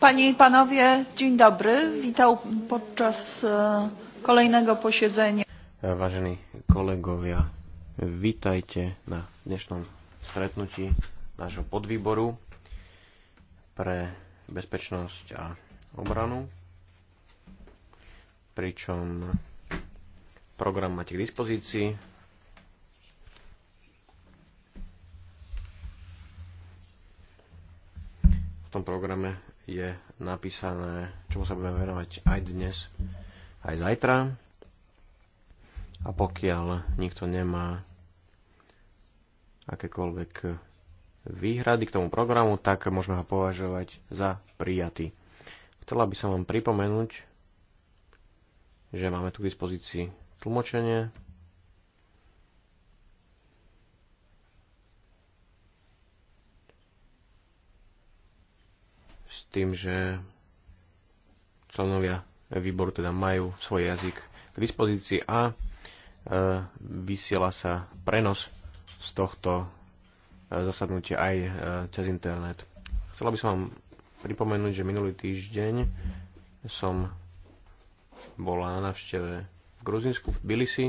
Panie i panowie, dzień dobry. Witam podczas e, kolejnego posiedzenia. Vážení kolegovia, vítajte na dnešnom stretnutí nášho podvýboru pre bezpečnosť a obranu. Pričom program máte k dispozícii, tom programe je napísané, čomu sa budeme venovať aj dnes, aj zajtra. A pokiaľ nikto nemá akékoľvek výhrady k tomu programu, tak môžeme ho považovať za prijatý. Chcela by som vám pripomenúť, že máme tu k dispozícii tlmočenie tým, že členovia výboru teda majú svoj jazyk k dispozícii a e, vysiela sa prenos z tohto e, zasadnutia aj e, cez internet. Chcela by som vám pripomenúť, že minulý týždeň som bola na návšteve v Gruzinsku, v Bilisi.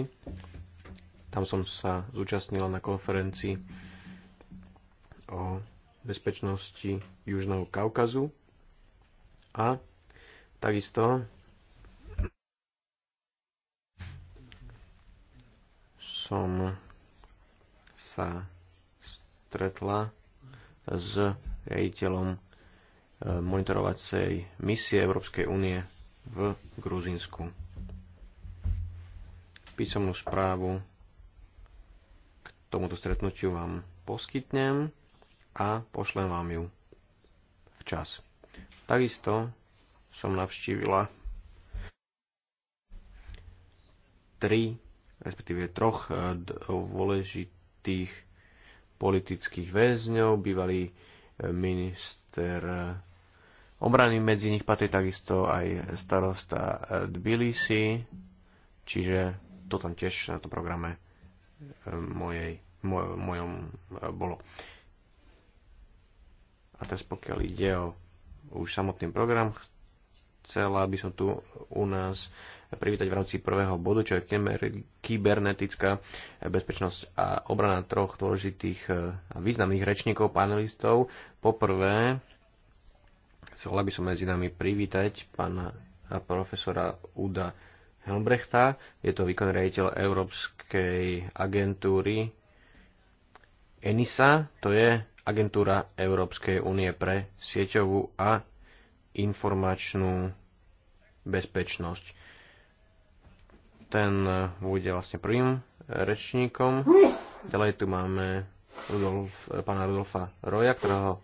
Tam som sa zúčastnila na konferencii o bezpečnosti Južného Kaukazu a takisto som sa stretla s riaditeľom e, monitorovacej misie Európskej únie v Gruzínsku. Písomnú správu k tomuto stretnutiu vám poskytnem a pošlem vám ju včas. Takisto som navštívila tri, respektíve troch eh, dôležitých politických väzňov. Bývalý eh, minister eh, obrany medzi nich patrí takisto aj starosta Tbilisi, čiže to tam tiež na tom programe mojej, moj, mojom bolo. A teraz pokiaľ ide o už samotný program. Chcela by som tu u nás privítať v rámci prvého bodu, čo je kybernetická bezpečnosť a obrana troch dôležitých e, a významných rečníkov, panelistov. Poprvé, chcela by som medzi nami privítať pána profesora Uda Helmbrechta. Je to výkonný riaditeľ Európskej agentúry ENISA, to je Agentúra Európskej únie pre sieťovú a informačnú bezpečnosť. Ten bude vlastne prvým rečníkom. Ďalej tu máme Rudolf, pána Rudolfa Roja, ktorého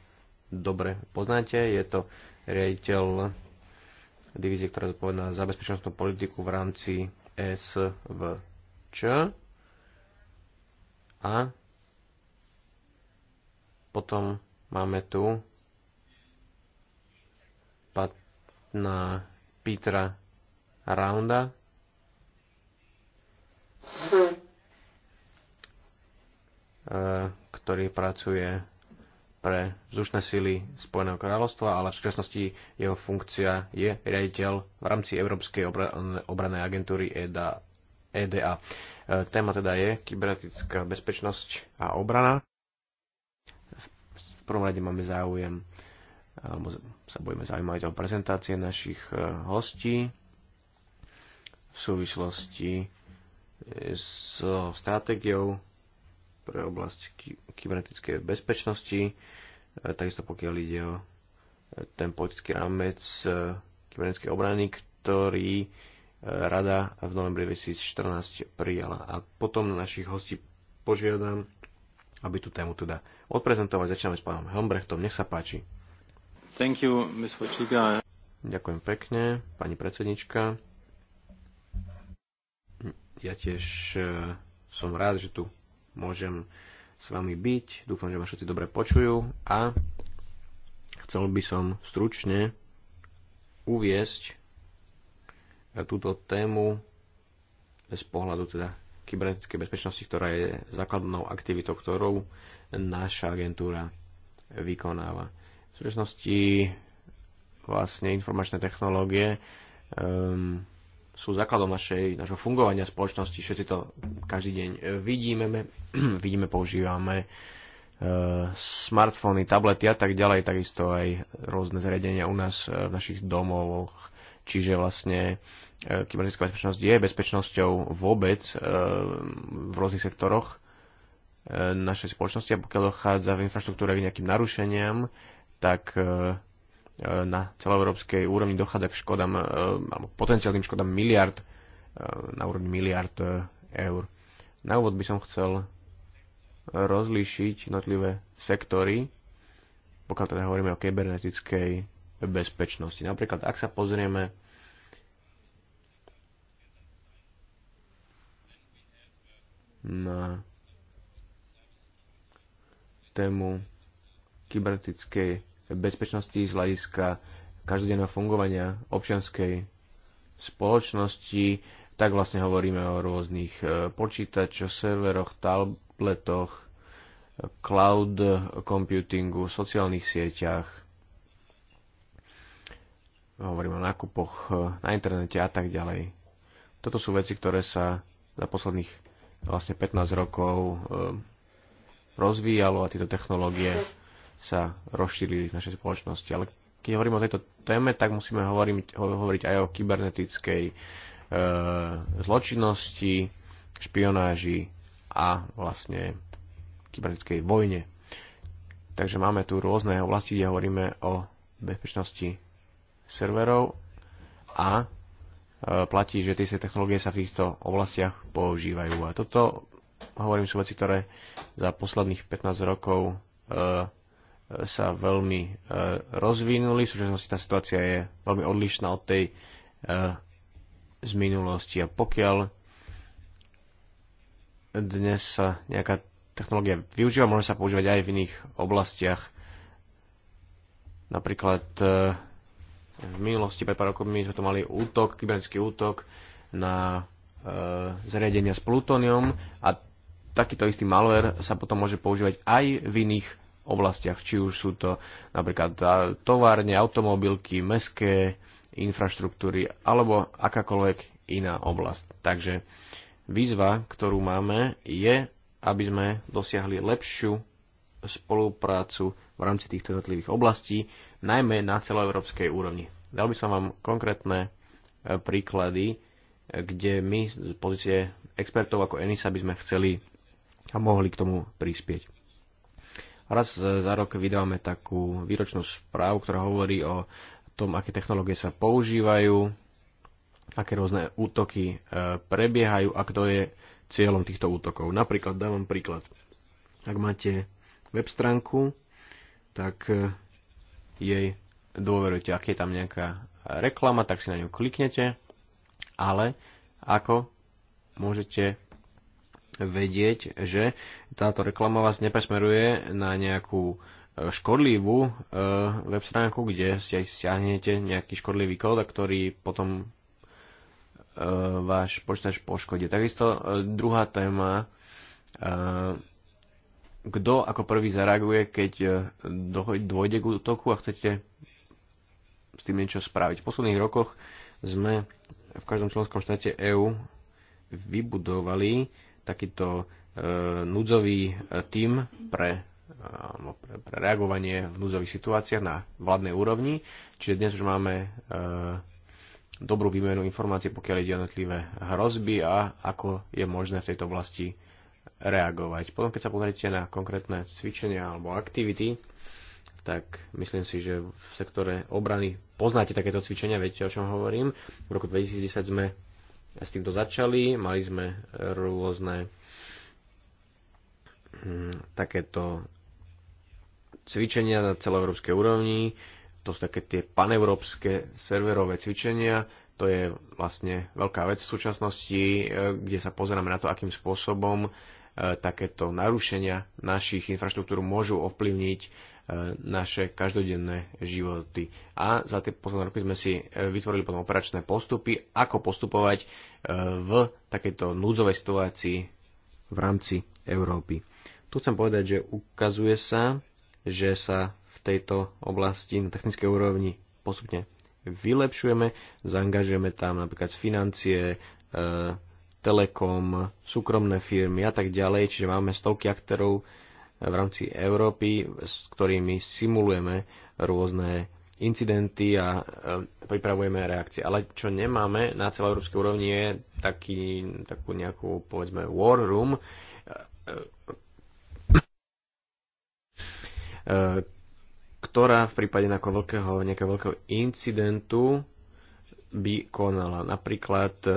dobre poznáte. Je to riaditeľ divízie, ktorá je zodpovedná za bezpečnostnú politiku v rámci SVČ. A potom máme tu na Petra Rounda. E, ktorý pracuje pre vzdušné sily Spojeného kráľovstva, ale v súčasnosti jeho funkcia je riaditeľ v rámci Európskej obranej agentúry EDA. EDA. Téma teda je kybernetická bezpečnosť a obrana. V prvom rade máme záujem, alebo sa budeme zaujímať o prezentácie našich e, hostí v súvislosti e, s stratégiou pre oblasť kybernetickej bezpečnosti, e, takisto pokiaľ ide o ten politický rámec kybernetickej obrany, ktorý rada v novembri 2014 prijala. A potom našich hostí požiadam, aby tú tému teda odprezentovať. Začíname s pánom Helmbrechtom. Nech sa páči. Thank you, Ms. Ďakujem pekne, pani predsednička. Ja tiež e, som rád, že tu môžem s vami byť. Dúfam, že ma všetci dobre počujú a chcel by som stručne uviesť e, túto tému z pohľadu teda kybernetickej bezpečnosti, ktorá je základnou aktivitou, ktorou naša agentúra vykonáva. V súčasnosti vlastne informačné technológie um, sú základom našej, našho fungovania spoločnosti. Všetci to každý deň e, vidíme, vidíme, používame uh, smartfóny, tablety a tak ďalej, takisto aj rôzne zariadenia u nás uh, v našich domovoch. Čiže vlastne E, kybernetická bezpečnosť je bezpečnosťou vôbec e, v rôznych sektoroch e, našej spoločnosti a pokiaľ dochádza v infraštruktúre k nejakým narušeniam, tak na celoeurópskej úrovni dochádza k škodám, alebo potenciálnym škodám miliard, na úrovni miliard eur. Na úvod by som chcel rozlíšiť jednotlivé sektory, pokiaľ teda hovoríme o kybernetickej bezpečnosti. Napríklad, ak sa pozrieme na tému kybernetickej bezpečnosti z hľadiska každodenného fungovania občianskej spoločnosti, tak vlastne hovoríme o rôznych e, počítačoch, serveroch, tabletoch, cloud computingu, sociálnych sieťach, hovoríme o nákupoch e, na internete a tak ďalej. Toto sú veci, ktoré sa za posledných vlastne 15 rokov ehm, rozvíjalo a tieto technológie sa rozšírili v našej spoločnosti. Ale keď hovorím o tejto téme, tak musíme hovoriť, hovoriť aj o kybernetickej e, zločinnosti, špionáži a vlastne kybernetickej vojne. Takže máme tu rôzne oblasti, kde hovoríme o bezpečnosti serverov a Eh, platí, že tie technológie sa v týchto oblastiach používajú. A toto, hovorím, sú veci, ktoré za posledných 15 rokov eh, sa veľmi eh, rozvinuli. V súčasnosti tá situácia je veľmi odlišná od tej z minulosti. A pokiaľ dnes sa nejaká technológia využíva, môže sa používať aj v iných oblastiach. Napríklad v minulosti, pred pár rokov, my sme to mali útok, kybernetický útok na e, zariadenia s plutóniom a takýto istý malware sa potom môže používať aj v iných oblastiach, či už sú to napríklad e, továrne, automobilky, meské infraštruktúry alebo akákoľvek iná oblasť. Takže výzva, ktorú máme, je, aby sme dosiahli lepšiu spoluprácu v rámci týchto jednotlivých oblastí, najmä na celoeurópskej úrovni. Dal by som vám konkrétne e, príklady, e, kde my z pozície expertov ako ENISA by sme chceli a mohli k tomu prispieť. Raz e, za rok vydávame takú výročnú správu, ktorá hovorí o tom, aké technológie sa používajú, aké rôzne útoky prebiehajú a kto je cieľom týchto útokov. Napríklad, dávam príklad, ak máte web stránku, tak e, jej dôverujete. Ak je tam nejaká reklama, tak si na ňu kliknete, ale ako môžete vedieť, že táto reklama vás nepresmeruje na nejakú e, škodlivú e, web stránku, kde si aj stiahnete nejaký škodlivý kód, ktorý potom váš počítač poškodí. Takisto druhá téma kto ako prvý zareaguje, keď e, dôjde k útoku a chcete s tým niečo spraviť. V posledných rokoch sme v každom členskom štáte EÚ vybudovali takýto e, núdzový e, tím pre, e, pre, pre reagovanie v núdzových situáciách na vládnej úrovni. Čiže dnes už máme e, dobrú výmenu informácií, pokiaľ ide jednotlivé hrozby a ako je možné v tejto oblasti reagovať. Potom, keď sa pozrite na konkrétne cvičenia alebo aktivity, tak myslím si, že v sektore obrany poznáte takéto cvičenia, viete o čom hovorím. V roku 2010 sme s týmto začali, mali sme rôzne hm, takéto cvičenia na celoeurópskej úrovni, to sú také tie paneurópske serverové cvičenia, to je vlastne veľká vec v súčasnosti, e, kde sa pozeráme na to, akým spôsobom e, takéto narušenia našich infraštruktúr môžu ovplyvniť e, naše každodenné životy. A za tie posledné roky sme si vytvorili potom operačné postupy, ako postupovať v takejto núdzovej situácii v rámci Európy. Tu chcem povedať, že ukazuje sa, že sa v tejto oblasti na technickej úrovni postupne vylepšujeme. Zaangažujeme tam napríklad financie, e, telekom, súkromné firmy a tak ďalej, čiže máme stovky aktérov e, v rámci Európy, s ktorými simulujeme rôzne incidenty a e, pripravujeme reakcie. Ale čo nemáme na európskej úrovni je taký, takú nejakú, povedzme, war room, ktorá v prípade veľkého, nejakého veľkého incidentu by konala. Napríklad, e,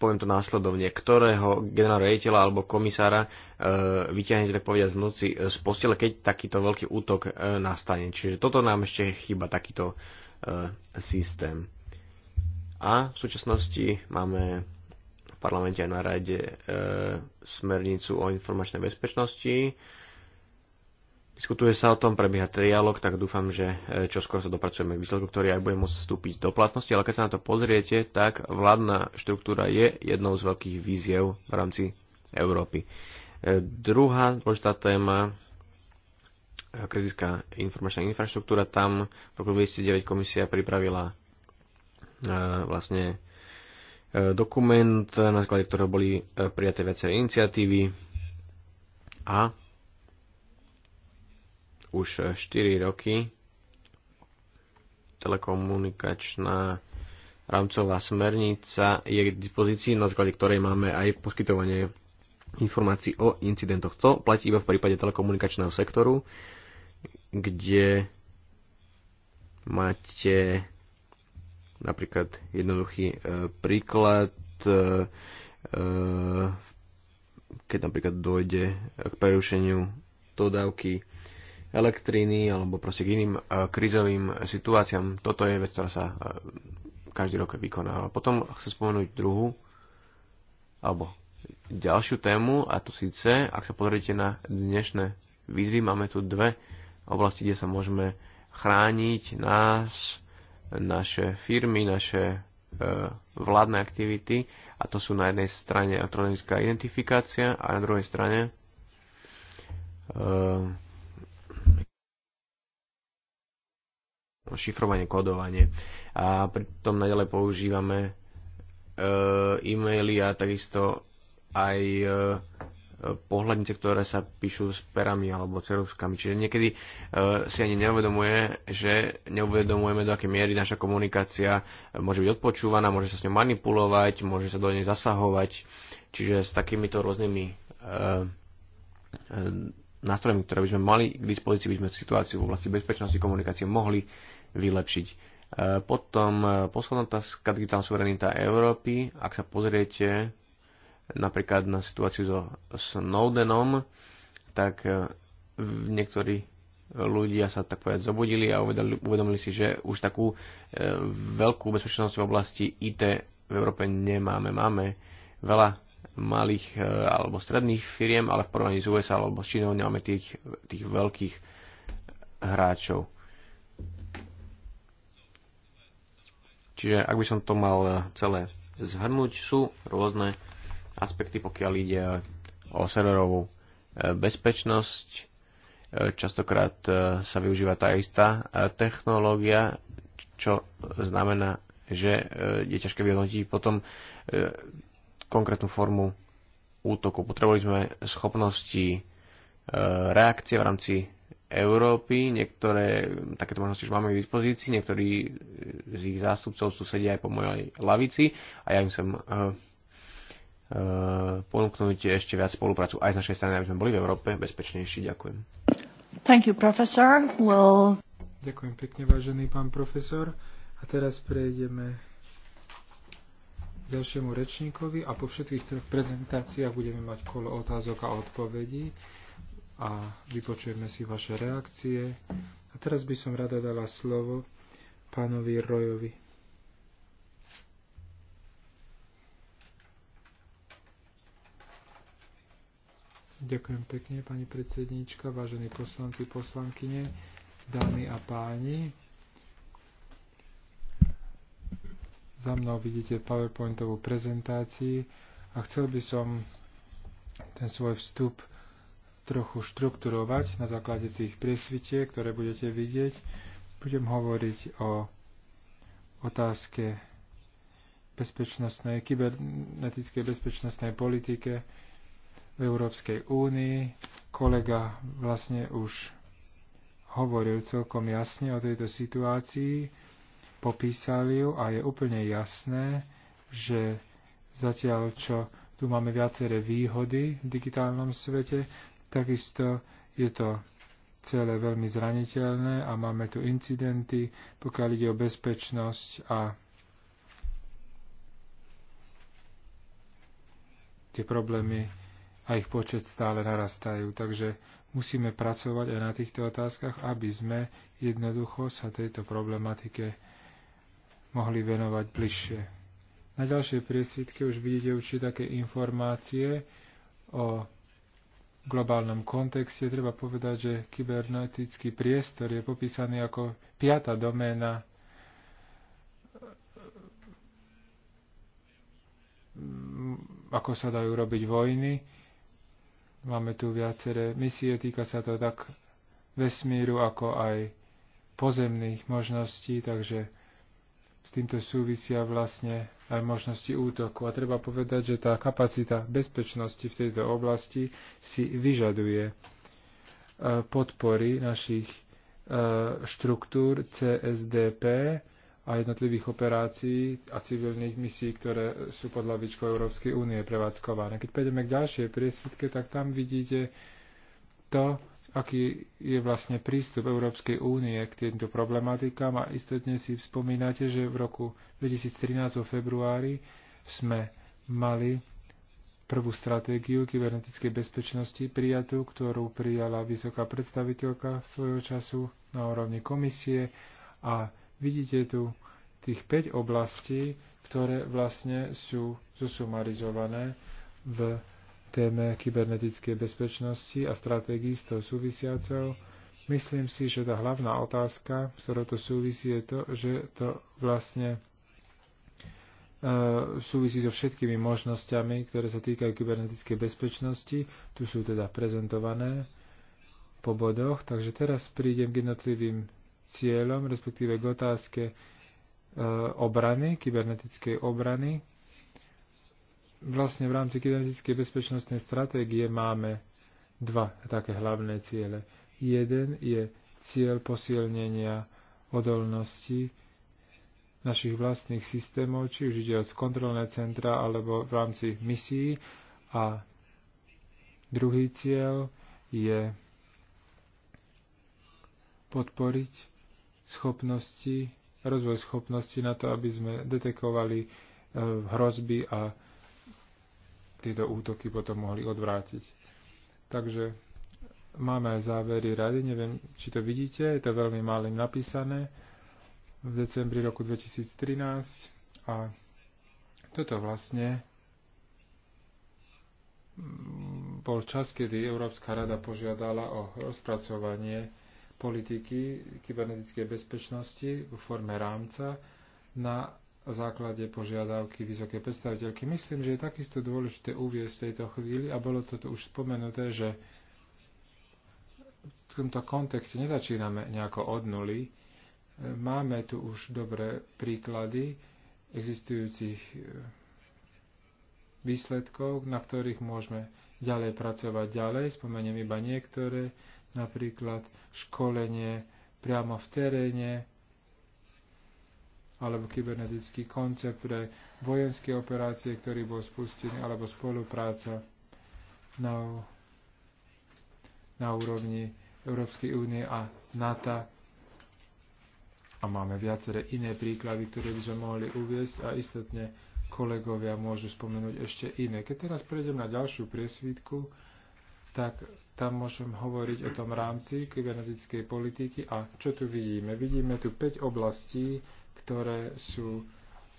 poviem to následovne, ktorého generálneho rejiteľa alebo komisára e, vyťahnete, tak povedať, z noci e, z postele, keď takýto veľký útok e, nastane. Čiže toto nám ešte chýba, takýto e, systém. A v súčasnosti máme v parlamente aj na rade e, smernicu o informačnej bezpečnosti, Diskutuje sa o tom, prebieha trialog, tak dúfam, že e, čoskoro sa dopracujeme k výsledku, ktorý aj bude môcť vstúpiť do platnosti, ale keď sa na to pozriete, tak vládna štruktúra je jednou z veľkých víziev v rámci Európy. E, druhá dôležitá téma, e, kritická informačná infraštruktúra, tam v roku 2009 komisia pripravila vlastne dokument, na základe ktorého boli prijaté viaceré iniciatívy a už 4 eh, roky telekomunikačná rámcová smernica je k dispozícii, na základe ktorej máme aj poskytovanie informácií o incidentoch. To platí iba v prípade telekomunikačného sektoru, kde máte napríklad jednoduchý e, príklad, e, keď napríklad dojde k prerušeniu dodávky elektriny alebo proste k iným eh, krizovým situáciám. Toto je vec, ktorá sa eh, každý rok vykonáva. Potom chcem spomenúť druhú alebo ďalšiu tému a to síce, ak sa pozriete na dnešné výzvy, máme tu dve oblasti, kde sa môžeme chrániť nás, naše firmy, naše eh, vládne aktivity a to sú na jednej strane elektronická identifikácia a na druhej strane e, šifrovanie, kodovanie. A pritom naďalej používame e, e-maily a takisto aj e, pohľadnice, ktoré sa píšu s perami alebo ceruskami. Čiže niekedy e, si ani neuvedomuje, že neuvedomujeme, do akej miery naša komunikácia môže byť odpočúvaná, môže sa s ňou manipulovať, môže sa do nej zasahovať. Čiže s takýmito rôznymi nástrojmi, ktoré by sme mali k dispozícii, by sme situáciu v oblasti bezpečnosti komunikácie mohli vylepšiť. E, potom e, posledná otázka, digitálna suverenita Európy. Ak sa pozriete napríklad na situáciu so Snowdenom, tak e, niektorí ľudia sa tak povedať zobudili a uvedomili, uvedomili si, že už takú veľkú bezpečnosť v oblasti IT v Európe nemáme. Máme veľa malých alebo stredných firiem, ale v porovnaní s USA alebo s Čínou nemáme tých, tých veľkých hráčov. Čiže ak by som to mal eh, celé zhrnúť, sú rôzne aspekty, pokiaľ ide eh, o serverovú eh, bezpečnosť. Častokrát sa využíva tá istá technológia, čo znamená, že je ťažké vyhodnotiť potom konkrétnu formu útoku. Potrebovali sme schopnosti reakcie v rámci Európy. Niektoré mm, takéto možnosti už máme k dispozícii, niektorí e, z ich zástupcov sú sedia aj po mojej lavici a ja im som e, e, ponúknuť ešte viac spoluprácu aj z našej strany, aby sme boli v Európe bezpečnejší. Ďakujem. Thank you, professor. We'll... Ďakujem pekne, vážený pán profesor. A teraz prejdeme k ďalšiemu rečníkovi a po všetkých troch prezentáciách budeme mať kolo otázok a odpovedí a vypočujeme si vaše reakcie. A teraz by som rada dala slovo pánovi Rojovi. Ďakujem pekne, pani predsedníčka, vážení poslanci, poslankyne, dámy a páni. Za mnou vidíte PowerPointovú prezentáciu a chcel by som ten svoj vstup trochu štrukturovať na základe tých presvitiek, ktoré budete vidieť. Budem hovoriť o otázke bezpečnostnej, kybernetickej bezpečnostnej politike v Európskej únii. Kolega vlastne už hovoril celkom jasne o tejto situácii, popísal ju a je úplne jasné, že zatiaľ čo tu máme viaceré výhody v digitálnom svete, Takisto je to celé veľmi zraniteľné a máme tu incidenty, pokiaľ ide o bezpečnosť a tie problémy a ich počet stále narastajú. Takže musíme pracovať aj na týchto otázkach, aby sme jednoducho sa tejto problematike mohli venovať bližšie. Na ďalšej priesvitke už vidíte určite také informácie o v globálnom kontexte treba povedať, že kybernetický priestor je popísaný ako piata doména mm, ako sa dajú robiť vojny. Máme tu viaceré misie, týka sa to tak vesmíru, ako aj pozemných možností, takže s týmto súvisia vlastne aj možnosti útoku. A treba povedať, že tá kapacita bezpečnosti v tejto oblasti si vyžaduje e, podpory našich e, štruktúr CSDP a jednotlivých operácií a civilných misií, ktoré sú pod hlavičkou Európskej únie prevádzkované. Keď prejdeme k ďalšej priesvitke, tak tam vidíte to, aký je vlastne prístup Európskej únie k týmto problematikám a istotne si spomínate, že v roku 2013 o februári sme mali prvú stratégiu kybernetickej bezpečnosti prijatú, ktorú prijala vysoká predstaviteľka svojho času na úrovni komisie a vidíte tu tých 5 oblastí, ktoré vlastne sú zosumarizované v téme kybernetickej bezpečnosti a stratégií s tou súvisiacou. Myslím si, že tá hlavná otázka, s ktorou to súvisí, je to, že to vlastne e, súvisí so všetkými možnosťami, ktoré sa týkajú kybernetickej bezpečnosti. Tu sú teda prezentované po bodoch. Takže teraz prídem k jednotlivým cieľom, respektíve k otázke e, obrany, kybernetickej obrany, vlastne v rámci kybernetickej bezpečnostnej stratégie máme dva také hlavné ciele. Jeden je cieľ posilnenia odolnosti našich vlastných systémov, či už ide od kontrolné centra alebo v rámci misií. A druhý cieľ je podporiť schopnosti, rozvoj schopnosti na to, aby sme detekovali eh, hrozby a tieto útoky potom mohli odvrátiť. Takže máme aj závery rady, neviem, či to vidíte, je to veľmi malým napísané v decembri roku 2013 a toto vlastne bol čas, kedy Európska rada požiadala o rozpracovanie politiky kybernetickej bezpečnosti v forme rámca na základe požiadavky vysokej predstaviteľky. Myslím, že je takisto dôležité uviezť v tejto chvíli, a bolo to už spomenuté, že v tomto kontexte nezačíname nejako od nuly. Máme tu už dobré príklady existujúcich e, výsledkov, na ktorých môžeme ďalej pracovať ďalej. Spomeniem iba niektoré, napríklad školenie priamo v teréne, alebo kybernetický koncept pre vojenské operácie, ktorý bol spustený, alebo spolupráca na, na úrovni Európskej únie a NATO. A máme viaceré iné príklady, ktoré by sme mohli uviesť a istotne kolegovia môžu spomenúť ešte iné. Keď teraz prejdem na ďalšiu priesvitku, tak tam môžem hovoriť o tom rámci kybernetickej politiky a čo tu vidíme. Vidíme tu 5 oblastí, ktoré sú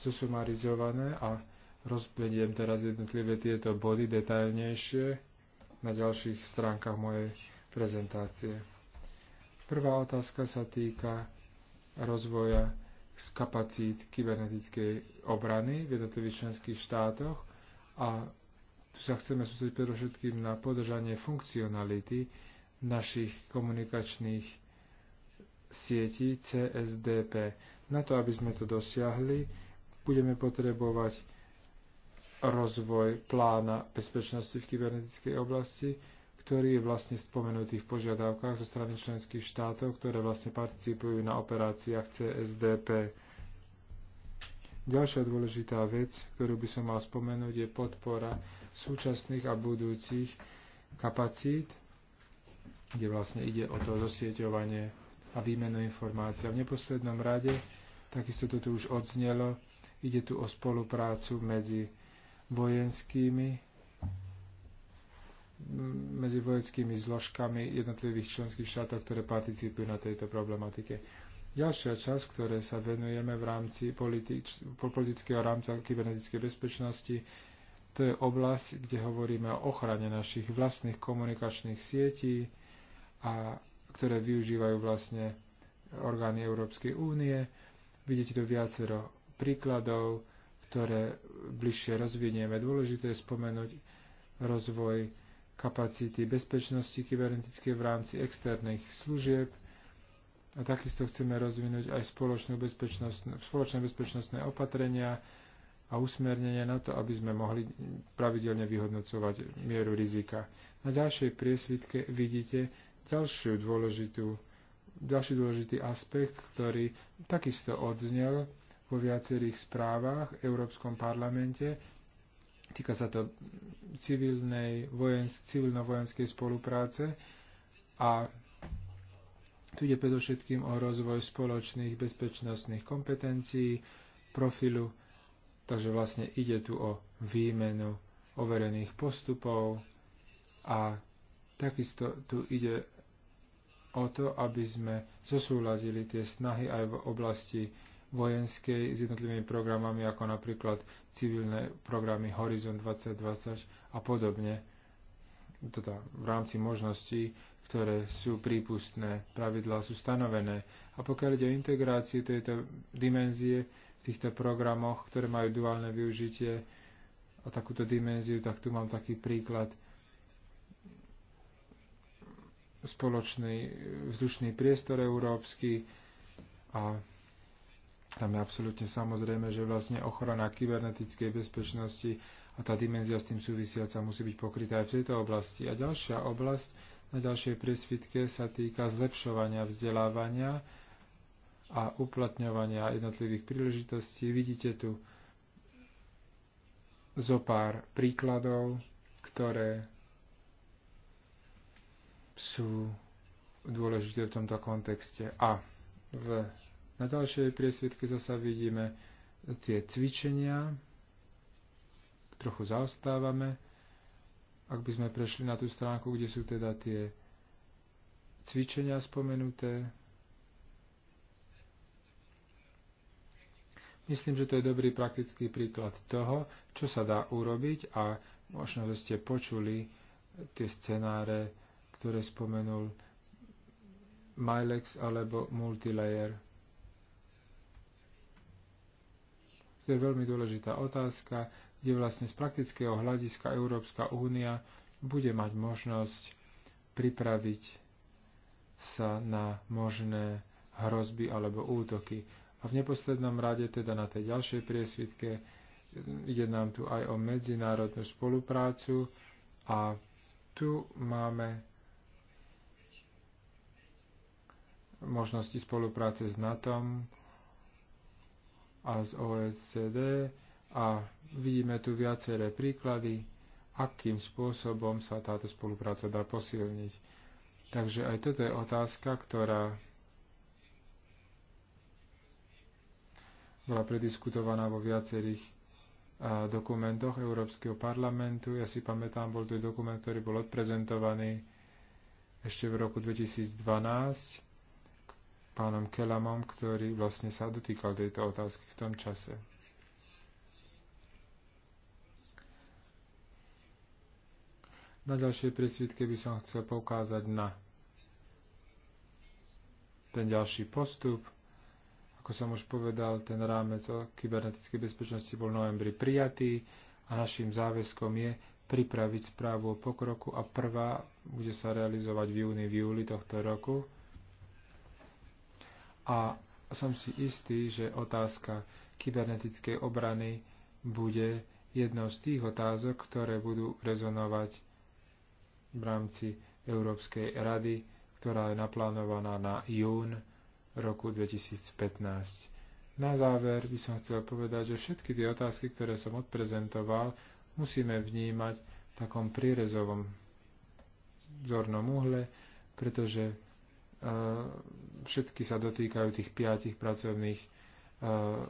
zosumarizované a rozvediem teraz jednotlivé tieto body detailnejšie na ďalších stránkach mojej prezentácie. Prvá otázka sa týka rozvoja z kapacít kybernetickej obrany v jednotlivých členských štátoch a tu sa chceme sústrediť predovšetkým na podržanie funkcionality našich komunikačných sietí CSDP. Na to, aby sme to dosiahli, budeme potrebovať rozvoj plána bezpečnosti v kybernetickej oblasti, ktorý je vlastne spomenutý v požiadavkách zo strany členských štátov, ktoré vlastne participujú na operáciách CSDP. Ďalšia dôležitá vec, ktorú by som mal spomenúť, je podpora súčasných a budúcich kapacít, kde vlastne ide o to zosieťovanie a výmenu informácií. A v neposlednom rade takisto to tu už odznelo, ide tu o spoluprácu medzi vojenskými medzi vojenskými zložkami jednotlivých členských štátov, ktoré participujú na tejto problematike. Ďalšia časť, ktoré sa venujeme v rámci politič, politického rámca kybernetickej bezpečnosti, to je oblasť, kde hovoríme o ochrane našich vlastných komunikačných sietí, a ktoré využívajú vlastne orgány Európskej únie Vidíte tu viacero príkladov, ktoré bližšie rozvinieme. Dôležité je spomenúť rozvoj kapacity bezpečnosti kybernetické v rámci externých služieb a takisto chceme rozvinúť aj spoločnú spoločné bezpečnostné opatrenia a usmernenia na to, aby sme mohli pravidelne vyhodnocovať mieru rizika. Na ďalšej priesvitke vidíte ďalšiu dôležitú ďalší dôležitý aspekt, ktorý takisto odznel vo viacerých správach v Európskom parlamente, týka sa to civilnej, civilno-vojenskej spolupráce a tu ide predovšetkým o rozvoj spoločných bezpečnostných kompetencií, profilu, takže vlastne ide tu o výmenu overených postupov a takisto tu ide o to, aby sme zosúladili tie snahy aj v oblasti vojenskej s jednotlivými programami, ako napríklad civilné programy Horizon 2020 a podobne, teda v rámci možností, ktoré sú prípustné, pravidlá sú stanovené. A pokiaľ ide o integráciu tejto dimenzie v týchto programoch, ktoré majú duálne využitie a takúto dimenziu, tak tu mám taký príklad spoločný vzdušný priestor európsky a tam je absolútne samozrejme, že vlastne ochrana kybernetickej bezpečnosti a tá dimenzia s tým súvisiaca musí byť pokrytá aj v tejto oblasti. A ďalšia oblasť na ďalšej presvitke sa týka zlepšovania vzdelávania a uplatňovania jednotlivých príležitostí. Vidíte tu zo pár príkladov, ktoré sú dôležité v tomto kontexte. A v, na ďalšej priesvitke zase vidíme tie cvičenia, trochu zaostávame. Ak by sme prešli na tú stránku, kde sú teda tie cvičenia spomenuté, Myslím, že to je dobrý praktický príklad toho, čo sa dá urobiť a možno, že ste počuli tie scenáre ktoré spomenul Milex alebo Multilayer. To je veľmi dôležitá otázka, kde vlastne z praktického hľadiska Európska únia bude mať možnosť pripraviť sa na možné hrozby alebo útoky. A v neposlednom rade, teda na tej ďalšej priesvitke, ide nám tu aj o medzinárodnú spoluprácu a tu máme možnosti spolupráce s NATO a s OECD a vidíme tu viaceré príklady, akým spôsobom sa táto spolupráca dá posilniť. Takže aj toto je otázka, ktorá bola prediskutovaná vo viacerých dokumentoch Európskeho parlamentu. Ja si pamätám, bol to dokument, ktorý bol odprezentovaný ešte v roku 2012 pánom Kelamom, ktorý vlastne sa dotýkal tejto otázky v tom čase. Na ďalšej presvítke by som chcel poukázať na ten ďalší postup. Ako som už povedal, ten rámec o kybernetickej bezpečnosti bol v novembri prijatý a našim záväzkom je pripraviť správu o pokroku a prvá bude sa realizovať v júni, v júli tohto roku. A som si istý, že otázka kybernetickej obrany bude jednou z tých otázok, ktoré budú rezonovať v rámci Európskej rady, ktorá je naplánovaná na jún roku 2015. Na záver by som chcel povedať, že všetky tie otázky, ktoré som odprezentoval, musíme vnímať v takom prírezovom zornom uhle, pretože Ehm, všetky sa dotýkajú tých piatich pracovných ehm,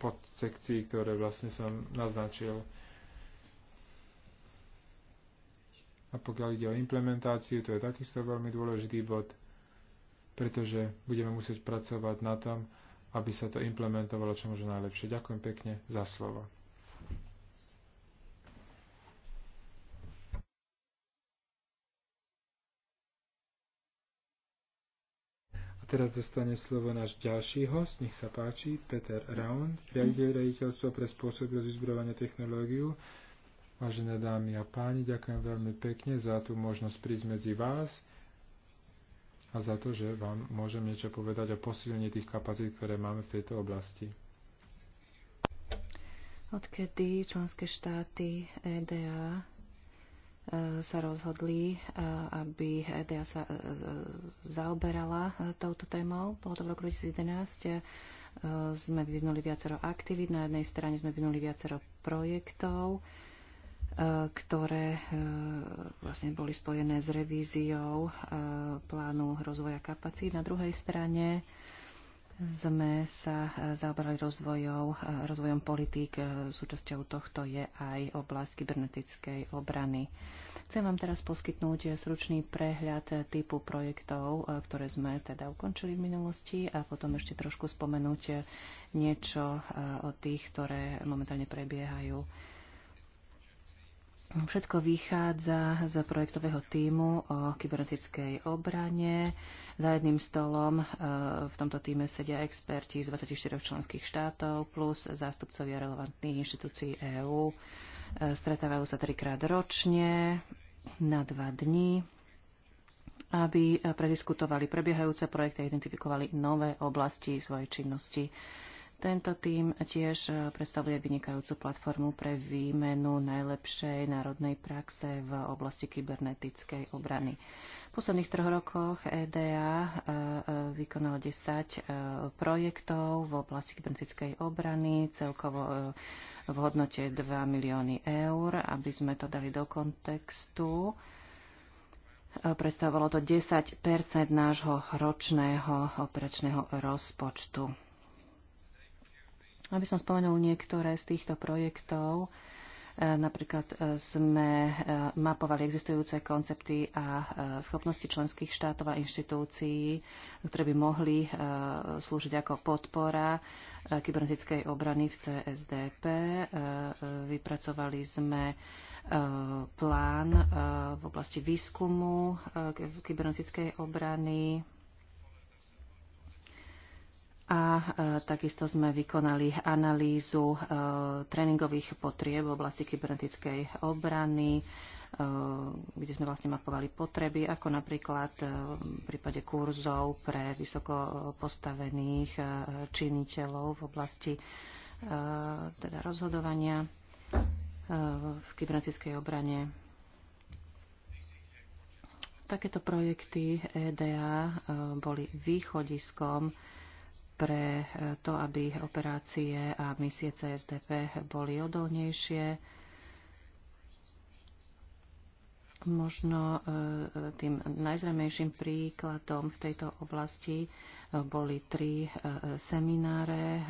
podsekcií, ktoré vlastne som naznačil. A pokiaľ ide o implementáciu, to je takisto veľmi dôležitý bod, pretože budeme musieť pracovať na tom, aby sa to implementovalo čo možno najlepšie. Ďakujem pekne za slovo. Teraz dostane slovo náš ďalší host, nech sa páči, Peter Raun, riaditeľ riaditeľstva pre spôsob rozvizbrovania technológiu. Vážené dámy a páni, ďakujem veľmi pekne za tú možnosť prísť medzi vás a za to, že vám môžem niečo povedať o posilnení tých kapacít, ktoré máme v tejto oblasti. Odkedy členské štáty EDA sa rozhodli, eh, aby EDA sa eh, zaoberala eh, touto témou. Bolo to v roku 2011. Sme vyvinuli viacero aktivít. Na jednej strane sme vyvinuli viacero projektov, ktoré vlastne boli spojené s revíziou plánu rozvoja kapacít. Na druhej strane sme sa e, zaoberali rozvojov, e, rozvojom politík. E, súčasťou tohto je aj oblasť kybernetickej obrany. Chcem vám teraz poskytnúť sručný prehľad typu projektov, ktoré sme teda ukončili v minulosti a potom ešte trošku spomenúť niečo o tých, ktoré momentálne prebiehajú. Všetko vychádza z projektového týmu o kybernetickej obrane. Za jedným stolom e, v tomto týme sedia experti z 24 členských štátov plus zástupcovia relevantných inštitúcií EÚ. E, stretávajú sa trikrát ročne na dva dni, aby prediskutovali prebiehajúce projekty a identifikovali nové oblasti svojej činnosti. Tento tím tiež e, predstavuje vynikajúcu platformu pre výmenu najlepšej národnej praxe v oblasti kybernetickej obrany. V posledných troch rokoch EDA e, e, vykonalo 10 projektov v oblasti kybernetickej obrany, celkovo v hodnote 2 milióny eur, aby sme to dali do kontextu predstavovalo to 10 nášho ročného operačného rozpočtu. Aby som spomenul niektoré z týchto projektov, e, Napríklad e, sme e, mapovali existujúce koncepty a schopnosti členských štátov a inštitúcií, ktoré by mohli slúžiť ako podpora kybernetickej obrany v CSDP. Vypracovali sme plán v oblasti výskumu kybernetickej obrany a e, takisto sme vykonali analýzu e, tréningových potrieb v oblasti kybernetickej obrany, e, kde sme vlastne mapovali potreby, ako napríklad v prípade kurzov pre vysoko postavených činiteľov v oblasti teda rozhodovania v kybernetickej obrane. Takéto projekty EDA boli východiskom pre e, to, aby operácie a misie CSDP boli odolnejšie. Možno e, tým najzrejmejším príkladom v tejto oblasti e, boli tri semináre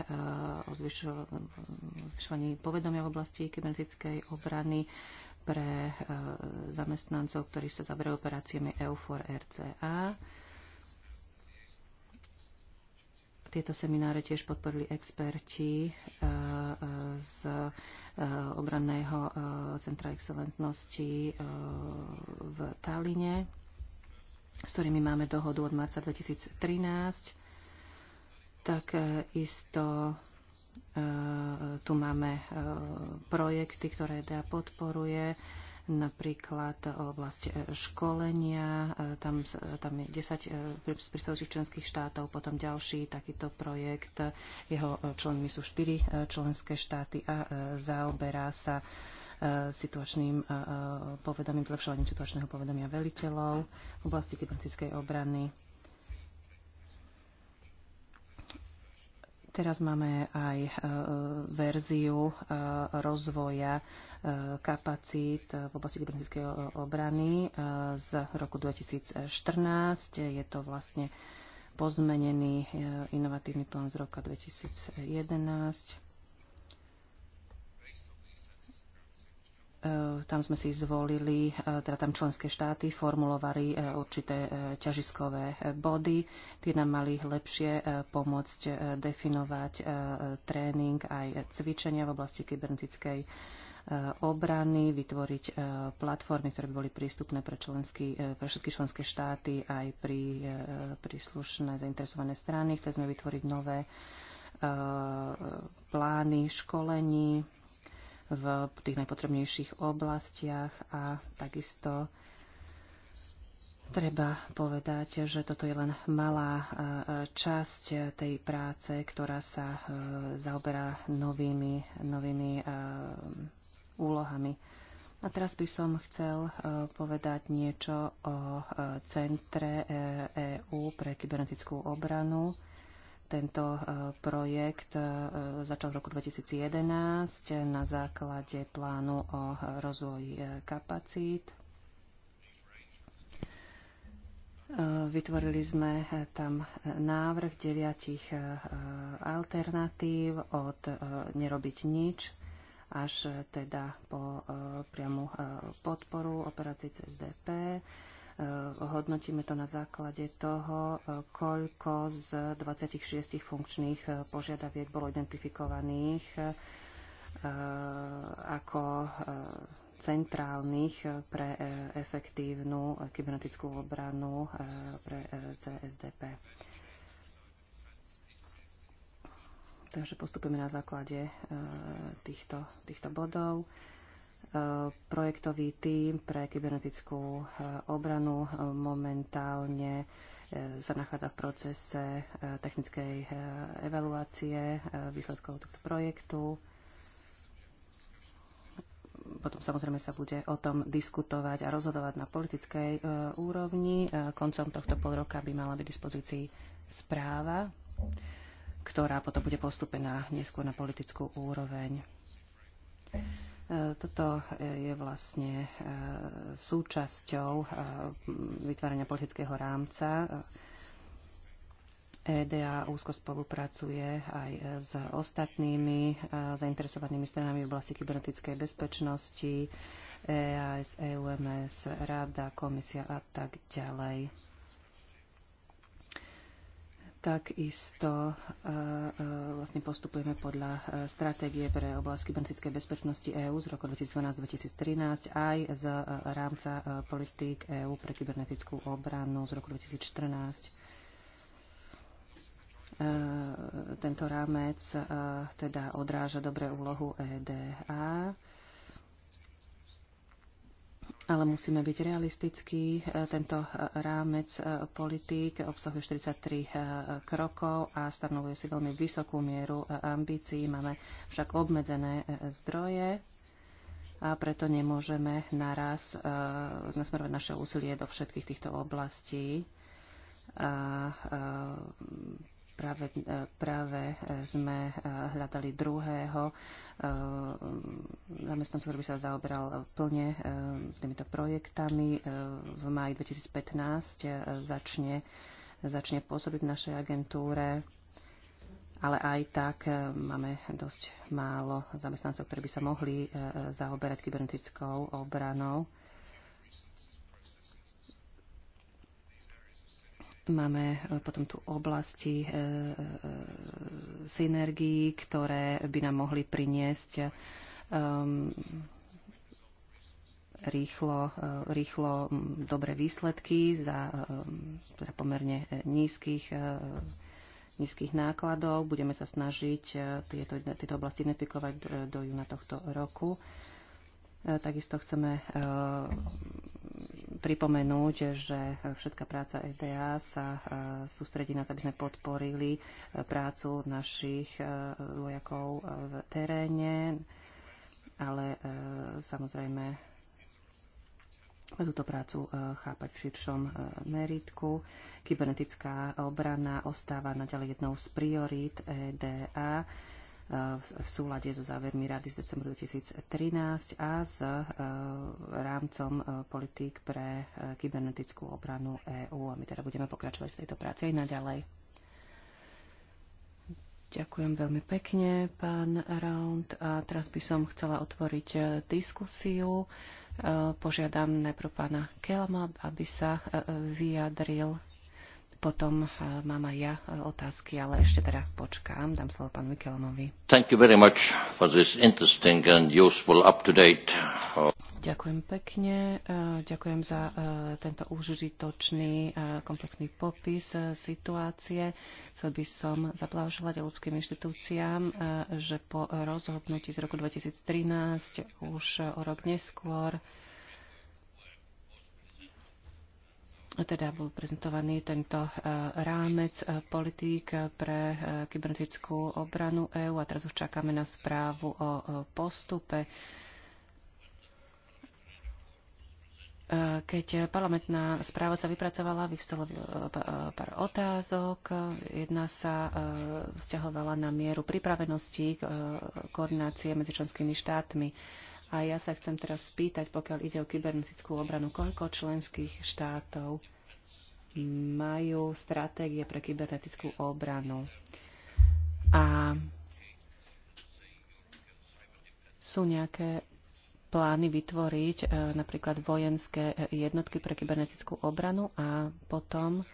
o zvyšovaní povedomia v oblasti kybernetickej obrany pre zamestnancov, ktorí sa zaberajú operáciami EU4RCA. rca Tieto semináre tiež podporili experti e, e, z e, obranného centra excelentnosti v Taline, s ktorými máme dohodu od marca 2013. Tak isto tu máme projekty, ktoré DA podporuje napríklad oblasť e, školenia, e, tam, e, tam je 10 pristávajúcich členských štátov, potom ďalší takýto projekt, jeho členmi sú 4 členské štáty a zaoberá sa situačným povedomím, zlepšovaním situačného povedomia veliteľov v oblasti kybernetickej obrany. Teraz máme aj e, verziu e, rozvoja e, kapacít v oblasti kybernetickej obrany z roku 2014. Je to vlastne pozmenený inovatívny plán z roka 2011 E, tam sme si zvolili, e, teda tam členské štáty formulovali e, určité ťažiskové body. Tie nám mali lepšie pomôcť definovať tréning aj cvičenia v oblasti kybernetickej obrany, vytvoriť platformy, ktoré by boli prístupné pre, členský, pre všetky členské štáty aj pri príslušné zainteresované strany. Chceli sme vytvoriť nové plány školení, v tých najpotrebnejších oblastiach a takisto Treba povedať, že toto je len malá eh, časť tej práce, ktorá sa eh, zaoberá novými, novými eh, úlohami. A teraz by som chcel povedať niečo o Centre EÚ e pre kybernetickú obranu. Tento e, projekt e, začal v roku 2011 na základe plánu o rozvoji e, kapacít. Vytvorili sme tam návrh deviatich alternatív od nerobiť nič až teda po priamu podporu operácií CSDP E, hodnotíme to na základe toho, e, koľko z 26 funkčných e, požiadaviek bolo identifikovaných ako centrálnych pre efektívnu kybernetickú obranu pre CSDP. Takže postupujeme na základe týchto, týchto bodov projektový tím pre kybernetickú eh, obranu momentálne eh, sa nachádza v procese eh, technickej evaluácie výsledkov tohto projektu. Potom samozrejme sa bude o tom diskutovať a rozhodovať na politickej úrovni. Koncom tohto pol roka by mala byť dispozícii správa, ktorá potom bude postupená neskôr na politickú úroveň. Toto e, je vlastne e, súčasťou e, vytvárania politického rámca. EDA úzko spolupracuje aj s ostatnými zainteresovanými stranami v oblasti kybernetickej bezpečnosti, EAS, EUMS, Rada, Komisia a tak ďalej. Takisto e, e, vlastne postupujeme podľa e, stratégie pre oblasť kybernetickej bezpečnosti EÚ z roku 2012-2013 aj z rámca politík EÚ pre kybernetickú obranu z roku 2014 tento rámec teda odráža dobré úlohu EDA ale musíme byť realistickí. E, tento e, rámec e, politík obsahuje 43 krokov a stanovuje si veľmi vysokú mieru ambícií. Máme však obmedzené zdroje a preto nemôžeme naraz nasmerovať naše úsilie do všetkých týchto oblastí. A Práve, e, práve e, sme e, hľadali druhého zamestnanca, ktorý by sa zaoberal plne týmito projektami. V máji 2015 začne, začne pôsobiť v našej agentúre ale aj tak máme dosť málo zamestnancov, ktorí by sa mohli zaoberať kybernetickou obranou. Máme e, potom tu oblasti e, e, synergií, ktoré by nám mohli priniesť rýchlo, rýchlo dobré výsledky za za teda pomerne nízkych, nízkych nákladov. Budeme sa snažiť tieto, tieto oblasti identifikovať do júna tohto roku. Takisto chceme pripomenúť, že všetká práca EDA sa e, sústredí na to, aby sme podporili e, prácu našich e, vojakov v teréne, ale samozrejme túto prácu chápať v širšom meritku. Kybernetická obrana ostáva naďalej jednou z priorít EDA v súlade so závermi Rady z decembru 2013 a s e, rámcom e, politík pre e, kybernetickú obranu EÚ. A my teda budeme pokračovať v tejto práci aj naďalej. Ďakujem veľmi pekne, pán Round. A teraz by som chcela otvoriť diskusiu. Požiadam najprv pána Kelma, aby sa vyjadril potom eh, mám aj ja eh, otázky, ale ešte teda počkám. Dám slovo pánu Mikelamovi. Thank you very much for this interesting and useful up-to-date. Uh, ďakujem pekne. Eh, ďakujem za tento užitočný komplexný popis situácie. Chcel by som zablahoželať európskym inštitúciám, že po rozhodnutí z roku 2013 už o rok neskôr teda bol prezentovaný tento e, rámec e, politík e, pre kybernetickú obranu EÚ a teraz už čakáme na správu o postupe. Keď parlamentná správa sa vypracovala, vyvstalo pár otázok. Jedna sa vzťahovala na mieru pripravenosti koordinácie medzi členskými štátmi. A ja sa chcem teraz spýtať, pokiaľ ide o kybernetickú obranu, koľko členských štátov majú stratégie pre kybernetickú obranu. A sú nejaké plány vytvoriť e, napríklad vojenské e, jednotky pre kybernetickú obranu a potom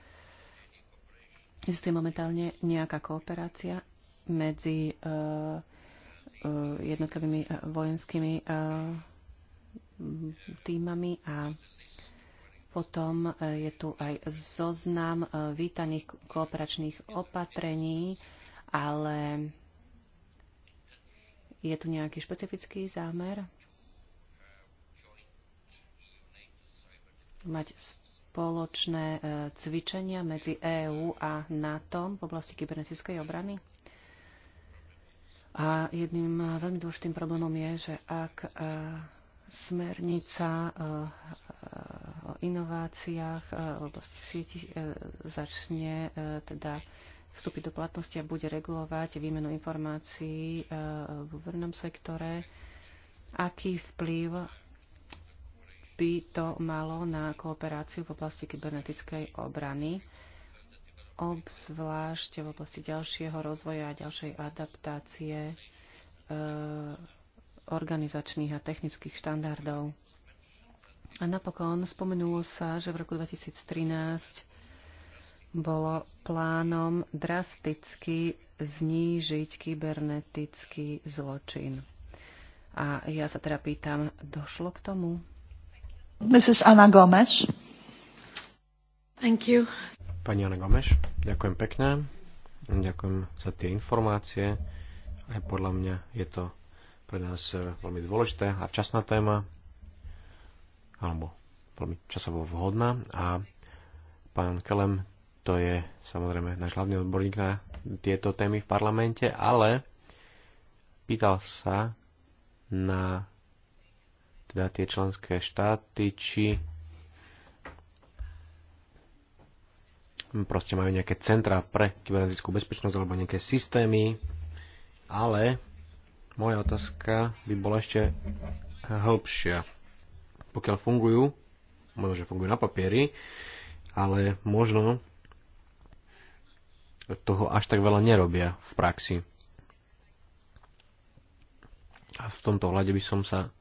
existuje momentálne nejaká kooperácia medzi uh, Eh, jednotlivými eh, vojenskými eh, týmami a potom je tu aj zoznam vítaných kooperačných opatrení, ale je tu nejaký špecifický zámer mať spoločné cvičenia medzi EÚ a NATO v oblasti kybernetickej obrany? A jedným e, veľmi dôležitým problémom je, že ak e, smernica e, o inováciách v oblasti sieti začne teda vstúpiť do platnosti a bude regulovať výmenu informácií v úvernom sektore, aký vplyv by to malo na kooperáciu v oblasti kybernetickej obrany obzvlášť v oblasti ďalšieho rozvoja a ďalšej adaptácie e, organizačných a technických štandardov. A napokon spomenulo sa, že v roku 2013 bolo plánom drasticky znížiť kybernetický zločin. A ja sa teda pýtam, došlo k tomu? Mrs. Anna Gomes. Thank you. Pani Ana Gomeš, ďakujem pekne. Ďakujem za tie informácie. Aj podľa mňa je to pre nás veľmi dôležité a včasná téma, alebo veľmi časovo vhodná. A pán Kelem, to je samozrejme náš hlavný odborník na tieto témy v parlamente, ale pýtal sa na teda tie členské štáty, či proste majú nejaké centra pre kybernetickú bezpečnosť alebo nejaké systémy, ale moja otázka by bola ešte hĺbšia. Pokiaľ fungujú, možno, že fungujú na papieri, ale možno toho až tak veľa nerobia v praxi. A v tomto hľade by som sa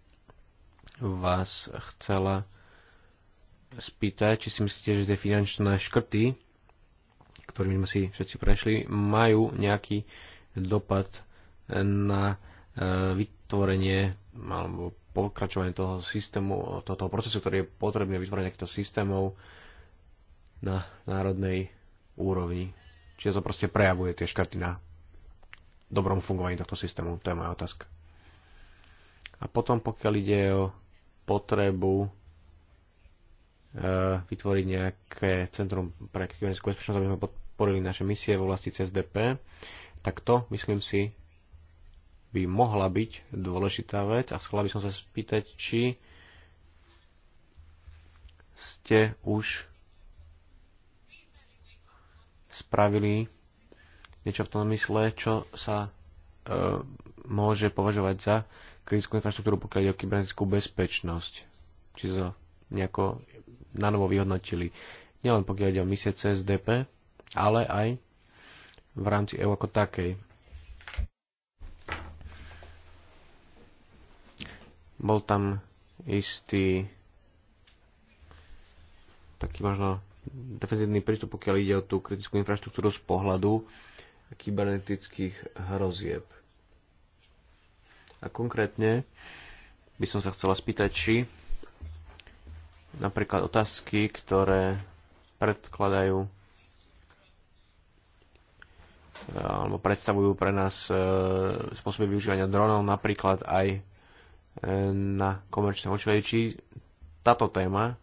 vás chcela spýtať, či si myslíte, že tie finančné škrty ktorými sme si všetci prešli, majú nejaký dopad na e, vytvorenie alebo pokračovanie toho systému, toho procesu, ktorý je potrebný vytvorenie takýchto systémov na národnej úrovni. Čiže to proste prejavuje tie škarty na dobrom fungovaní tohto systému. To je moja otázka. A potom, pokiaľ ide o potrebu e, vytvoriť nejaké centrum pre kybernetickú bezpečnosť, aby sme podporili naše misie v oblasti CSDP, tak to, myslím si, by mohla byť dôležitá vec a chcela by som sa spýtať, či ste už spravili niečo v tom mysle, čo sa e, môže považovať za kritickú infraštruktúru, pokiaľ ide o kybernetickú bezpečnosť. Či sa nejako nanovo vyhodnotili. Nielen pokiaľ ide o misie CSDP, ale aj v rámci EU ako takej. Bol tam istý taký možno defenzívny prístup, pokiaľ ide o tú kritickú infraštruktúru z pohľadu kybernetických hrozieb. A konkrétne by som sa chcela spýtať, či napríklad otázky, ktoré predkladajú alebo predstavujú pre nás e, spôsoby využívania dronov napríklad aj e, na komerčné účely. Či táto téma e,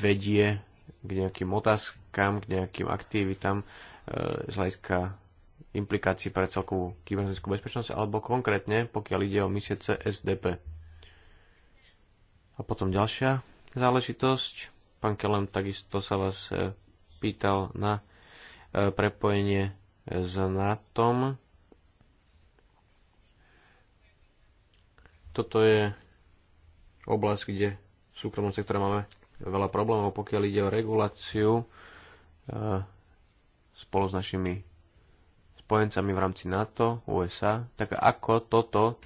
vedie k nejakým otázkam, k nejakým aktivitám z hľadiska implikácií pre celkovú kybernetickú bezpečnosť, alebo konkrétne, pokiaľ ide o misie CSDP. A potom ďalšia záležitosť. Pán Kelem takisto sa vás pýtal na prepojenie s NATO. Toto je oblasť, kde v súkromnom sektore máme veľa problémov, pokiaľ ide o reguláciu e, spolu s našimi spojencami v rámci NATO, USA, tak ako toto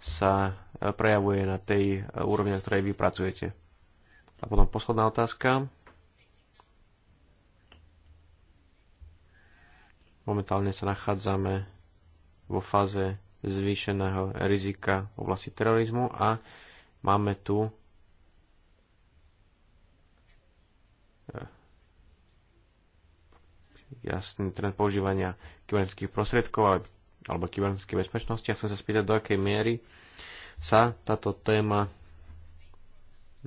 sa e, prejavuje na tej e, úrovni, na ktorej vy pracujete. A potom posledná otázka. Momentálne sa nachádzame vo fáze zvýšeného rizika v oblasti terorizmu a máme tu eh, jasný trend používania kybernetických prostriedkov alebo kybernetickej bezpečnosti. Ja chcem sa spýtať, do akej miery sa táto téma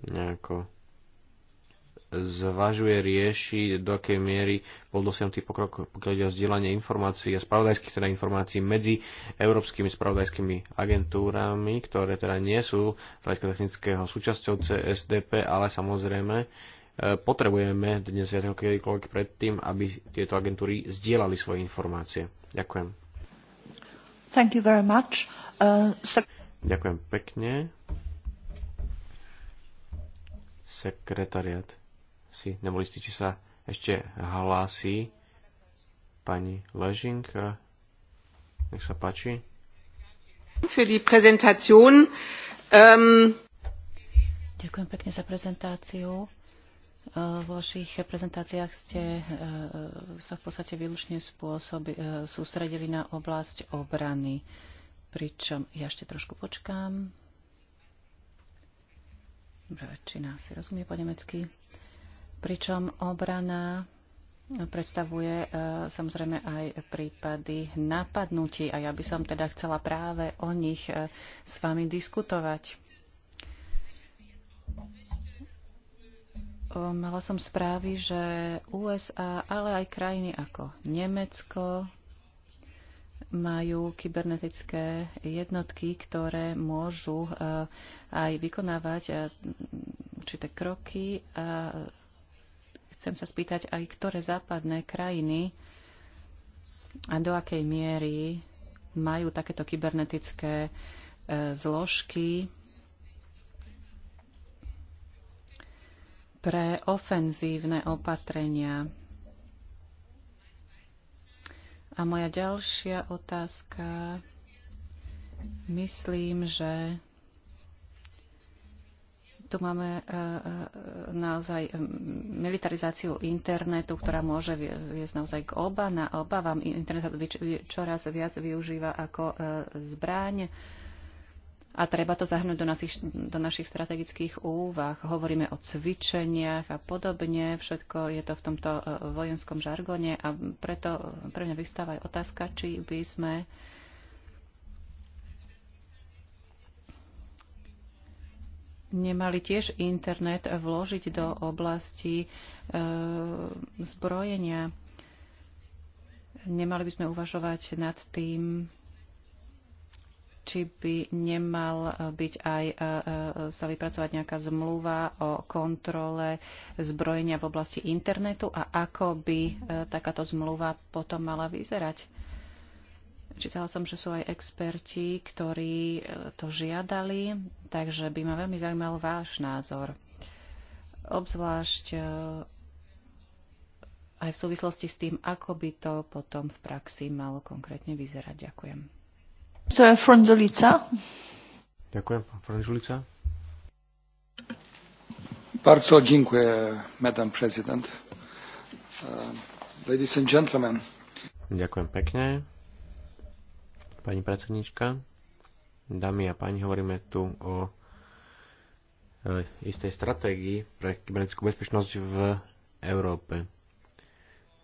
nejako zvažuje, rieši, do akej miery bol dosiahnutý pokrok, pokiaľ ide o zdieľanie informácií a spravodajských teda informácií medzi európskymi spravodajskými agentúrami, ktoré teda nie sú hľadiska technického súčasťou CSDP, ale samozrejme e, potrebujeme dnes viac ako predtým, aby tieto agentúry zdieľali svoje informácie. Ďakujem. Thank you very much. Uh, so... Ďakujem pekne. Sekretariat si neboli istí, či sa ešte hlási pani Ležink. Nech sa páči. Ähm, Ďakujem pekne za prezentáciu. Äh, v vašich prezentáciách ste äh, sa v podstate výlučne spôsob, äh, sústredili na oblasť obrany, pričom ja ešte trošku počkám. Dobre, väčšina si rozumie po nemecky pričom obrana predstavuje e, samozrejme aj prípady napadnutí a ja by som teda chcela práve o nich e, s vami diskutovať. Mala som správy, že USA, ale aj krajiny ako Nemecko majú kybernetické jednotky, ktoré môžu e, aj vykonávať určité kroky a Chcem sa spýtať aj, ktoré západné krajiny a do akej miery majú takéto kybernetické e, zložky pre ofenzívne opatrenia. A moja ďalšia otázka. Myslím, že tu máme e, e, naozaj militarizáciu internetu, ktorá môže viesť naozaj k oba, na obavám. Internet sa čoraz viac využíva ako e, zbraň a treba to zahrnúť do našich, do našich strategických úvah. Hovoríme o cvičeniach a podobne, všetko je to v tomto vojenskom žargone a preto pre mňa vystáva aj otázka, či by sme nemali tiež internet vložiť do oblasti e, zbrojenia. Nemali by sme uvažovať nad tým, či by nemal byť aj e, e, sa vypracovať nejaká zmluva o kontrole zbrojenia v oblasti internetu a ako by e, takáto zmluva potom mala vyzerať. Čítala som, že sú aj experti, ktorí e, to žiadali, takže by ma veľmi zaujímal váš názor. Obzvlášť e, aj v súvislosti s tým, ako by to potom v praxi malo konkrétne vyzerať. Ďakujem. Fronzulica. Ďakujem, pán Fronzulica. Bardzo dziękuję, Madam President. Uh, ladies and gentlemen. Ďakujem pekne. Pani predsednička, dámy a páni, hovoríme tu o e, istej stratégii pre kybernetickú bezpečnosť v Európe.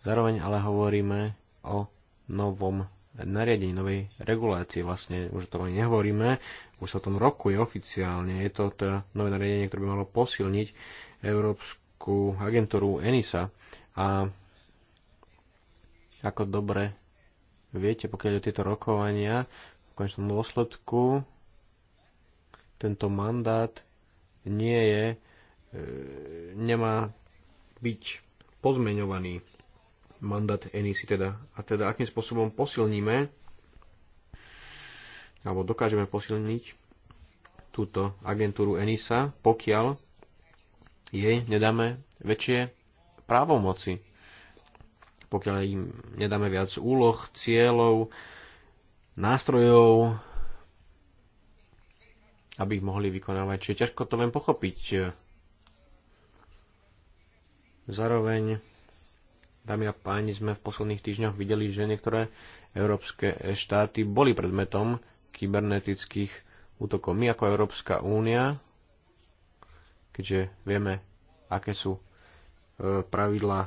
Zároveň ale hovoríme o novom nariadení, novej regulácii. Vlastne už o tom ani nehovoríme, už sa o tom rokuje oficiálne. Je to to teda nové nariadenie, ktoré by malo posilniť Európsku agentúru ENISA. A ako dobre Viete, pokiaľ o tieto rokovania, v končnom dôsledku tento mandát nie je, e, nemá byť pozmeňovaný mandát NEC teda. A teda akým spôsobom posilníme alebo dokážeme posilniť túto agentúru ENISA, pokiaľ jej nedáme väčšie právomoci pokiaľ im nedáme viac úloh, cieľov, nástrojov, aby ich mohli vykonávať. Čiže ťažko to len pochopiť. Zároveň, dámy a páni, sme v posledných týždňoch videli, že niektoré európske štáty boli predmetom kybernetických útokov. My ako Európska únia, keďže vieme, aké sú e, pravidla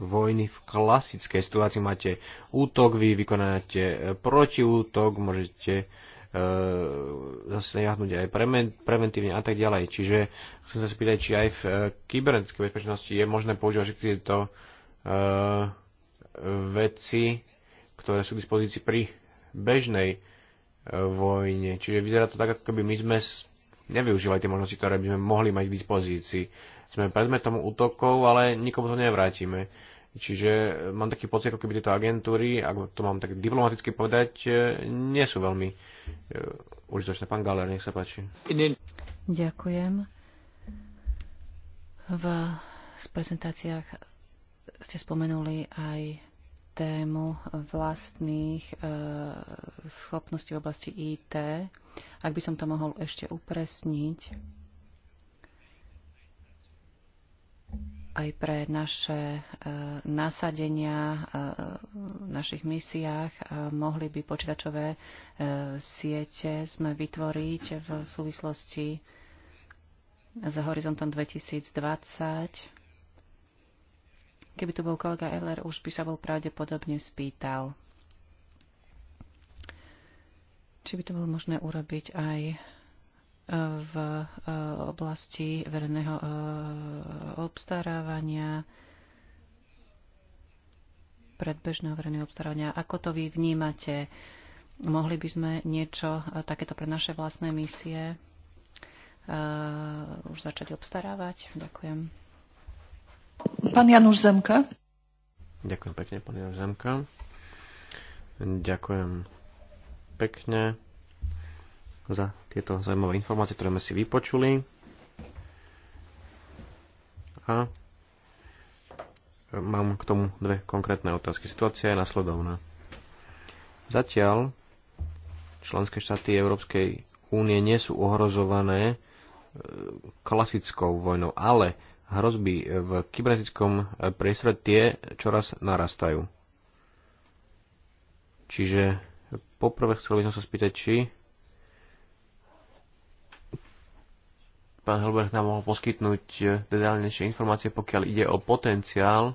vojny v klasickej situácii. Máte útok, vy vykonáte e, protiútok, môžete e, zase jahnúť aj premen, preventívne a tak ďalej. Čiže chcem sa spýtať, či aj v e, kybernetickej bezpečnosti je možné používať všetky tieto e, veci, ktoré sú k dispozícii pri bežnej e, vojne. Čiže vyzerá to tak, ako keby my sme nevyužívali tie možnosti, ktoré by sme mohli mať k dispozícii sme predmetom útokov, ale nikomu to nevrátime. Čiže mám taký pocit, ako keby tieto agentúry, ak to mám tak diplomaticky povedať, e, nie sú veľmi e, užitočné. Pán Galer, nech sa páči. Ďakujem. V prezentáciách ste spomenuli aj tému vlastných e, schopností v oblasti IT. Ak by som to mohol ešte upresniť, aj pre naše e, nasadenia e, v našich misiách e, mohli by počítačové siete sme vytvoriť v súvislosti s horizontom 2020. Keby tu bol kolega Eller, už by sa bol pravdepodobne spýtal, či by to bolo možné urobiť aj v e, oblasti verejného e, obstarávania, predbežného verejného obstarávania. Ako to vy vnímate? Mohli by sme niečo e, takéto pre naše vlastné misie už začať obstarávať? Ďakujem. Pán Januš Zemka. Ďakujem pekne, pán Januš Zemka. Ďakujem pekne za tieto zaujímavé informácie, ktoré sme si vypočuli. A mám k tomu dve konkrétne otázky. Situácia je nasledovná. Zatiaľ členské štáty Európskej únie nie sú ohrozované e, klasickou vojnou, ale hrozby v kybernetickom e, priestore tie čoraz narastajú. Čiže poprvé chcel by som sa spýtať, či pán Helberg nám mohol poskytnúť e, detaľnejšie informácie, pokiaľ ide o potenciál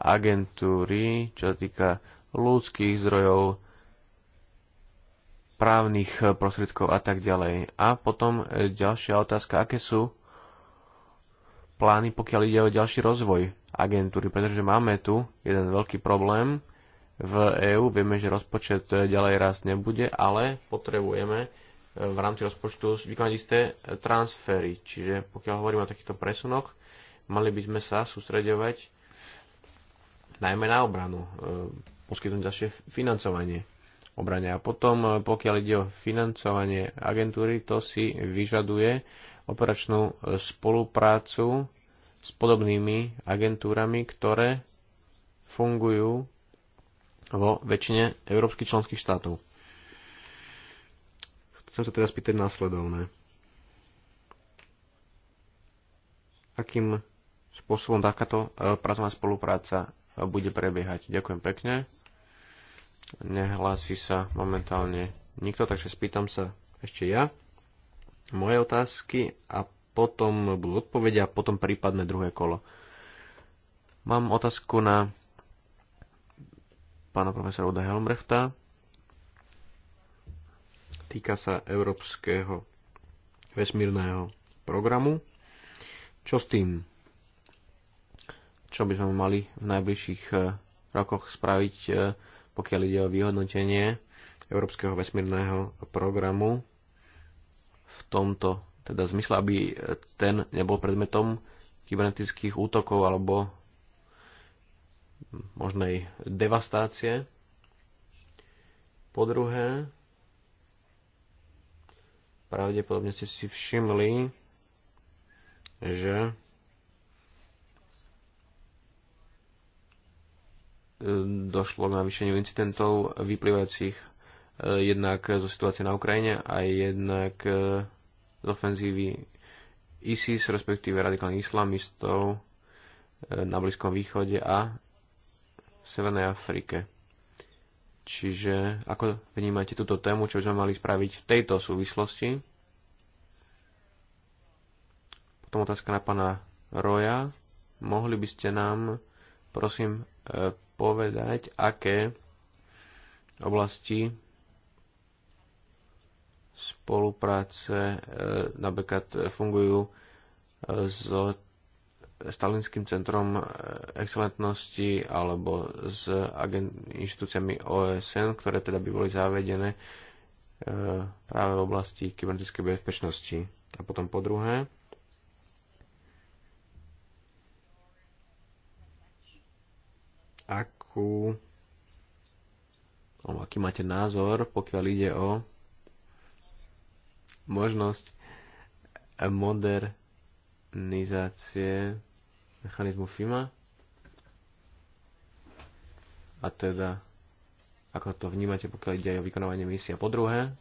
agentúry, čo sa týka ľudských zdrojov, právnych e, prostriedkov a tak ďalej. A potom e, ďalšia otázka, aké sú plány, pokiaľ ide o ďalší rozvoj agentúry, pretože máme tu jeden veľký problém v EÚ, vieme, že rozpočet ďalej rast nebude, ale potrebujeme v rámci rozpočtu vykonať isté e, transfery. Čiže pokiaľ hovoríme o takýchto presunoch, mali by sme sa sústredovať najmä na obranu, e, poskytnúť ďalšie financovanie obrane. A potom, e, pokiaľ ide o financovanie agentúry, to si vyžaduje operačnú spoluprácu s podobnými agentúrami, ktoré fungujú vo väčšine európskych členských štátov. Chcem sa teraz pýtať následovné. Akým spôsobom takáto e, pracovná spolupráca e, bude prebiehať? Ďakujem pekne. Nehlási sa momentálne nikto, takže spýtam sa ešte ja moje otázky a potom budú odpovede a potom prípadne druhé kolo. Mám otázku na pána profesora Uda Helmrechta týka sa Európskeho vesmírneho programu. Čo s tým? Čo by sme mali v najbližších e, rokoch spraviť, e, pokiaľ ide o vyhodnotenie Európskeho vesmírneho programu v tomto teda zmysle, aby e, ten nebol predmetom kybernetických útokov alebo možnej devastácie. Po druhé, Pravdepodobne ste si všimli, že e, došlo k navýšeniu incidentov vyplývajúcich e, jednak zo situácie na Ukrajine a jednak e, z ofenzívy ISIS, respektíve radikálnych islamistov na Blízkom východe a v Severnej Afrike. Čiže ako vnímate túto tému, čo by sme mali spraviť v tejto súvislosti? Potom otázka na pána Roja. Mohli by ste nám, prosím, e, povedať, aké oblasti spolupráce e, napríklad e, fungujú s stalinským centrom e, excelentnosti alebo s inštitúciami OSN, ktoré teda by boli zavedené e, práve v oblasti kybernetickej bezpečnosti. A potom po druhé, akú alebo aký máte názor, pokiaľ ide o možnosť modernizácie mechanizmu FIMA a teda ako to vnímate, pokiaľ ide aj o vykonávanie misie. Po druhé,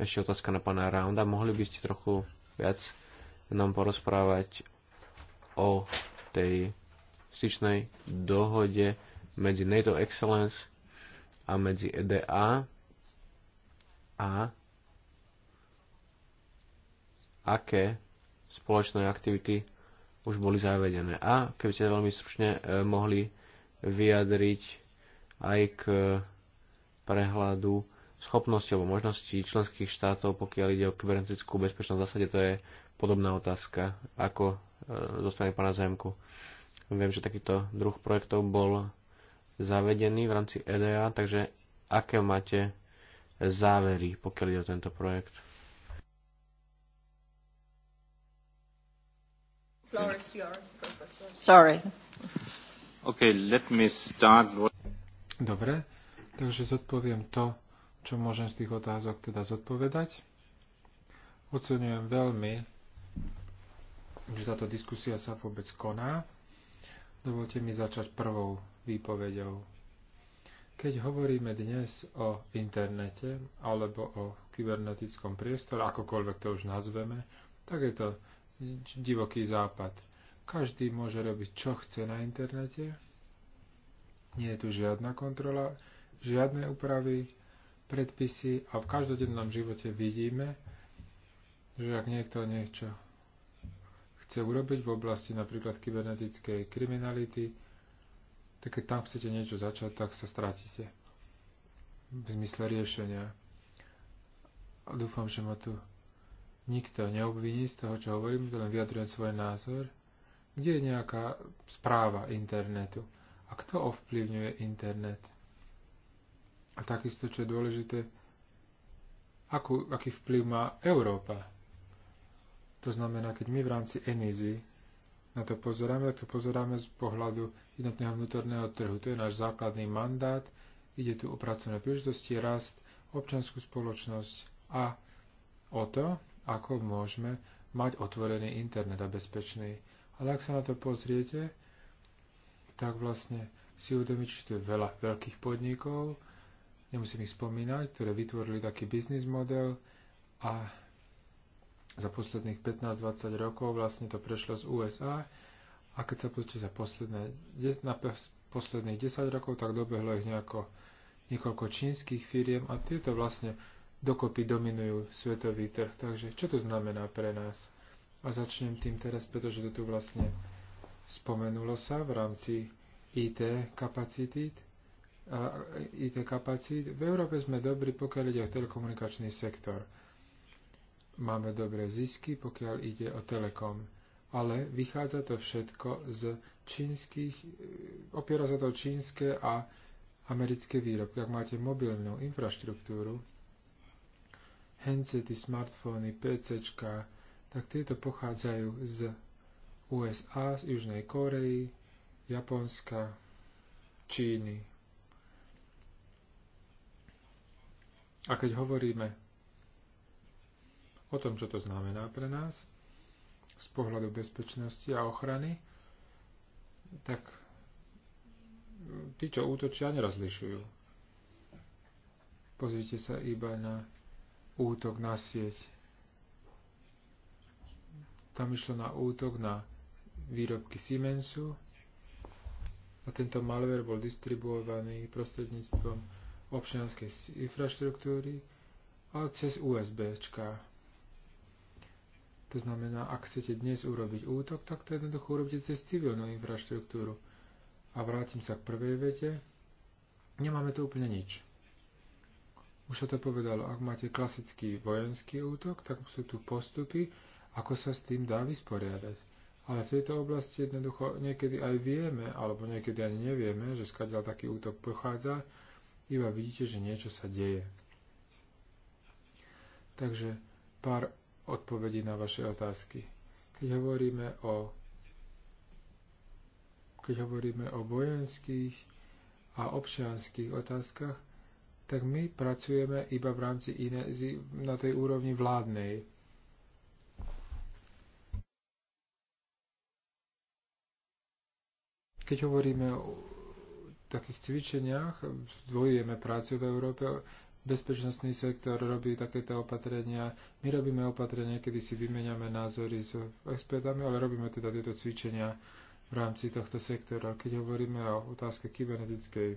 ešte otázka na pána Rounda. Mohli by ste trochu viac nám porozprávať o tej styčnej dohode medzi NATO Excellence a medzi EDA a aké Spoločné aktivity už boli zavedené. A keby ste veľmi stručne e, mohli vyjadriť aj k prehľadu schopnosti alebo možností členských štátov, pokiaľ ide o kybernetickú bezpečnosť. V zásade to je podobná otázka, ako e, zostane pána Zemku. Viem, že takýto druh projektov bol zavedený v rámci EDA, takže aké máte závery, pokiaľ ide o tento projekt? Sorry. Okay, let me start. Dobre, takže zodpoviem to, čo môžem z tých otázok teda zodpovedať. Oceňujem veľmi, že táto diskusia sa vôbec koná. Dovolte mi začať prvou výpovedou. Keď hovoríme dnes o internete alebo o kybernetickom priestore, akokoľvek to už nazveme, tak je to divoký západ. Každý môže robiť, čo chce na internete. Nie je tu žiadna kontrola, žiadne úpravy, predpisy a v každodennom živote vidíme, že ak niekto niečo chce urobiť v oblasti napríklad kybernetickej kriminality, tak keď tam chcete niečo začať, tak sa stratíte v zmysle riešenia. A dúfam, že ma tu nikto neobviní z toho, čo hovorím, len vyjadrujem svoj názor, kde je nejaká správa internetu a kto ovplyvňuje internet. A takisto, čo je dôležité, akú, aký vplyv má Európa. To znamená, keď my v rámci ENIZY na to pozeráme, tak to pozeráme z pohľadu jednotného vnútorného trhu. To je náš základný mandát, ide tu o pracovné príležitosti, rast, občanskú spoločnosť a o to, ako môžeme mať otvorený internet a bezpečný. Ale ak sa na to pozriete, tak vlastne si uvedomiť, že tu je veľa veľkých podnikov, nemusím ich spomínať, ktoré vytvorili taký biznis model a za posledných 15-20 rokov vlastne to prešlo z USA a keď sa pozrite za posledné, na posledných 10 rokov, tak dobehlo ich nejako, niekoľko čínskych firiem a tieto vlastne dokopy dominujú svetový trh. Takže čo to znamená pre nás? A začnem tým teraz, pretože to tu vlastne spomenulo sa v rámci IT kapacitít. A IT kapacít. V Európe sme dobrí, pokiaľ ide o telekomunikačný sektor. Máme dobré zisky, pokiaľ ide o telekom. Ale vychádza to všetko z čínskych, e, opiera sa to čínske a americké výrobky. Ak máte mobilnú infraštruktúru, handsety, smartfóny, PCčka, tak tieto pochádzajú z USA, z Južnej Koreji, Japonska, Číny. A keď hovoríme o tom, čo to znamená pre nás z pohľadu bezpečnosti a ochrany, tak tí, čo útočia, nerozlišujú. Pozrite sa iba na útok na sieť. Tam išlo na útok na výrobky Siemensu a tento malware bol distribuovaný prostredníctvom občianskej infraštruktúry a cez USBčka. To znamená, ak chcete dnes urobiť útok, tak to jednoducho urobíte cez civilnú infraštruktúru. A vrátim sa k prvej vete. Nemáme tu úplne nič. Už sa to povedalo, ak máte klasický vojenský útok, tak sú tu postupy, ako sa s tým dá vysporiadať. Ale v tejto oblasti jednoducho niekedy aj vieme, alebo niekedy ani nevieme, že skadiaľ taký útok pochádza, iba vidíte, že niečo sa deje. Takže pár odpovedí na vaše otázky. Keď hovoríme o keď hovoríme o vojenských a občianských otázkach, tak my pracujeme iba v rámci iné, na tej úrovni vládnej. Keď hovoríme o takých cvičeniach, zdvojujeme prácu v Európe, bezpečnostný sektor robí takéto opatrenia. My robíme opatrenia, kedy si vymeniame názory s expertami, ale robíme teda tieto cvičenia v rámci tohto sektora. Keď hovoríme o otázke kybernetickej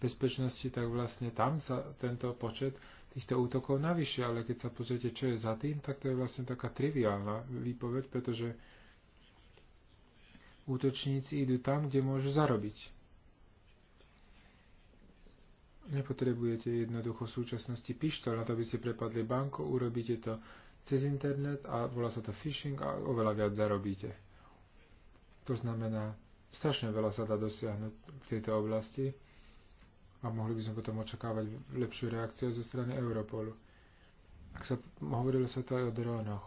bezpečnosti, tak vlastne tam sa tento počet týchto útokov navyšia, ale keď sa pozriete, čo je za tým, tak to je vlastne taká triviálna výpoveď, pretože útočníci idú tam, kde môžu zarobiť. Nepotrebujete jednoducho v súčasnosti pištol na to, aby ste prepadli banku, urobíte to cez internet a volá sa to phishing a oveľa viac zarobíte. To znamená, strašne veľa sa dá dosiahnuť v tejto oblasti a mohli by sme potom očakávať lepšiu reakciu zo strany Europolu. Ak sa, hovorilo sa to aj o drónoch.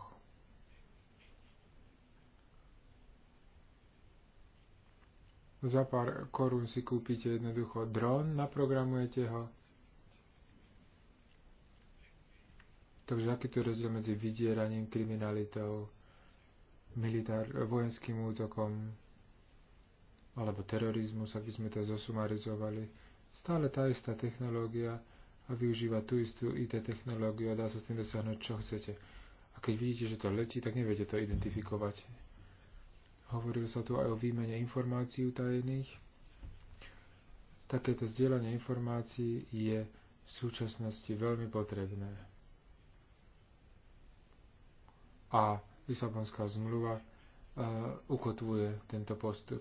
Za pár korún si kúpite jednoducho dron, naprogramujete ho. Takže aký tu je rozdiel medzi vydieraním, kriminalitou, militár, eh, vojenským útokom alebo terorizmus, aby sme to zosumarizovali. Stále tá istá technológia a využíva tú istú IT technológiu a dá sa s tým dosiahnuť, čo chcete. A keď vidíte, že to letí, tak neviete to identifikovať. Hovorilo sa tu aj o výmene informácií utajených. Takéto zdieľanie informácií je v súčasnosti veľmi potrebné. A Lisabonská zmluva e, ukotvuje tento postup.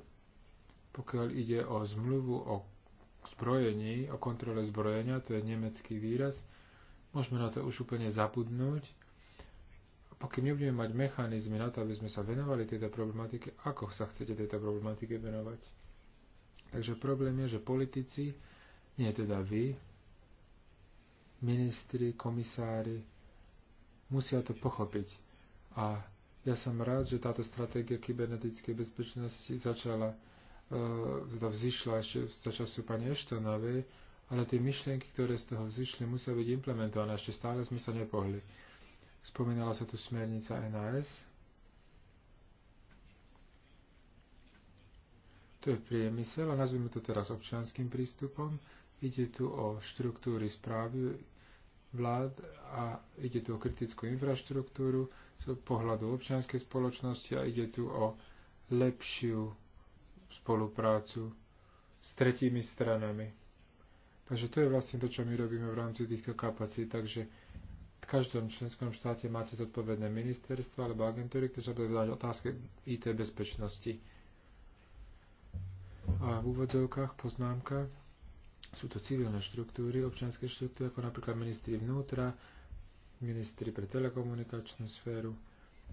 Pokiaľ ide o zmluvu o zbrojení, o kontrole zbrojenia, to je nemecký výraz, môžeme na to už úplne zabudnúť. Pokým nebudeme mať mechanizmy na to, aby sme sa venovali tejto problematike, ako sa chcete tejto problematike venovať? Takže problém je, že politici, nie teda vy, ministri, komisári, musia to pochopiť a ja som rád, že táto stratégia kybernetickej bezpečnosti začala, e, teda vzýšla ešte za času pani Eštonovej, ale tie myšlienky, ktoré z toho vzýšli, musia byť implementované. Ešte stále sme sa nepohli. Spomínala sa tu smernica NAS. To je priemysel a nazvime to teraz občianským prístupom. Ide tu o štruktúry správy vlád a ide tu o kritickú infraštruktúru, z pohľadu občianskej spoločnosti a ide tu o lepšiu spoluprácu s tretími stranami. Takže to je vlastne to, čo my robíme v rámci týchto kapacít. Takže v každom členskom štáte máte zodpovedné ministerstva alebo agentúry, ktoré sa budú dať otázky IT bezpečnosti. A v úvodzovkách poznámka sú to civilné štruktúry, občianske štruktúry, ako napríklad ministri vnútra, ministri pre telekomunikačnú sféru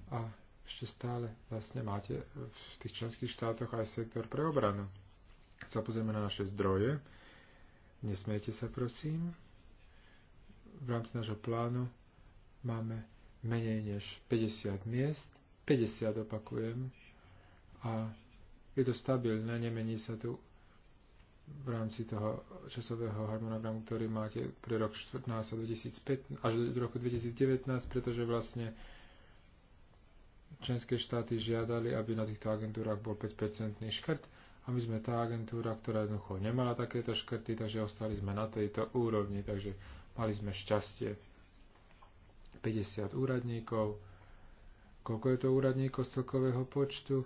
a ešte stále vlastne máte v tých členských štátoch aj sektor pre obranu. Keď sa pozrieme na naše zdroje, nesmiete sa prosím, v rámci nášho plánu máme menej než 50 miest, 50 opakujem, a je to stabilné, nemení sa tu v rámci toho časového harmonogramu, ktorý máte pre rok 14 až do roku 2019, pretože vlastne členské štáty žiadali, aby na týchto agentúrach bol 5-percentný škrt a my sme tá agentúra, ktorá jednoducho nemala takéto škrty, takže ostali sme na tejto úrovni, takže mali sme šťastie. 50 úradníkov. Koľko je to úradníkov z celkového počtu?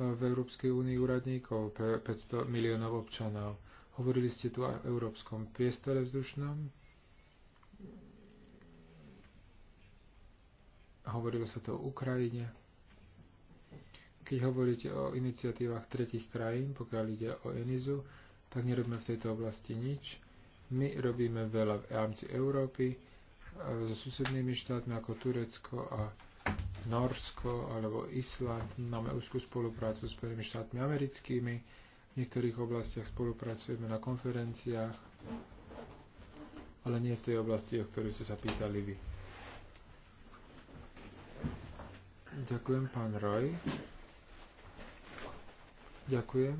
v Európskej únii úradníkov, 500 miliónov občanov. Hovorili ste tu aj o európskom priestore vzdušnom. Hovorilo sa to o Ukrajine. Keď hovoríte o iniciatívach tretich krajín, pokiaľ ide o ENIZu, tak nerobíme v tejto oblasti nič. My robíme veľa v rámci Európy e, so susednými štátmi ako Turecko a Norsko alebo Island. Máme úzkú spoluprácu s Spojenými štátmi americkými. V niektorých oblastiach spolupracujeme na konferenciách, ale nie v tej oblasti, o ktorú ste sa pýtali vy. Ďakujem, pán Roy. Ďakujem.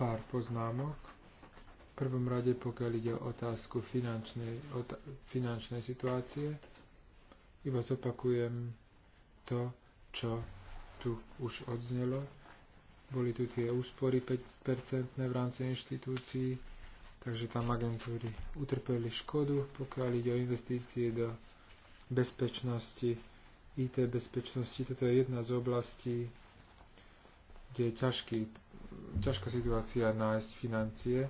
Pár poznámok. V prvom rade, pokiaľ ide o otázku finančnej, ota- finančnej situácie, iba zopakujem to, čo tu už odznelo. Boli tu tie úspory 5% v rámci inštitúcií, takže tam agentúry utrpeli škodu, pokiaľ ide o investície do bezpečnosti, IT bezpečnosti. Toto je jedna z oblastí, kde je ťažký, ťažká situácia nájsť financie.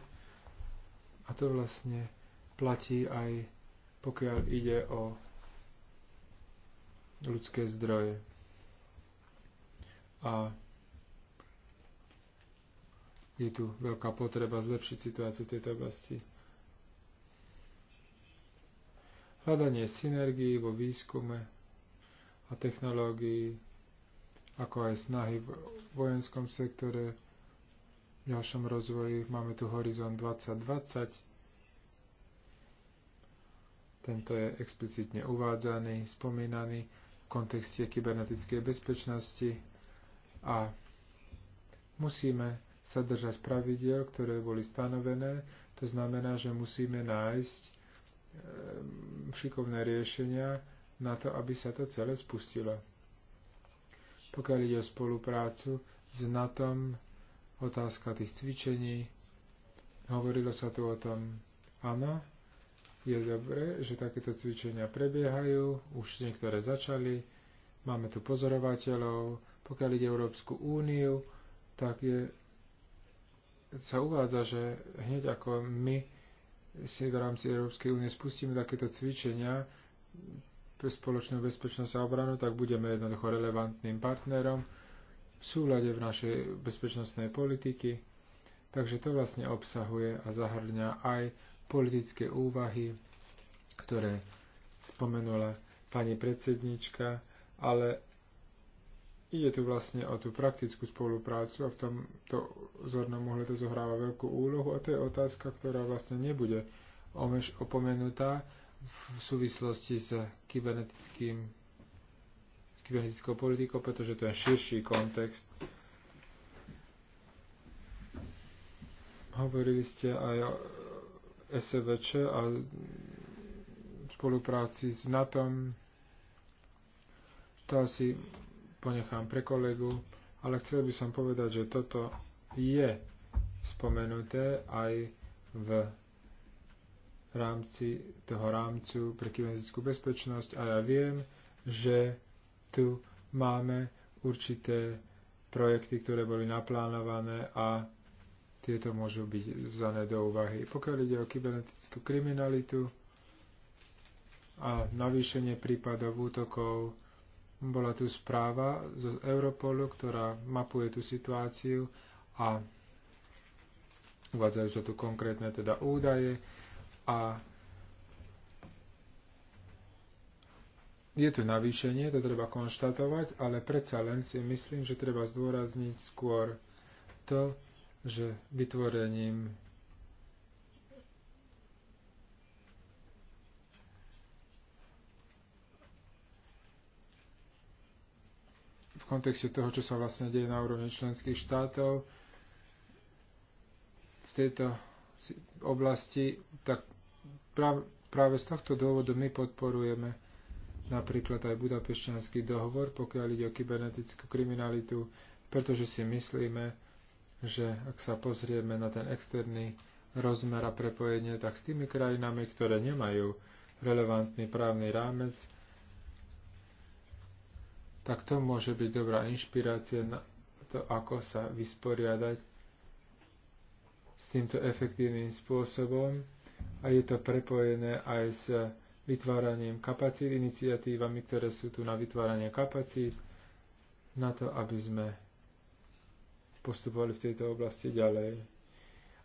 A to vlastne platí aj pokiaľ ide o ľudské zdroje. A je tu veľká potreba zlepšiť situáciu v tejto oblasti. Hľadanie synergií vo výskume a technológií, ako aj snahy v vojenskom sektore, v ďalšom rozvoji. Máme tu Horizon 2020. Tento je explicitne uvádzaný, spomínaný kontexte kybernetickej bezpečnosti a musíme sa držať pravidiel, ktoré boli stanovené. To znamená, že musíme nájsť ehm, šikovné riešenia na to, aby sa to celé spustilo. Pokiaľ ide o spoluprácu s NATO, otázka tých cvičení, hovorilo sa tu o tom, áno, je dobré, že takéto cvičenia prebiehajú, už niektoré začali, máme tu pozorovateľov, pokiaľ ide Európsku úniu, tak je, sa uvádza, že hneď ako my si v rámci Európskej únie spustíme takéto cvičenia pre spoločnú bezpečnosť a obranu, tak budeme jednoducho relevantným partnerom v súlade v našej bezpečnostnej politiky. Takže to vlastne obsahuje a zahrňa aj politické úvahy, ktoré spomenula pani predsednička, ale ide tu vlastne o tú praktickú spoluprácu a v tomto zornom uhle to zohráva veľkú úlohu a to je otázka, ktorá vlastne nebude opomenutá v súvislosti s kybernetickým s kybernetickou politikou, pretože to je širší kontext. Hovorili ste aj o SVČ a v spolupráci s NATO. To asi ponechám pre kolegu, ale chcel by som povedať, že toto je spomenuté aj v rámci toho rámcu pre kybernetickú bezpečnosť a ja viem, že tu máme určité projekty, ktoré boli naplánované a tieto môžu byť vzané do úvahy. Pokiaľ ide o kybernetickú kriminalitu a navýšenie prípadov útokov, bola tu správa z Europolu, ktorá mapuje tú situáciu a uvádzajú sa tu konkrétne teda údaje a je tu navýšenie, to treba konštatovať, ale predsa len si myslím, že treba zdôrazniť skôr to, že vytvorením v kontexte toho, čo sa vlastne deje na úrovni členských štátov v tejto oblasti, tak práve z tohto dôvodu my podporujeme napríklad aj budapešťanský dohovor, pokiaľ ide o kybernetickú kriminalitu, pretože si myslíme, že ak sa pozrieme na ten externý rozmer a prepojenie, tak s tými krajinami, ktoré nemajú relevantný právny rámec, tak to môže byť dobrá inšpirácia na to, ako sa vysporiadať s týmto efektívnym spôsobom a je to prepojené aj s vytváraním kapacít, iniciatívami, ktoré sú tu na vytváranie kapacít, na to, aby sme postupovali v tejto oblasti ďalej.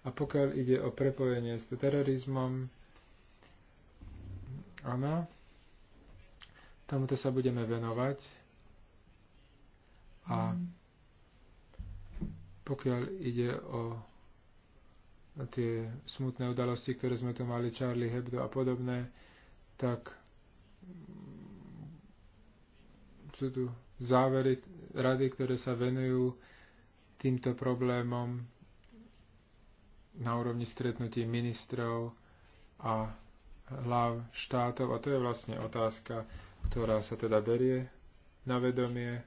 A pokiaľ ide o prepojenie s terorizmom, áno, tomuto sa budeme venovať. A mm. pokiaľ ide o tie smutné udalosti, ktoré sme tu mali, Charlie Hebdo a podobné, tak sú tu závery rady, ktoré sa venujú týmto problémom na úrovni stretnutí ministrov a hlav štátov. A to je vlastne otázka, ktorá sa teda berie na vedomie.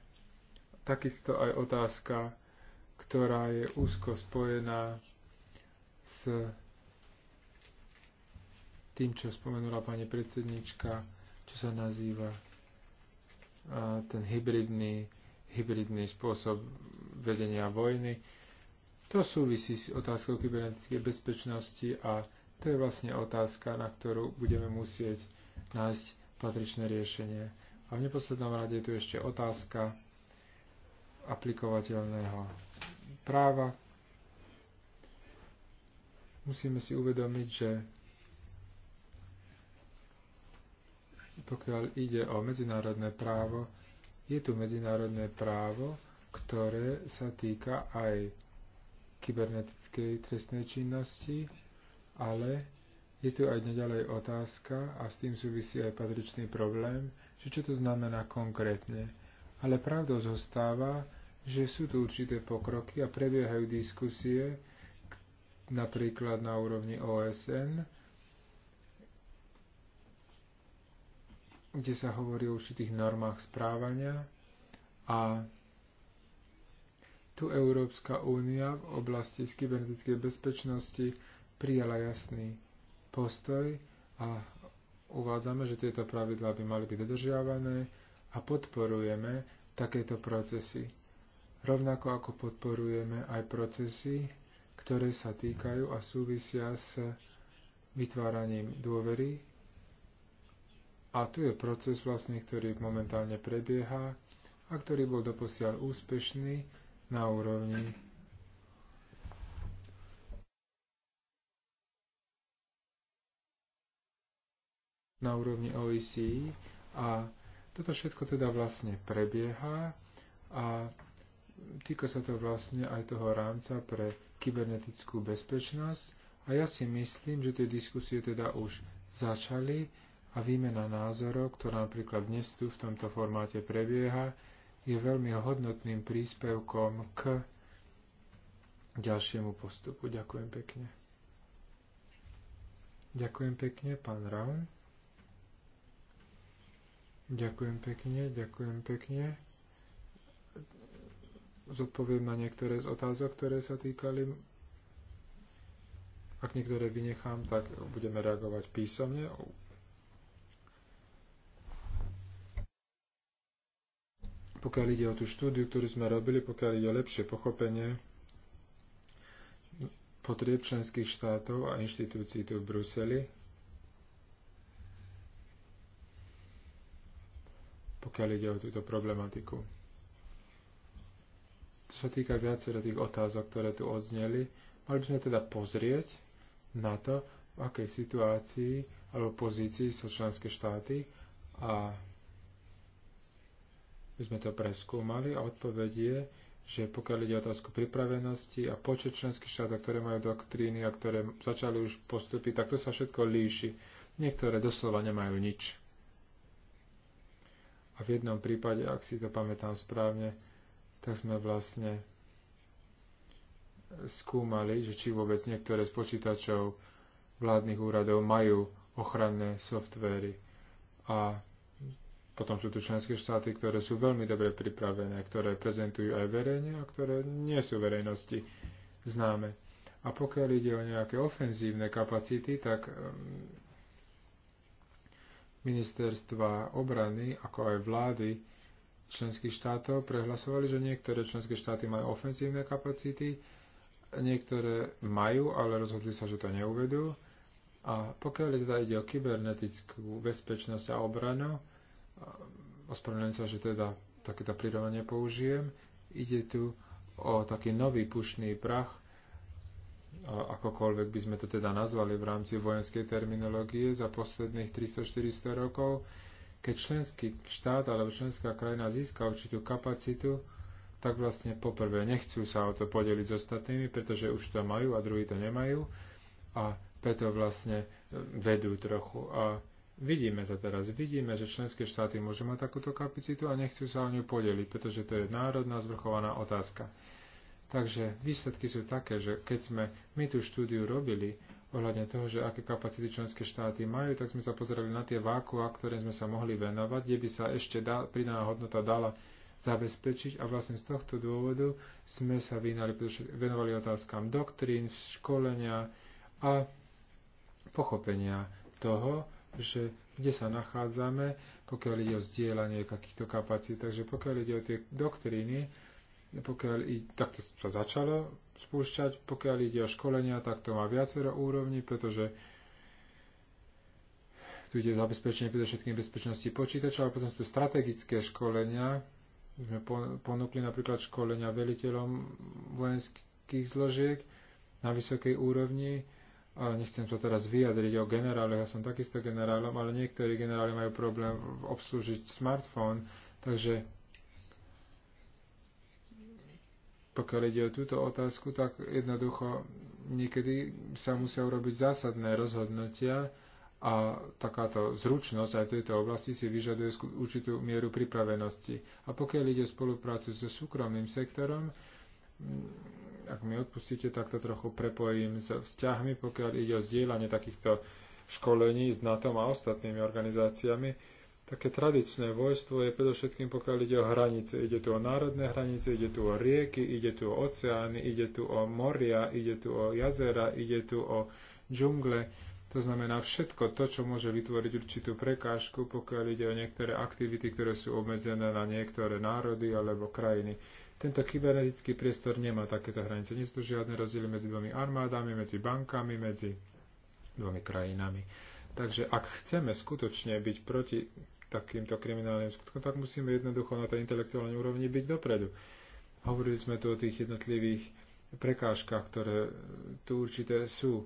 Takisto aj otázka, ktorá je úzko spojená s tým, čo spomenula pani predsednička, čo sa nazýva ten hybridný hybridný spôsob vedenia vojny. To súvisí s otázkou kybernetickej bezpečnosti a to je vlastne otázka, na ktorú budeme musieť nájsť patričné riešenie. A v neposlednom rade je tu ešte otázka aplikovateľného práva. Musíme si uvedomiť, že pokiaľ ide o medzinárodné právo, je tu medzinárodné právo, ktoré sa týka aj kybernetickej trestnej činnosti, ale je tu aj neďalej otázka a s tým súvisí aj patričný problém, že čo to znamená konkrétne. Ale pravdou zostáva, že sú tu určité pokroky a prebiehajú diskusie napríklad na úrovni OSN, kde sa hovorí o určitých normách správania a tu Európska únia v oblasti kybernetickej bezpečnosti prijala jasný postoj a uvádzame, že tieto pravidlá by mali byť dodržiavané a podporujeme takéto procesy. Rovnako ako podporujeme aj procesy, ktoré sa týkajú a súvisia s vytváraním dôvery a tu je proces vlastne, ktorý momentálne prebieha a ktorý bol doposiaľ úspešný na úrovni na úrovni OECD e. a toto všetko teda vlastne prebieha a týka sa to vlastne aj toho rámca pre kybernetickú bezpečnosť a ja si myslím, že tie diskusie teda už začali a výmena názorov, ktorá napríklad dnes tu v tomto formáte prebieha, je veľmi hodnotným príspevkom k ďalšiemu postupu. Ďakujem pekne. Ďakujem pekne, pán Raun. Ďakujem pekne, ďakujem pekne. Zodpoviem na niektoré z otázok, ktoré sa týkali. Ak niektoré vynechám, tak budeme reagovať písomne. pokiaľ ide o tú štúdiu, ktorú sme robili, pokiaľ ide o lepšie pochopenie potrieb členských štátov a inštitúcií tu v Bruseli, pokiaľ ide o túto problematiku. To sa týka viacero tých otázok, ktoré tu odzneli. Mali by sme teda pozrieť na to, v akej situácii alebo pozícii sú členské štáty a my sme to preskúmali a odpoveď je, že pokiaľ ide o otázku pripravenosti a počet členských štátov, ktoré majú doktríny a ktoré začali už postupy, tak to sa všetko líši. Niektoré doslova nemajú nič. A v jednom prípade, ak si to pamätám správne, tak sme vlastne skúmali, že či vôbec niektoré z počítačov vládnych úradov majú ochranné softvery. A potom sú tu členské štáty, ktoré sú veľmi dobre pripravené, ktoré prezentujú aj verejne a ktoré nie sú verejnosti známe. A pokiaľ ide o nejaké ofenzívne kapacity, tak ehm, ministerstva obrany, ako aj vlády členských štátov prehlasovali, že niektoré členské štáty majú ofenzívne kapacity, niektoré majú, ale rozhodli sa, že to neuvedú. A pokiaľ teda ide o kybernetickú bezpečnosť a obranu, ospravedlňujem sa, že teda takéto prirovanie použijem. Ide tu o taký nový pušný prach, akokoľvek by sme to teda nazvali v rámci vojenskej terminológie za posledných 300-400 rokov, keď členský štát alebo členská krajina získa určitú kapacitu, tak vlastne poprvé nechcú sa o to podeliť s ostatnými, pretože už to majú a druhí to nemajú a preto vlastne vedú trochu. A Vidíme to teraz, vidíme, že členské štáty môžu mať takúto kapacitu a nechcú sa o ňu podeliť, pretože to je národná zvrchovaná otázka. Takže výsledky sú také, že keď sme my tú štúdiu robili ohľadne toho, že aké kapacity členské štáty majú, tak sme sa pozerali na tie vákua, ktoré sme sa mohli venovať, kde by sa ešte dá, pridaná hodnota dala zabezpečiť a vlastne z tohto dôvodu sme sa vynali, venovali otázkam doktrín, školenia a pochopenia toho, že kde sa nachádzame, pokiaľ ide o zdieľanie takýchto kapacít. Takže pokiaľ ide o tie doktríny, pokiaľ i, takto sa začalo spúšťať, pokiaľ ide o školenia, tak to má viacero úrovní, pretože tu ide zabezpečenie predovšetkým bezpečnosti počítača, ale potom sú to strategické školenia. Sme ponúkli napríklad školenia veliteľom vojenských zložiek na vysokej úrovni, nechcem to teraz vyjadriť o generáloch, ja som takisto generálom, ale niektorí generáli majú problém obslúžiť smartfón, takže pokiaľ ide o túto otázku, tak jednoducho niekedy sa musia urobiť zásadné rozhodnutia a takáto zručnosť aj v tejto oblasti si vyžaduje určitú mieru pripravenosti. A pokiaľ ide o spoluprácu so súkromným sektorom, ak mi odpustíte, tak to trochu prepojím s vzťahmi, pokiaľ ide o zdieľanie takýchto školení s NATO a ostatnými organizáciami. Také tradičné vojstvo je predovšetkým, pokiaľ ide o hranice. Ide tu o národné hranice, ide tu o rieky, ide tu o oceány, ide tu o moria, ide tu o jazera, ide tu o džungle. To znamená všetko to, čo môže vytvoriť určitú prekážku, pokiaľ ide o niektoré aktivity, ktoré sú obmedzené na niektoré národy alebo krajiny. Tento kybernetický priestor nemá takéto hranice. Nie sú tu žiadne rozdiely medzi dvomi armádami, medzi bankami, medzi dvomi krajinami. Takže ak chceme skutočne byť proti takýmto kriminálnym skutkom, tak musíme jednoducho na tej intelektuálnej úrovni byť dopredu. Hovorili sme tu o tých jednotlivých prekážkach, ktoré tu určité sú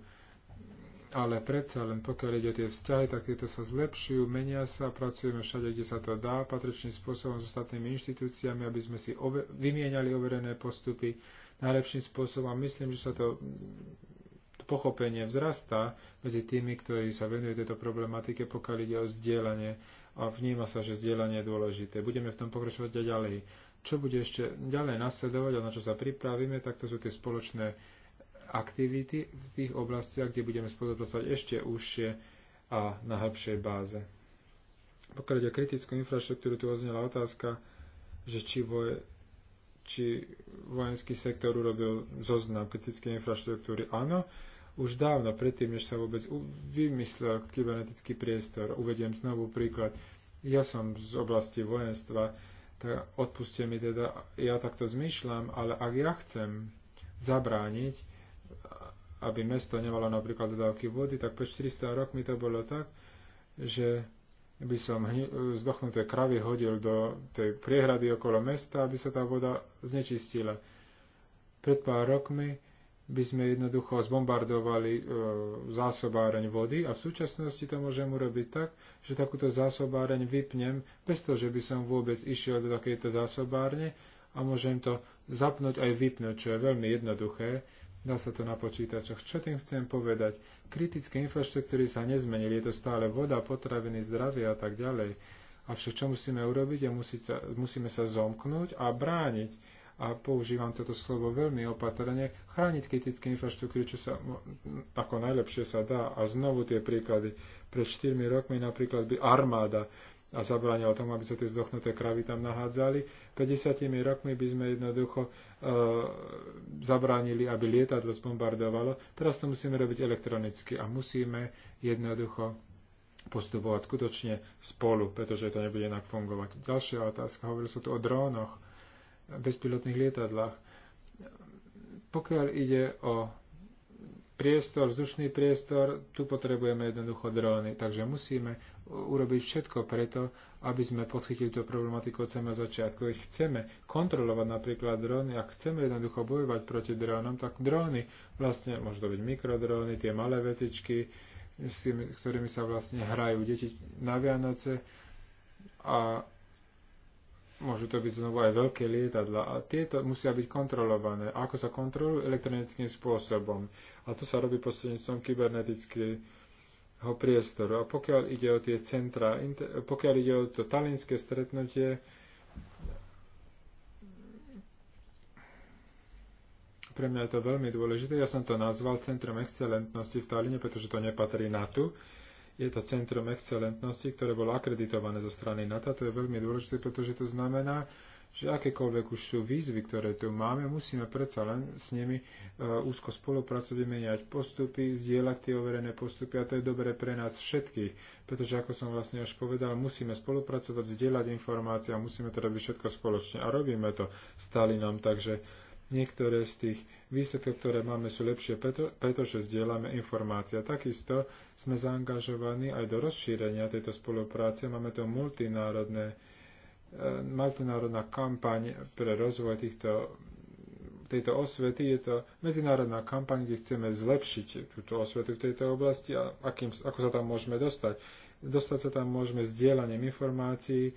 ale predsa len pokiaľ ide o tie vzťahy, tak tieto sa zlepšujú, menia sa, pracujeme všade, kde sa to dá, patričným spôsobom s ostatnými inštitúciami, aby sme si ove- vymieniali overené postupy najlepším spôsobom. Myslím, že sa to pochopenie vzrastá medzi tými, ktorí sa venujú tejto problematike, pokiaľ ide o zdieľanie a vníma sa, že zdieľanie je dôležité. Budeme v tom pokračovať ďalej. Čo bude ešte ďalej nasledovať a na čo sa pripravíme, tak to sú tie spoločné aktivity v tých oblastiach, kde budeme spolupracovať ešte užšie a na hĺbšej báze. Pokiaľ ide o kritickú infraštruktúru, tu oznela otázka, že či, voj, či vojenský sektor urobil zoznam kritickej infraštruktúry. Áno, už dávno, predtým, než sa vôbec vymyslel kybernetický priestor. Uvediem znovu príklad. Ja som z oblasti vojenstva, tak odpuste mi teda, ja takto zmýšľam, ale ak ja chcem zabrániť aby mesto nemalo napríklad dodávky vody, tak pred 400 rokmi to bolo tak, že by som zdochnuté kravy hodil do tej priehrady okolo mesta, aby sa tá voda znečistila. Pred pár rokmi by sme jednoducho zbombardovali e, zásobáreň vody a v súčasnosti to môžem urobiť tak, že takúto zásobáreň vypnem bez toho, že by som vôbec išiel do takejto zásobárne a môžem to zapnúť aj vypnúť, čo je veľmi jednoduché. Dá sa to na počítačoch. Čo tým chcem povedať? Kritické infraštruktúry sa nezmenili, je to stále voda, potraviny, zdravie a tak ďalej. Avšak čo musíme urobiť? Je musí sa, musíme sa zomknúť a brániť. A používam toto slovo veľmi opatrne. Chrániť kritické infraštruktúry, čo sa ako najlepšie sa dá. A znovu tie príklady. Pred 4 rokmi napríklad by armáda a zabránil tomu, aby sa tie zdochnuté kravy tam nahádzali. 50 rokmi by sme jednoducho e, zabránili, aby lietadlo zbombardovalo. Teraz to musíme robiť elektronicky a musíme jednoducho postupovať skutočne spolu, pretože to nebude inak fungovať. Ďalšia otázka, hovoril sa tu o drónoch, bezpilotných lietadlách. Pokiaľ ide o priestor, vzdušný priestor, tu potrebujeme jednoducho dróny, takže musíme urobiť všetko preto, aby sme podchytili tú problematiku od samého začiatku. Keď chceme kontrolovať napríklad dróny, ak chceme jednoducho bojovať proti drónom, tak dróny, vlastne môžu to byť mikrodróny, tie malé vecičky, s tými, ktorými sa vlastne hrajú deti na Vianoce a môžu to byť znovu aj veľké lietadla a tieto musia byť kontrolované. A ako sa kontrolujú? Elektronickým spôsobom. A to sa robí prostredníctvom kybernetickej priestoru. A pokiaľ ide o tie centra, pokiaľ ide o to talinské stretnutie, pre mňa je to veľmi dôležité. Ja som to nazval Centrum excelentnosti v Taline, pretože to nepatrí na tu. Je to Centrum excelentnosti, ktoré bolo akreditované zo strany NATO. To je veľmi dôležité, pretože to znamená, že akékoľvek už sú výzvy, ktoré tu máme, musíme predsa len s nimi e, úzko spolupracovať, meniať postupy, zdieľať tie overené postupy a to je dobré pre nás všetkých, pretože ako som vlastne až povedal, musíme spolupracovať, zdieľať informácie a musíme to robiť všetko spoločne a robíme to stáli nám, takže niektoré z tých výsledkov, ktoré máme, sú lepšie, preto, pretože zdieľame informácie. Takisto sme zaangažovaní aj do rozšírenia tejto spolupráce, máme to multinárodné E, medzinárodná kampaň pre rozvoj týchto, tejto osvety. Je to medzinárodná kampaň, kde chceme zlepšiť túto osvetu v tejto oblasti a akým, ako sa tam môžeme dostať. Dostať sa tam môžeme sdielaním informácií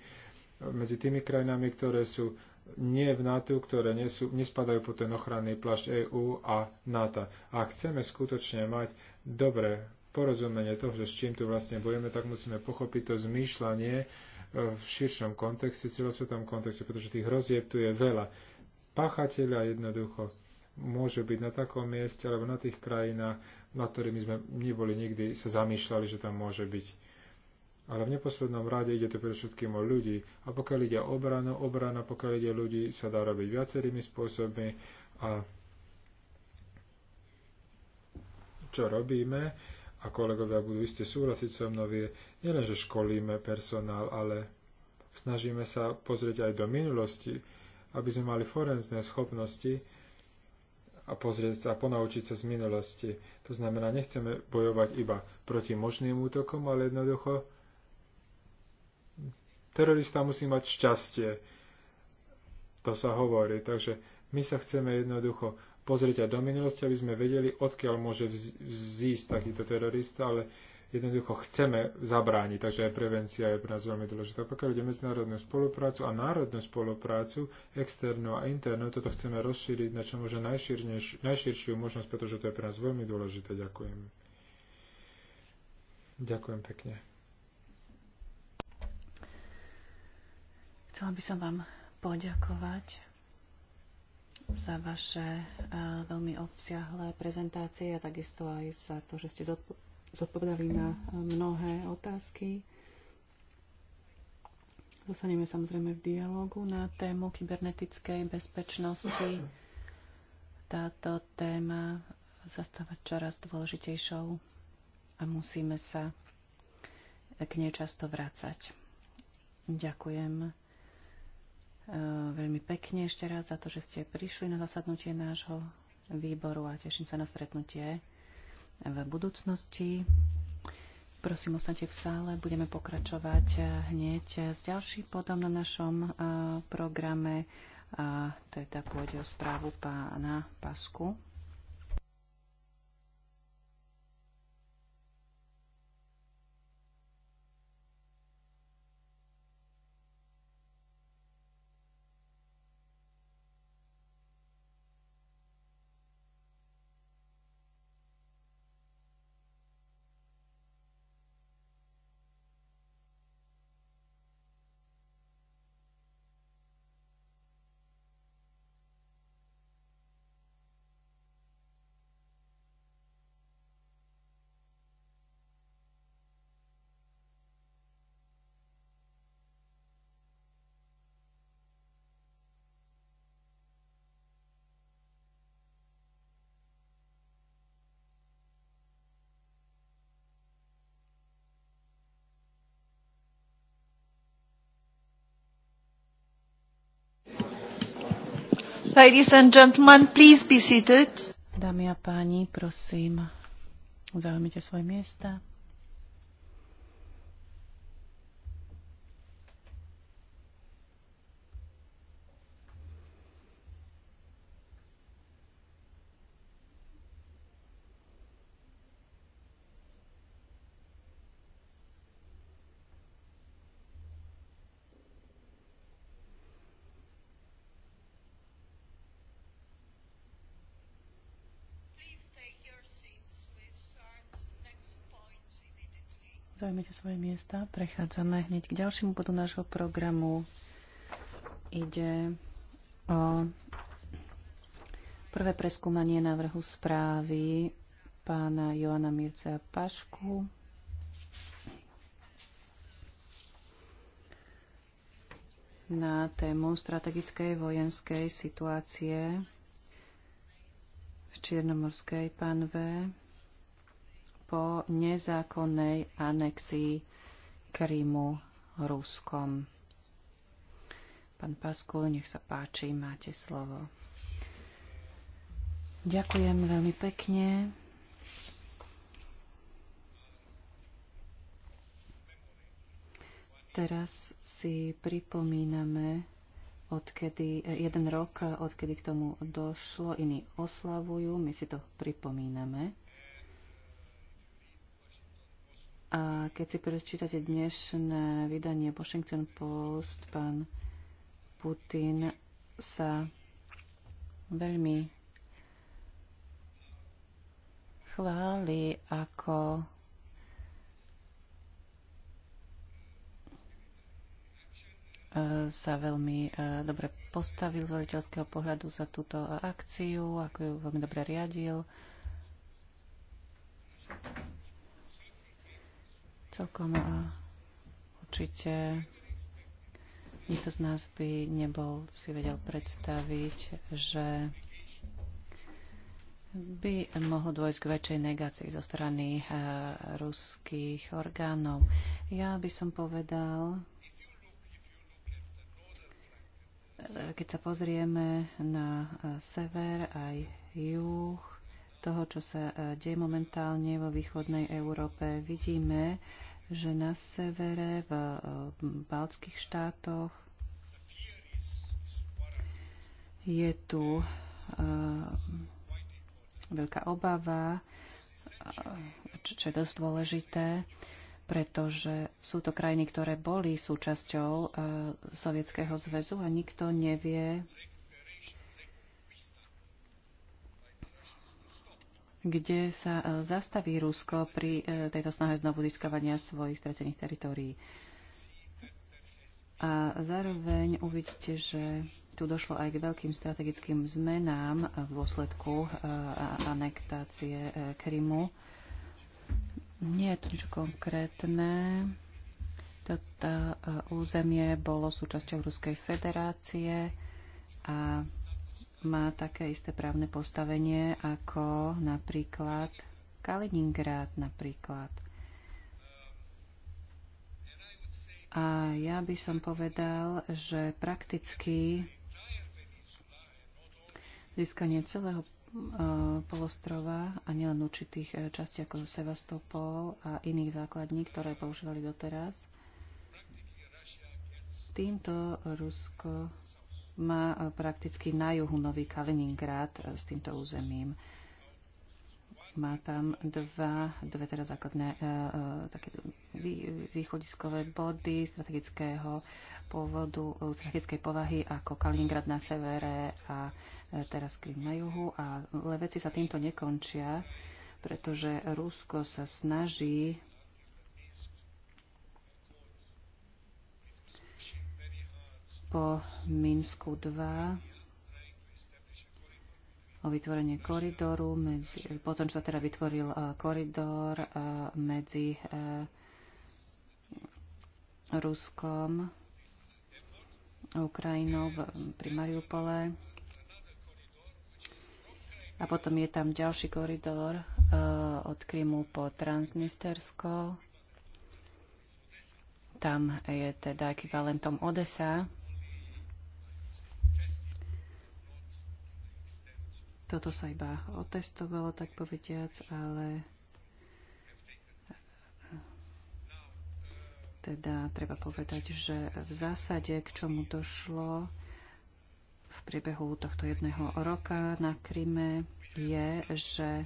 medzi tými krajinami, ktoré sú nie v NATO, ktoré nesú, nespadajú pod ten ochranný plášť EÚ a NATO. A chceme skutočne mať dobré porozumenie toho, že s čím tu vlastne budeme, tak musíme pochopiť to zmýšľanie, v širšom kontexte, celosvetom kontexte, pretože tých hrozieb tu je veľa. Pachateľa jednoducho môže byť na takom mieste alebo na tých krajinách, na ktorými sme neboli nikdy, sa zamýšľali, že tam môže byť. Ale v neposlednom rade ide to predovšetkým o ľudí. A pokiaľ ide o obranu, obrana, pokiaľ ide o ľudí, sa dá robiť viacerými spôsobmi. A čo robíme? a kolegovia budú iste súhlasiť so mnou, je nielen, že školíme personál, ale snažíme sa pozrieť aj do minulosti, aby sme mali forenzné schopnosti a pozrieť sa a ponaučiť sa z minulosti. To znamená, nechceme bojovať iba proti možným útokom, ale jednoducho terorista musí mať šťastie. To sa hovorí. Takže my sa chceme jednoducho pozrieť aj do minulosti, aby sme vedeli, odkiaľ môže vzísť takýto terorista, ale jednoducho chceme zabrániť, takže aj prevencia je pre nás veľmi dôležitá. Pokiaľ ide medzinárodnú spoluprácu a národnú spoluprácu, externú a internú, toto chceme rozšíriť na čo možno najširšiu možnosť, pretože to je pre nás veľmi dôležité. Ďakujem. Ďakujem pekne. Chcela by som vám poďakovať za vaše veľmi obsiahlé prezentácie a takisto aj za to, že ste zodpovedali na mnohé otázky. Zostaneme samozrejme v dialogu na tému kybernetickej bezpečnosti. Táto téma sa stáva čoraz dôležitejšou a musíme sa k nej často vrácať. Ďakujem veľmi pekne ešte raz za to, že ste prišli na zasadnutie nášho výboru a teším sa na stretnutie v budúcnosti. Prosím, ostaňte v sále. Budeme pokračovať hneď s ďalším bodom na našom eh, programe. A teda pôjde o správu pána Pasku. Ladies and gentlemen, please be seated. Dámy a páni, prosím, zaujmite svoje miesta. Zaujmite svoje miesta. Prechádzame hneď k ďalšiemu bodu nášho programu. Ide o prvé preskúmanie návrhu správy pána Joana Mircea Pašku. na tému strategickej vojenskej situácie v Čiernomorskej panve po nezákonnej anexii Krymu Ruskom. Pán Pasku, nech sa páči, máte slovo. Ďakujem veľmi pekne. Teraz si pripomíname, odkedy, jeden rok, odkedy k tomu došlo, iní oslavujú, my si to pripomíname. A keď si prečítate dnešné vydanie Washington Post, pán Putin sa veľmi chváli ako sa veľmi eh, dobre postavil z voliteľského pohľadu za túto akciu, ako ju veľmi dobre riadil. Celkom určite nikto z nás by nebol si vedel predstaviť, že by mohlo dôjsť k väčšej negácii zo strany ruských orgánov. Ja by som povedal, e, keď sa pozrieme na sever aj juh, toho, čo sa e, deje momentálne vo východnej Európe. Vidíme, že na severe, v e, baltských štátoch, je tu e, veľká obava, čo je dosť dôležité, pretože sú to krajiny, ktoré boli súčasťou Sovietskeho zväzu a nikto nevie, kde sa e, zastaví Rusko pri e, tejto snahe znovu získavania svojich stratených teritórií. A zároveň uvidíte, že tu došlo aj k veľkým strategickým zmenám v dôsledku e, anektácie Krymu. Nie je to nič konkrétne. Toto územie bolo súčasťou Ruskej federácie a má také isté právne postavenie ako napríklad Kaliningrad napríklad. A ja by som povedal, že prakticky získanie celého e, polostrova a nielen určitých e, častí ako Sevastopol a iných základní, ktoré používali doteraz. Týmto Rusko má e, prakticky na juhu Nový Kaliningrad e, s týmto územím. Má tam dva, dve teda základné uh, také vý, východiskové body strategického pôvodu, strategickej povahy ako Kaliningrad na severe a uh, teraz Krym na juhu. A veci sa týmto nekončia, pretože Rusko sa snaží po Minsku 2 o vytvorenie koridoru, medzi, potom čo sa teda vytvoril e, koridor e, medzi e, Ruskom a Ukrajinou pri Mariupole. A potom je tam ďalší koridor od Krymu po Transnistersko. Tam je teda ekvivalentom Odesa. Toto sa iba otestovalo, tak povediac, ale teda treba povedať, že v zásade k čomu došlo v priebehu tohto jedného roka na Kryme je, že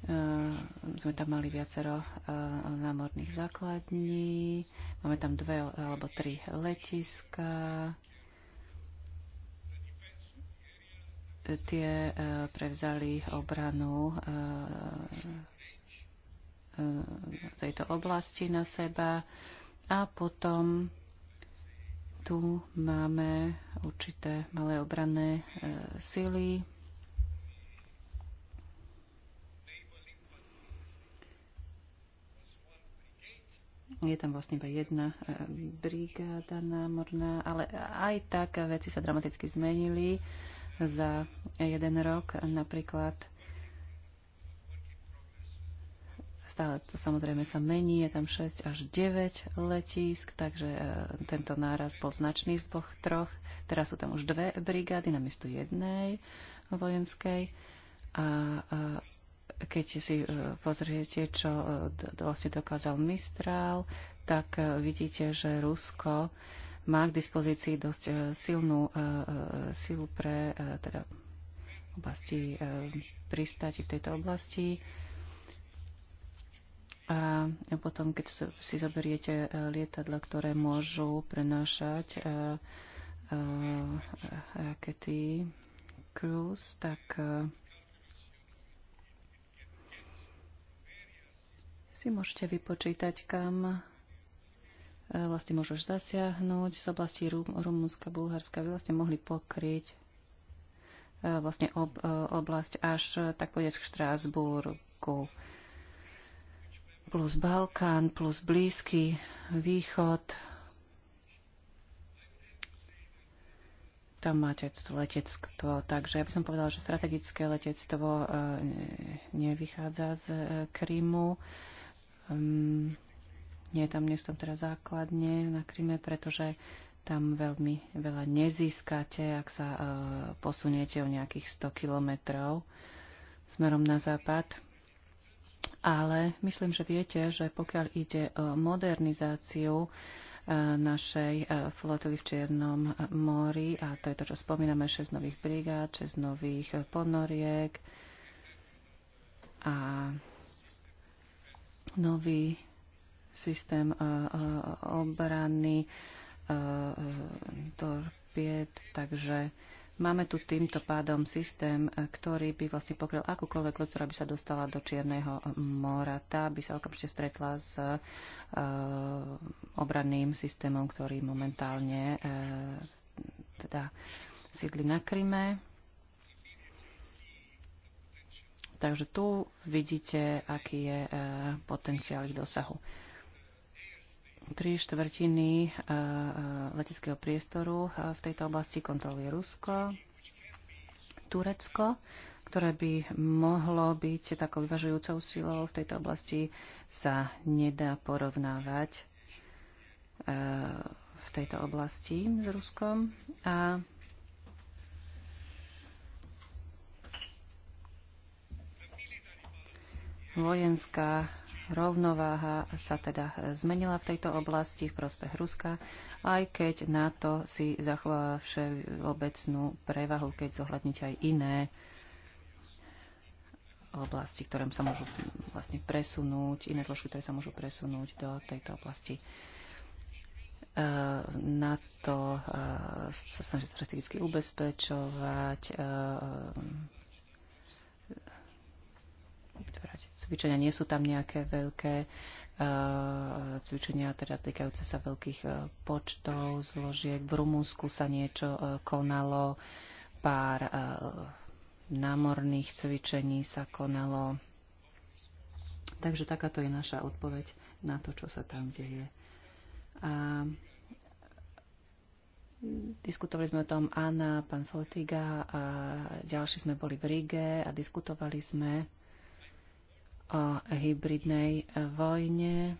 Uh, sme tam mali viacero uh, námorných základní, máme tam dve alebo tri letiska, tie e, prevzali obranu e, e, tejto oblasti na seba. A potom tu máme určité malé obranné sily. Je tam vlastne iba jedna brigáda námorná, ale aj tak veci sa dramaticky zmenili za jeden rok. Napríklad stále to samozrejme sa mení, je tam 6 až 9 letísk, takže e, tento náraz bol značný z dvoch, troch. Teraz sú tam už dve brigády namiesto jednej vojenskej. A, a e, keď si e, pozriete, čo vlastne dokázal Mistral, tak vidíte, že Rusko má k dispozícii dosť e, silnú e, e, silu pre teda oblasti pristáti v tejto oblasti. A potom, keď si zoberiete lietadla, ktoré môžu prenášať rakety Cruise, tak si môžete vypočítať, kam E, vlastne môžeš zasiahnuť z oblasti Rumunska, Bulharska, by vlastne mohli pokryť e, vlastne ob, e, oblasť až tak povedať k Štrásburgu plus Balkán, plus Blízky východ. Tam máte letectvo. Takže ja by som povedala, že strategické letectvo nevychádza z Krymu. Um, nie je tam, nie sú tam základne na Kryme, pretože tam veľmi veľa nezískate, ak sa uh, posuniete o nejakých 100 kilometrov smerom na západ. Ale myslím, že viete, že pokiaľ ide o modernizáciu uh, našej uh, flotily v Čiernom mori, a to je to, čo spomíname, 6 nových brigád, 6 nových uh, ponoriek a nový systém obrany torpied, takže máme tu týmto pádom systém, ktorý by vlastne pokryl akúkoľvek loď, ktorá by sa dostala do Čierneho mora. Tá by sa okamžite stretla s obranným systémom, ktorý momentálne teda sídli na Kryme. Takže tu vidíte, aký je potenciál ich dosahu tri štvrtiny e, e, leteckého priestoru e, v tejto oblasti kontroluje Rusko, Turecko, ktoré by mohlo byť takou vyvažujúcou silou v tejto oblasti, sa nedá porovnávať v tejto oblasti s Ruskom. A vojenská rovnováha sa teda zmenila v tejto oblasti v prospech Ruska, aj keď NATO si zachová všeobecnú prevahu, keď zohľadniť aj iné oblasti, ktoré sa môžu vlastne presunúť, iné zložky, ktoré sa môžu presunúť do tejto oblasti. E, to e, sa snaží strategicky ubezpečovať e, cvičenia. Nie sú tam nejaké veľké e, cvičenia teda týkajúce sa veľkých e, počtov, zložiek. V Rumúnsku sa niečo e, konalo, pár námorných cvičení sa konalo. Takže takáto je naša odpoveď na to, čo sa tam deje. A diskutovali sme o tom Anna, pán Fotiga a ďalší sme boli v Rige a diskutovali sme o hybridnej e, vojne.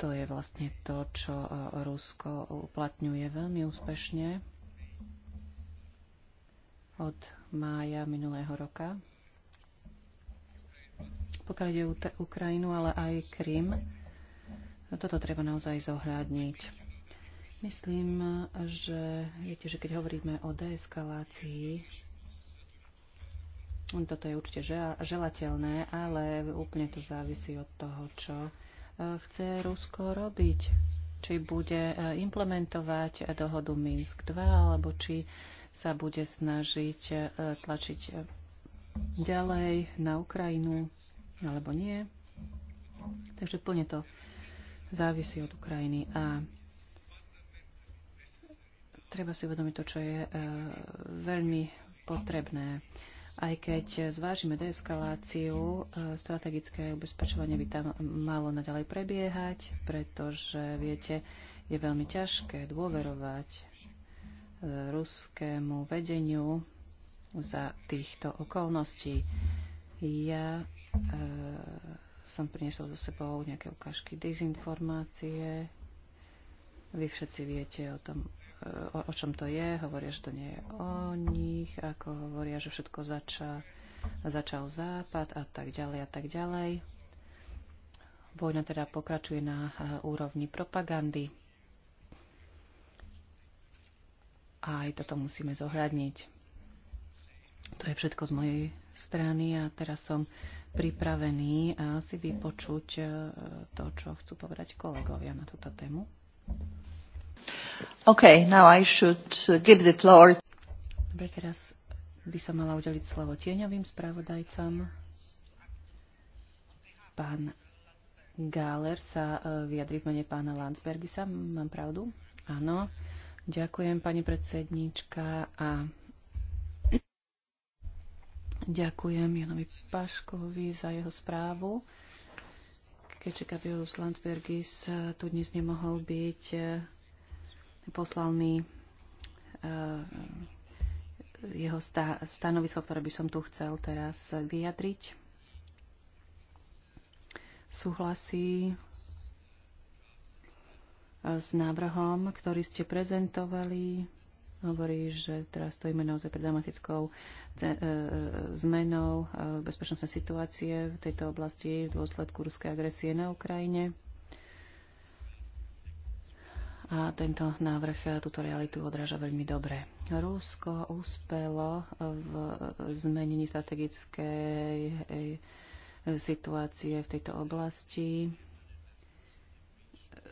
To je vlastne to, čo e, Rusko uplatňuje veľmi úspešne od mája minulého roka. Pokiaľ ide Ukrajinu, ale aj Krym, no, toto treba naozaj zohľadniť. Myslím, že viete, že keď hovoríme o deeskalácii, toto je určite želateľné, ale úplne to závisí od toho, čo e, chce Rusko robiť. Či bude e, implementovať dohodu Minsk 2, alebo či sa bude snažiť e, tlačiť ďalej na Ukrajinu, alebo nie. Takže plne to závisí od Ukrajiny. A treba si uvedomiť to, čo je veľmi potrebné. Aj keď zvážime deeskaláciu, e, strategické ubezpečovanie by tam malo naďalej prebiehať, pretože, viete, je veľmi ťažké dôverovať e, ruskému vedeniu za týchto okolností. Ja e, som priniesol so sebou nejaké ukážky dezinformácie. Vy všetci viete o tom, o, o čom to je, hovoria, že to nie je o nich, ako hovoria, že všetko zača, začal západ a tak ďalej a tak ďalej. Vojna teda pokračuje na úrovni propagandy. A aj toto musíme zohľadniť. To je všetko z mojej strany a teraz som pripravený si vypočuť e, to, čo chcú povedať kolegovia na túto tému. Okay, now I should uh, give the floor. Dobre, teraz by som mala udeliť slovo tieňovým spravodajcom. Pán Gáler sa uh, vyjadri v mene pána Landsbergisa. Mám pravdu? Áno. Ďakujem, pani predsedníčka. A Ďakujem Janovi Paškovi za jeho správu. Keďže Gabrielus Landsbergis uh, tu dnes nemohol byť, Poslal mi eh, jeho stanovisko, ktoré by som tu chcel teraz vyjadriť. Súhlasí eh, s návrhom, ktorý ste prezentovali. Hovorí, že teraz stojíme naozaj pred dramatickou eh, zmenou bezpečnostnej situácie v tejto oblasti v dôsledku ruskej agresie na Ukrajine. A tento návrh e, túto realitu odráža veľmi dobre. Rusko uspelo v zmenení strategickej e, situácie v tejto oblasti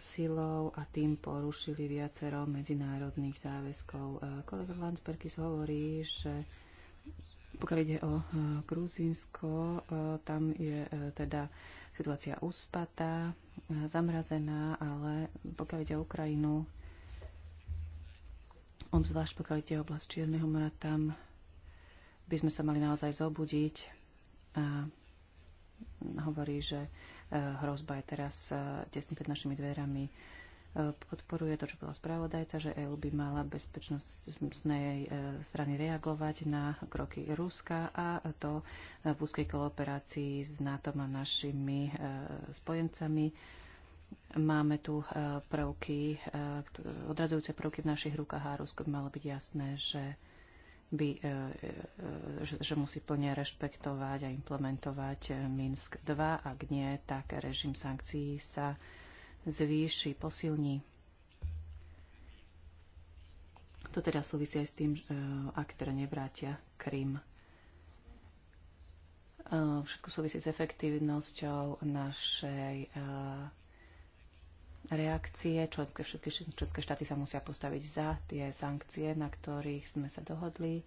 silou a tým porušili viacero medzinárodných záväzkov. E, kolega Landsbergis hovorí, že pokiaľ ide o Gruzínsko, tam je teda situácia uspatá, zamrazená, ale pokiaľ ide o Ukrajinu, obzvlášť pokiaľ ide o oblasť Čierneho mora, tam by sme sa mali naozaj zobudiť a hovorí, že eh, hrozba je teraz eh, tesne pred našimi dverami podporuje to, čo bola spravodajca, že EÚ by mala bezpečnostnej e, strany reagovať na kroky Ruska a to v úzkej kooperácii s NATO a našimi e, spojencami. Máme tu e, prvky, odradzujúce prvky v našich rukách a Rusko by malo byť jasné, že by, že, že musí plne rešpektovať a implementovať Minsk 2. Ak nie, tak režim sankcií sa zvýši, posilní. To teda súvisí aj s tým, e, ak teda nevrátia Krym. E, všetko súvisí s efektívnosťou našej e, reakcie. Členské, všetky české štáty sa musia postaviť za tie sankcie, na ktorých sme sa dohodli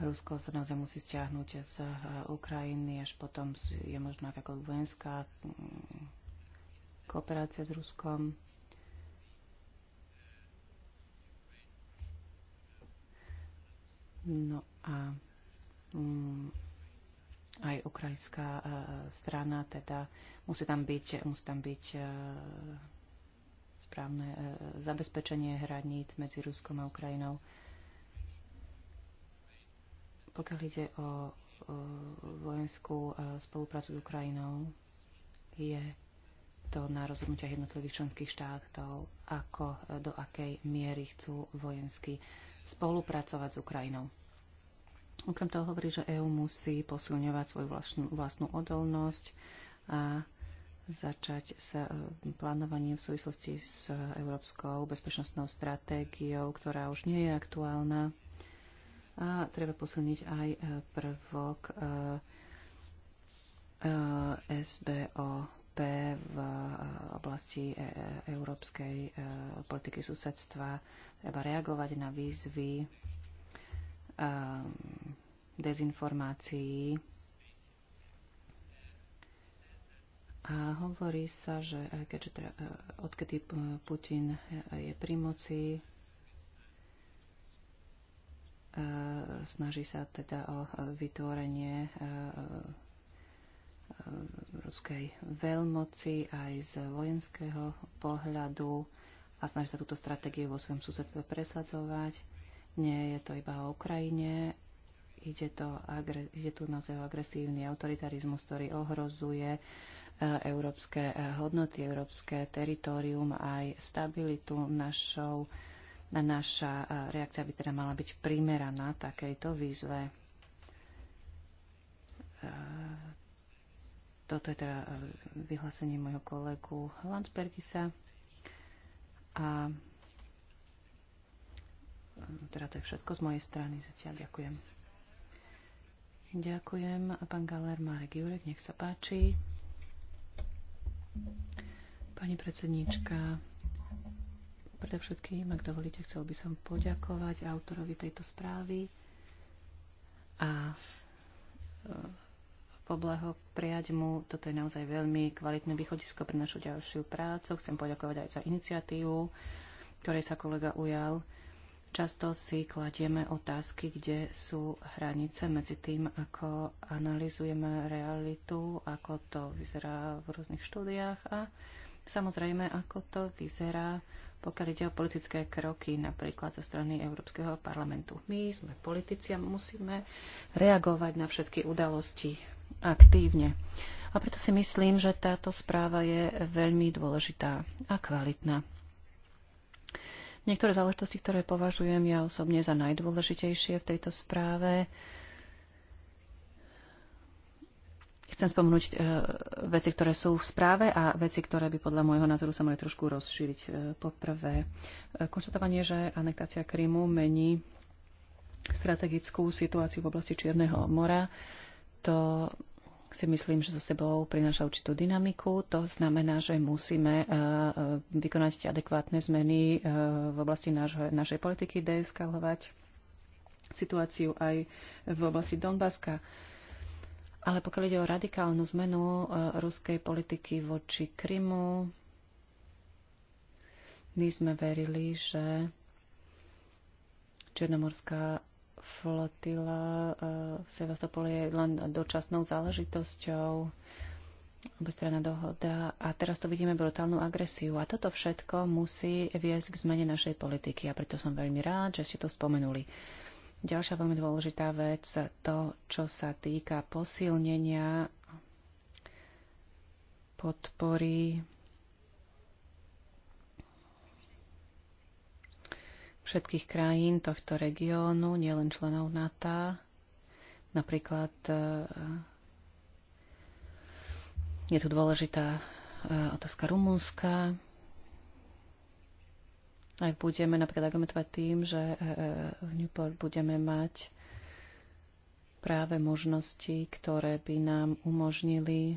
Rusko sa naozaj musí stiahnuť z eh, Ukrajiny, až potom je možná ako vojenská mm, kooperácia s Ruskom. No a mm, aj ukrajinská eh, strana, teda musí tam byť, musí tam byť eh, správne zabezpečenie hraníc medzi Ruskom a Ukrajinou. Pokiaľ ide o vojenskú e, spoluprácu s Ukrajinou, je to na rozhodnutiach jednotlivých členských štátov, ako e, do akej miery chcú vojensky spolupracovať s Ukrajinou. Okrem toho hovorí, že EÚ musí posilňovať svoju vlastnú, vlastnú odolnosť a začať sa e, plánovaním v súvislosti s európskou bezpečnostnou stratégiou, ktorá už nie je aktuálna a treba posilniť aj e, prvok e, e, SBOP v oblasti európskej politiky susedstva. Treba reagovať na výzvy dezinformácií. A hovorí sa, že keďže teda, odkedy Putin je pri moci, E, snaží sa teda o vytvorenie e, e, ruskej veľmoci aj z vojenského pohľadu a snaží sa túto stratégiu vo svojom susedstve presadzovať. Nie je to iba o Ukrajine, ide, to, ide tu naozaj o agresívny autoritarizmus, ktorý ohrozuje európske hodnoty, európske teritorium aj stabilitu našou na naša reakcia by teda mala byť primeraná takejto výzve. Toto je teda vyhlásenie môjho kolegu Landsbergisa. A teda to je všetko z mojej strany zatiaľ. Ďakujem. Ďakujem. A pán Galer Marek Jurek, nech sa páči. Pani predsedníčka, Predovšetkým, ak dovolíte, chcel by som poďakovať autorovi tejto správy a e, poblaho prijať mu. Toto je naozaj veľmi kvalitné východisko pre našu ďalšiu prácu. Chcem poďakovať aj za iniciatívu, ktorej sa kolega ujal. Často si kladieme otázky, kde sú hranice medzi tým, ako analizujeme realitu, ako to vyzerá v rôznych štúdiách a samozrejme, ako to vyzerá pokiaľ ide o politické kroky napríklad zo strany Európskeho parlamentu. My sme politici a musíme reagovať na všetky udalosti aktívne. A preto si myslím, že táto správa je veľmi dôležitá a kvalitná. Niektoré záležitosti, ktoré považujem ja osobne za najdôležitejšie v tejto správe, Chcem spomenúť e, veci, ktoré sú v správe a veci, ktoré by podľa môjho názoru sa mali trošku rozšíriť. E, poprvé, e, konštatovanie, že anektácia Krymu mení strategickú situáciu v oblasti Čierneho mora, to si myslím, že so sebou prináša určitú dynamiku. To znamená, že musíme vykonať adekvátne zmeny v oblasti nášho, našej politiky, deeskalovať situáciu aj v oblasti Donbaska. Ale pokiaľ ide o radikálnu zmenu eh, ruskej politiky voči Krymu, my sme verili, že Černomorská flotila eh, Sevastopol je len dočasnou záležitosťou, obostranná dohoda a teraz to vidíme brutálnu agresiu a toto všetko musí viesť k zmene našej politiky a preto som veľmi rád, že ste to spomenuli. Ďalšia veľmi dôležitá vec, to, čo sa týka posilnenia podpory všetkých krajín tohto regiónu, nielen členov NATO, napríklad e, je tu dôležitá e, otázka Rumunska, ak budeme napríklad argumentovať tým, že e, e, v Newport budeme mať práve možnosti, ktoré by nám umožnili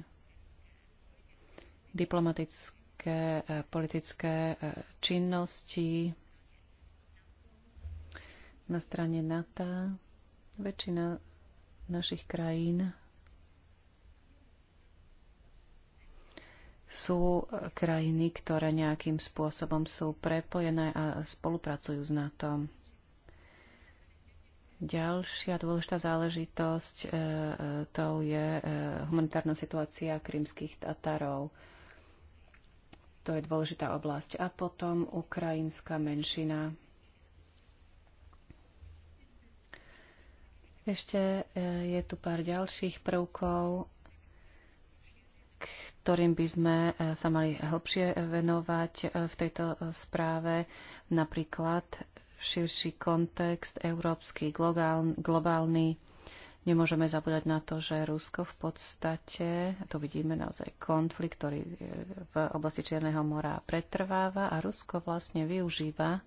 diplomatické, e, politické činnosti na strane NATO. Väčšina našich krajín sú e, krajiny, ktoré nejakým spôsobom sú prepojené a spolupracujú s NATO. Ďalšia dôležitá záležitosť e, e to je e, humanitárna situácia krymských Tatarov. To je dôležitá oblasť. A potom ukrajinská menšina. Ešte e, je tu pár ďalších prvkov, ktorým by sme e, sa mali hĺbšie venovať e, v tejto e, správe, napríklad širší kontext, európsky, globálny. Nemôžeme zabúdať na to, že Rusko v podstate, a tu vidíme naozaj konflikt, ktorý v oblasti Čierneho mora pretrváva a Rusko vlastne využíva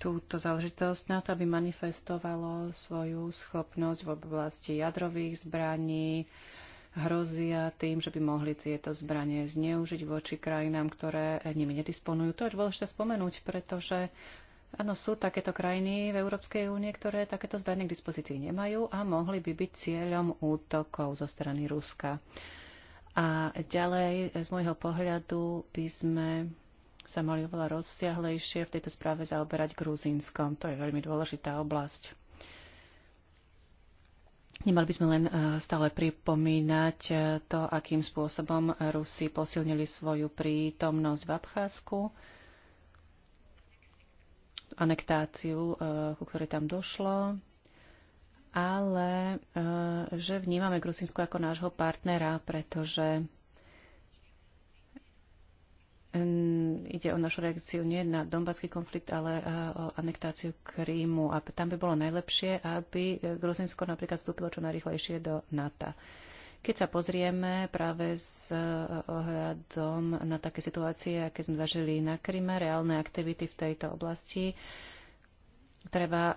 túto záležitosť na to, aby manifestovalo svoju schopnosť v oblasti jadrových zbraní, hrozia tým, že by mohli tieto zbranie zneužiť voči krajinám, ktoré nimi nedisponujú. To je dôležité spomenúť, pretože áno, sú takéto krajiny v Európskej únie, ktoré takéto zbranie k dispozícii nemajú a mohli by byť cieľom útokov zo strany Ruska. A ďalej, z môjho pohľadu, by sme sa mali oveľa rozsiahlejšie v tejto správe zaoberať Gruzínskom. To je veľmi dôležitá oblasť. Nemali by sme len e, stále pripomínať e, to, akým spôsobom Rusi posilnili svoju prítomnosť v Abcházku, anektáciu, e, ku ktorej tam došlo, ale že vnímame Grusinsko ako nášho partnera, pretože ide o našu reakciu nie na Donbaský konflikt, ale eh, o anektáciu Krímu. A tam by bolo najlepšie, aby eh, Gruzinsko napríklad vstúpilo čo najrychlejšie do NATO. Keď sa pozrieme práve s eh, ohľadom na také situácie, aké sme zažili na Kríme, reálne aktivity v tejto oblasti, treba e,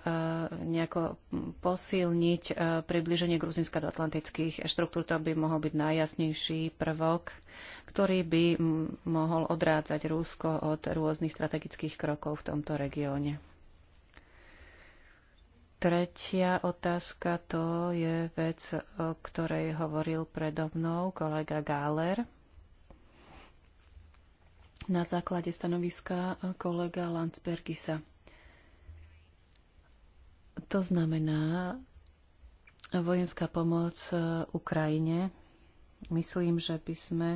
nejako posilniť e, približenie Gruzinska do atlantických štruktúr. To by mohol byť najjasnejší prvok, ktorý by mohol odrádzať Rusko od rôznych strategických krokov v tomto regióne. Tretia otázka to je vec, o ktorej hovoril predo mnou kolega Gáler. Na základe stanoviska kolega Landsbergisa. To znamená, vojenská pomoc e, Ukrajine. Myslím, že by sme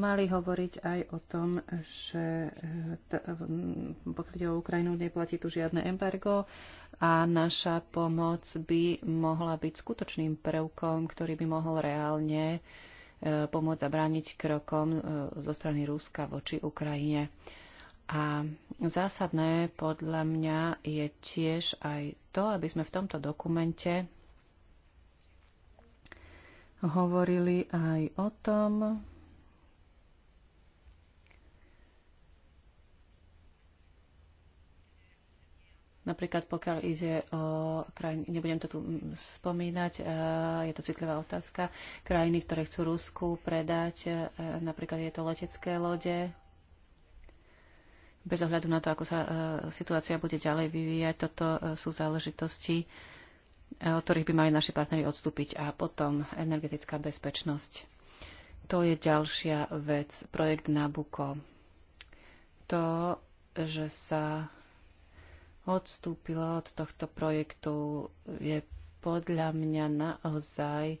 mali hovoriť aj o tom, že e, e, pokiaľ ide o Ukrajinu, neplatí tu žiadne embargo a naša pomoc by mohla byť skutočným prvkom, ktorý by mohol reálne pomôcť zabrániť krokom zo strany Ruska voči Ukrajine. A zásadné podľa mňa je tiež aj to, aby sme v tomto dokumente hovorili aj o tom, Napríklad pokiaľ ide o krajiny, nebudem to tu spomínať, je to citlivá otázka, krajiny, ktoré chcú Rusku predať, napríklad je to letecké lode, bez ohľadu na to, ako sa e, situácia bude ďalej vyvíjať, toto e, sú záležitosti, e, od ktorých by mali naši partnery odstúpiť. A potom energetická bezpečnosť. To je ďalšia vec, projekt Nabuko. To, že sa odstúpilo od tohto projektu, je podľa mňa naozaj uh,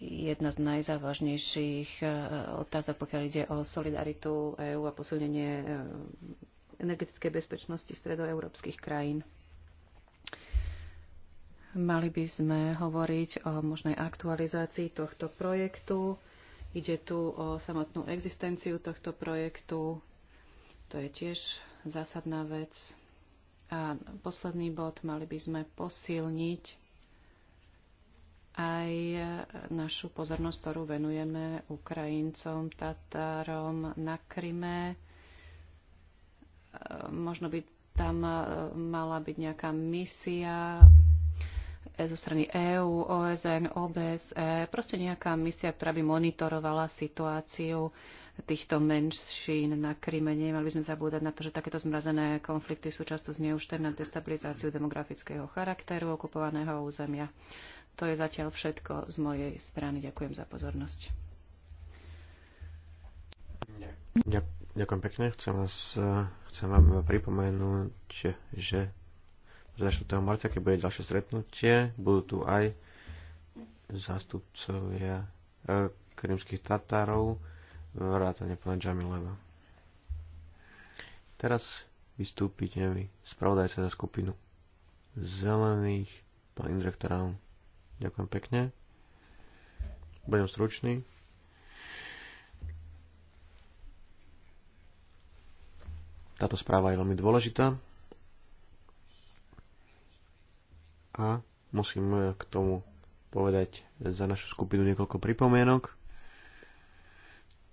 jedna z najzávažnejších e, otázok, pokiaľ ide o solidaritu EÚ a posilnenie e, energetickej bezpečnosti stredoeurópskych krajín. Mali by sme hovoriť o možnej aktualizácii tohto projektu. Ide tu o samotnú existenciu tohto projektu. To je tiež zásadná vec. A posledný bod, mali by sme posilniť aj našu pozornosť, ktorú venujeme Ukrajincom, Tatárom na Kryme. E, možno by tam e, mala byť nejaká misia e, zo strany EÚ, OSN, OBSE, proste nejaká misia, ktorá by monitorovala situáciu týchto menšín na Kryme. Nemali by sme zabúdať na to, že takéto zmrazené konflikty sú často zneužité na destabilizáciu demografického charakteru okupovaného územia. To je zatiaľ všetko z mojej strany. Ďakujem za pozornosť. Ďakujem pekne. Chcem, vás, eh, chcem vám pripomenúť, že 4. marca, keď bude ďalšie stretnutie, budú tu aj zástupcovia eh, krymských Tatárov, vrátane pána Džamileva. Teraz vystúpite mi spravodajca za skupinu zelených, pán Indrek Ďakujem pekne. Budem stručný. Táto správa je veľmi dôležitá a musím k tomu povedať za našu skupinu niekoľko pripomienok,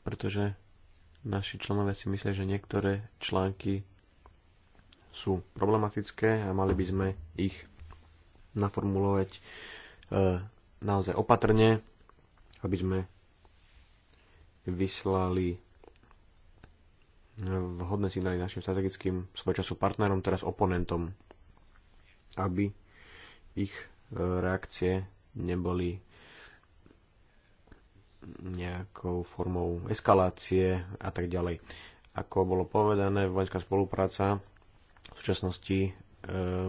pretože naši členovia si myslia, že niektoré články sú problematické a mali by sme ich naformulovať E, naozaj opatrne, aby sme vyslali vhodné signály našim strategickým svojčasu partnerom, teraz oponentom, aby ich e, reakcie neboli nejakou formou eskalácie a tak ďalej. Ako bolo povedané, vojenská spolupráca v súčasnosti e,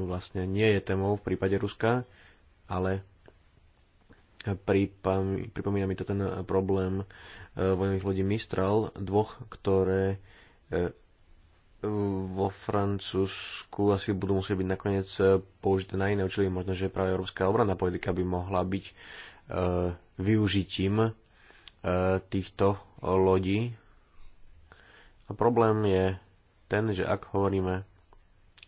vlastne nie je témou v prípade Ruska, ale pripomína mi to ten problém e, vojnových lodí Mistral, dvoch, ktoré e, vo Francúzsku asi budú musieť byť nakoniec e, použité na iné účely. Možno, že práve európska obranná politika by mohla byť využitím týchto lodí. A problém je ten, že ak hovoríme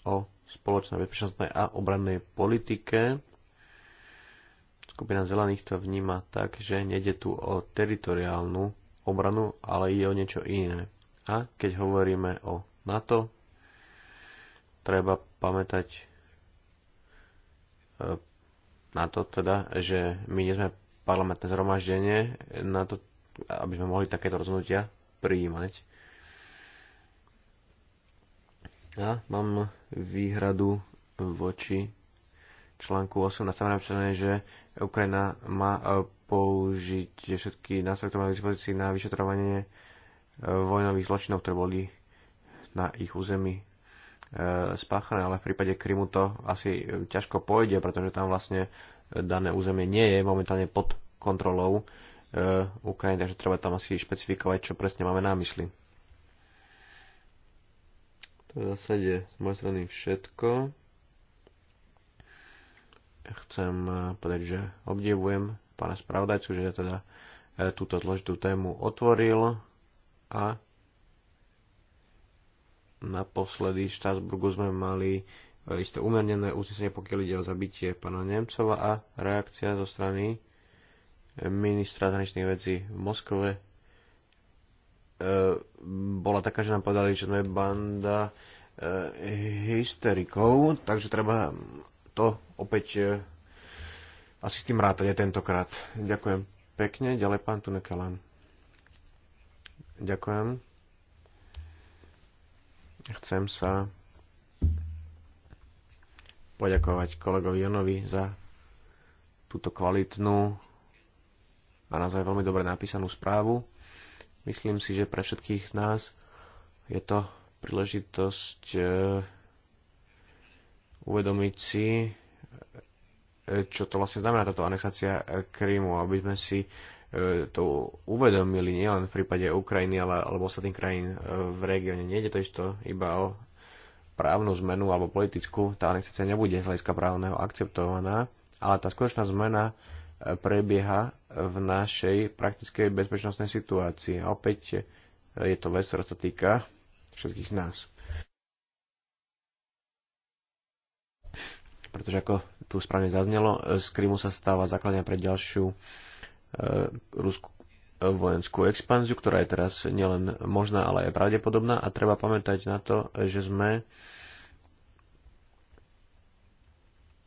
o spoločnej bezpečnostnej a obrannej politike, Skupina zelených to vníma tak, že nejde tu o teritoriálnu obranu, ale ide o niečo iné. A keď hovoríme o NATO, treba pamätať e, na to teda, že my nie sme parlamentné zhromaždenie na to, aby sme mohli takéto rozhodnutia prijímať. A mám výhradu voči článku 8 na napísané, že Ukrajina má e, použiť všetky nástroje, ktoré má k dispozícii na vyšetrovanie e, vojnových zločinov, ktoré boli na ich území e, spáchané, ale v prípade Krymu to asi ťažko pôjde, pretože tam vlastne dané územie nie je momentálne pod kontrolou Ukrajiny, takže treba tam asi špecifikovať, čo presne máme na mysli. To je v zásade z mojej strany všetko chcem povedať, že obdivujem pána spravodajcu, že ja teda e, túto zložitú tému otvoril a naposledy v Štásburgu sme mali e, isté umernené uznesenie, pokiaľ ide o zabitie pána Nemcova a reakcia zo strany e, ministra zahraničných vecí v Moskove bola taká, že nám povedali, že sme banda hysterikov, takže treba to opäť e, asi s tým aj tentokrát. Ďakujem pekne. Ďalej pán Tunekelan. Ďakujem. Chcem sa poďakovať kolegovi Jonovi za túto kvalitnú a naozaj veľmi dobre napísanú správu. Myslím si, že pre všetkých z nás je to príležitosť e, uvedomiť si, e, čo to vlastne znamená táto anexácia e, Krímu, aby sme si e, to uvedomili nielen v prípade Ukrajiny, ale, alebo ostatných krajín v regióne. Nejde to isto iba o právnu zmenu alebo politickú. Tá anexácia nebude z hľadiska právneho akceptovaná, ale tá skutočná zmena prebieha v našej praktickej bezpečnostnej situácii. A opäť je to vec, ktorá sa týka všetkých z nás. pretože ako tu správne zaznelo, z Krymu sa stáva základňa pre ďalšiu e, ruskú e, vojenskú expanziu, ktorá je teraz nielen možná, ale aj pravdepodobná a treba pamätať na to, že sme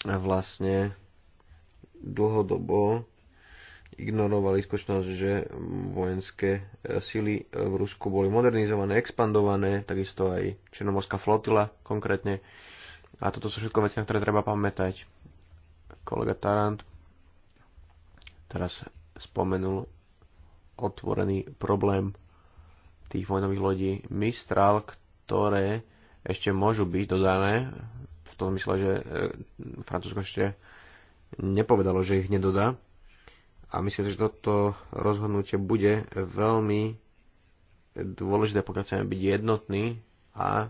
vlastne dlhodobo ignorovali skutočnosť, že vojenské e, sily v Rusku boli modernizované, expandované, takisto aj Černomorská flotila konkrétne. A toto sú všetko veci, na ktoré treba pamätať. Kolega Tarant teraz spomenul otvorený problém tých vojnových lodí Mistral, ktoré ešte môžu byť dodané, v tom mysle, že e, Francúzsko ešte nepovedalo, že ich nedodá. A myslím, že toto rozhodnutie bude veľmi dôležité, pokiaľ chceme byť jednotný. a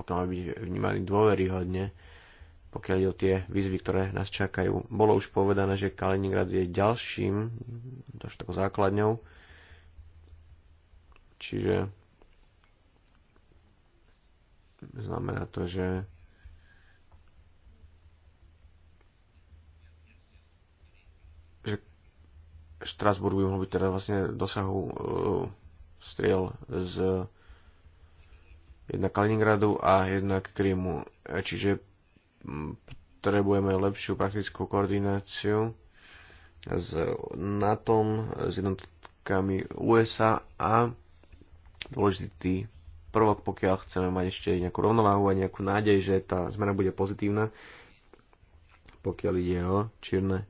pokiaľ máme byť vnímaní dôveryhodne, pokiaľ ide o tie výzvy, ktoré nás čakajú. Bolo už povedané, že Kaliningrad je ďalším, to takou základňou, čiže znamená to, že že Štrasburg by mohol byť teda vlastne dosahu uh, striel z jedna Kaliningradu a jedna Krymu. E, čiže potrebujeme lepšiu praktickú koordináciu s NATO, s jednotkami USA a dôležitý prvok, pokiaľ chceme mať ešte nejakú rovnováhu a nejakú nádej, že tá zmena bude pozitívna, pokiaľ ide o Čierne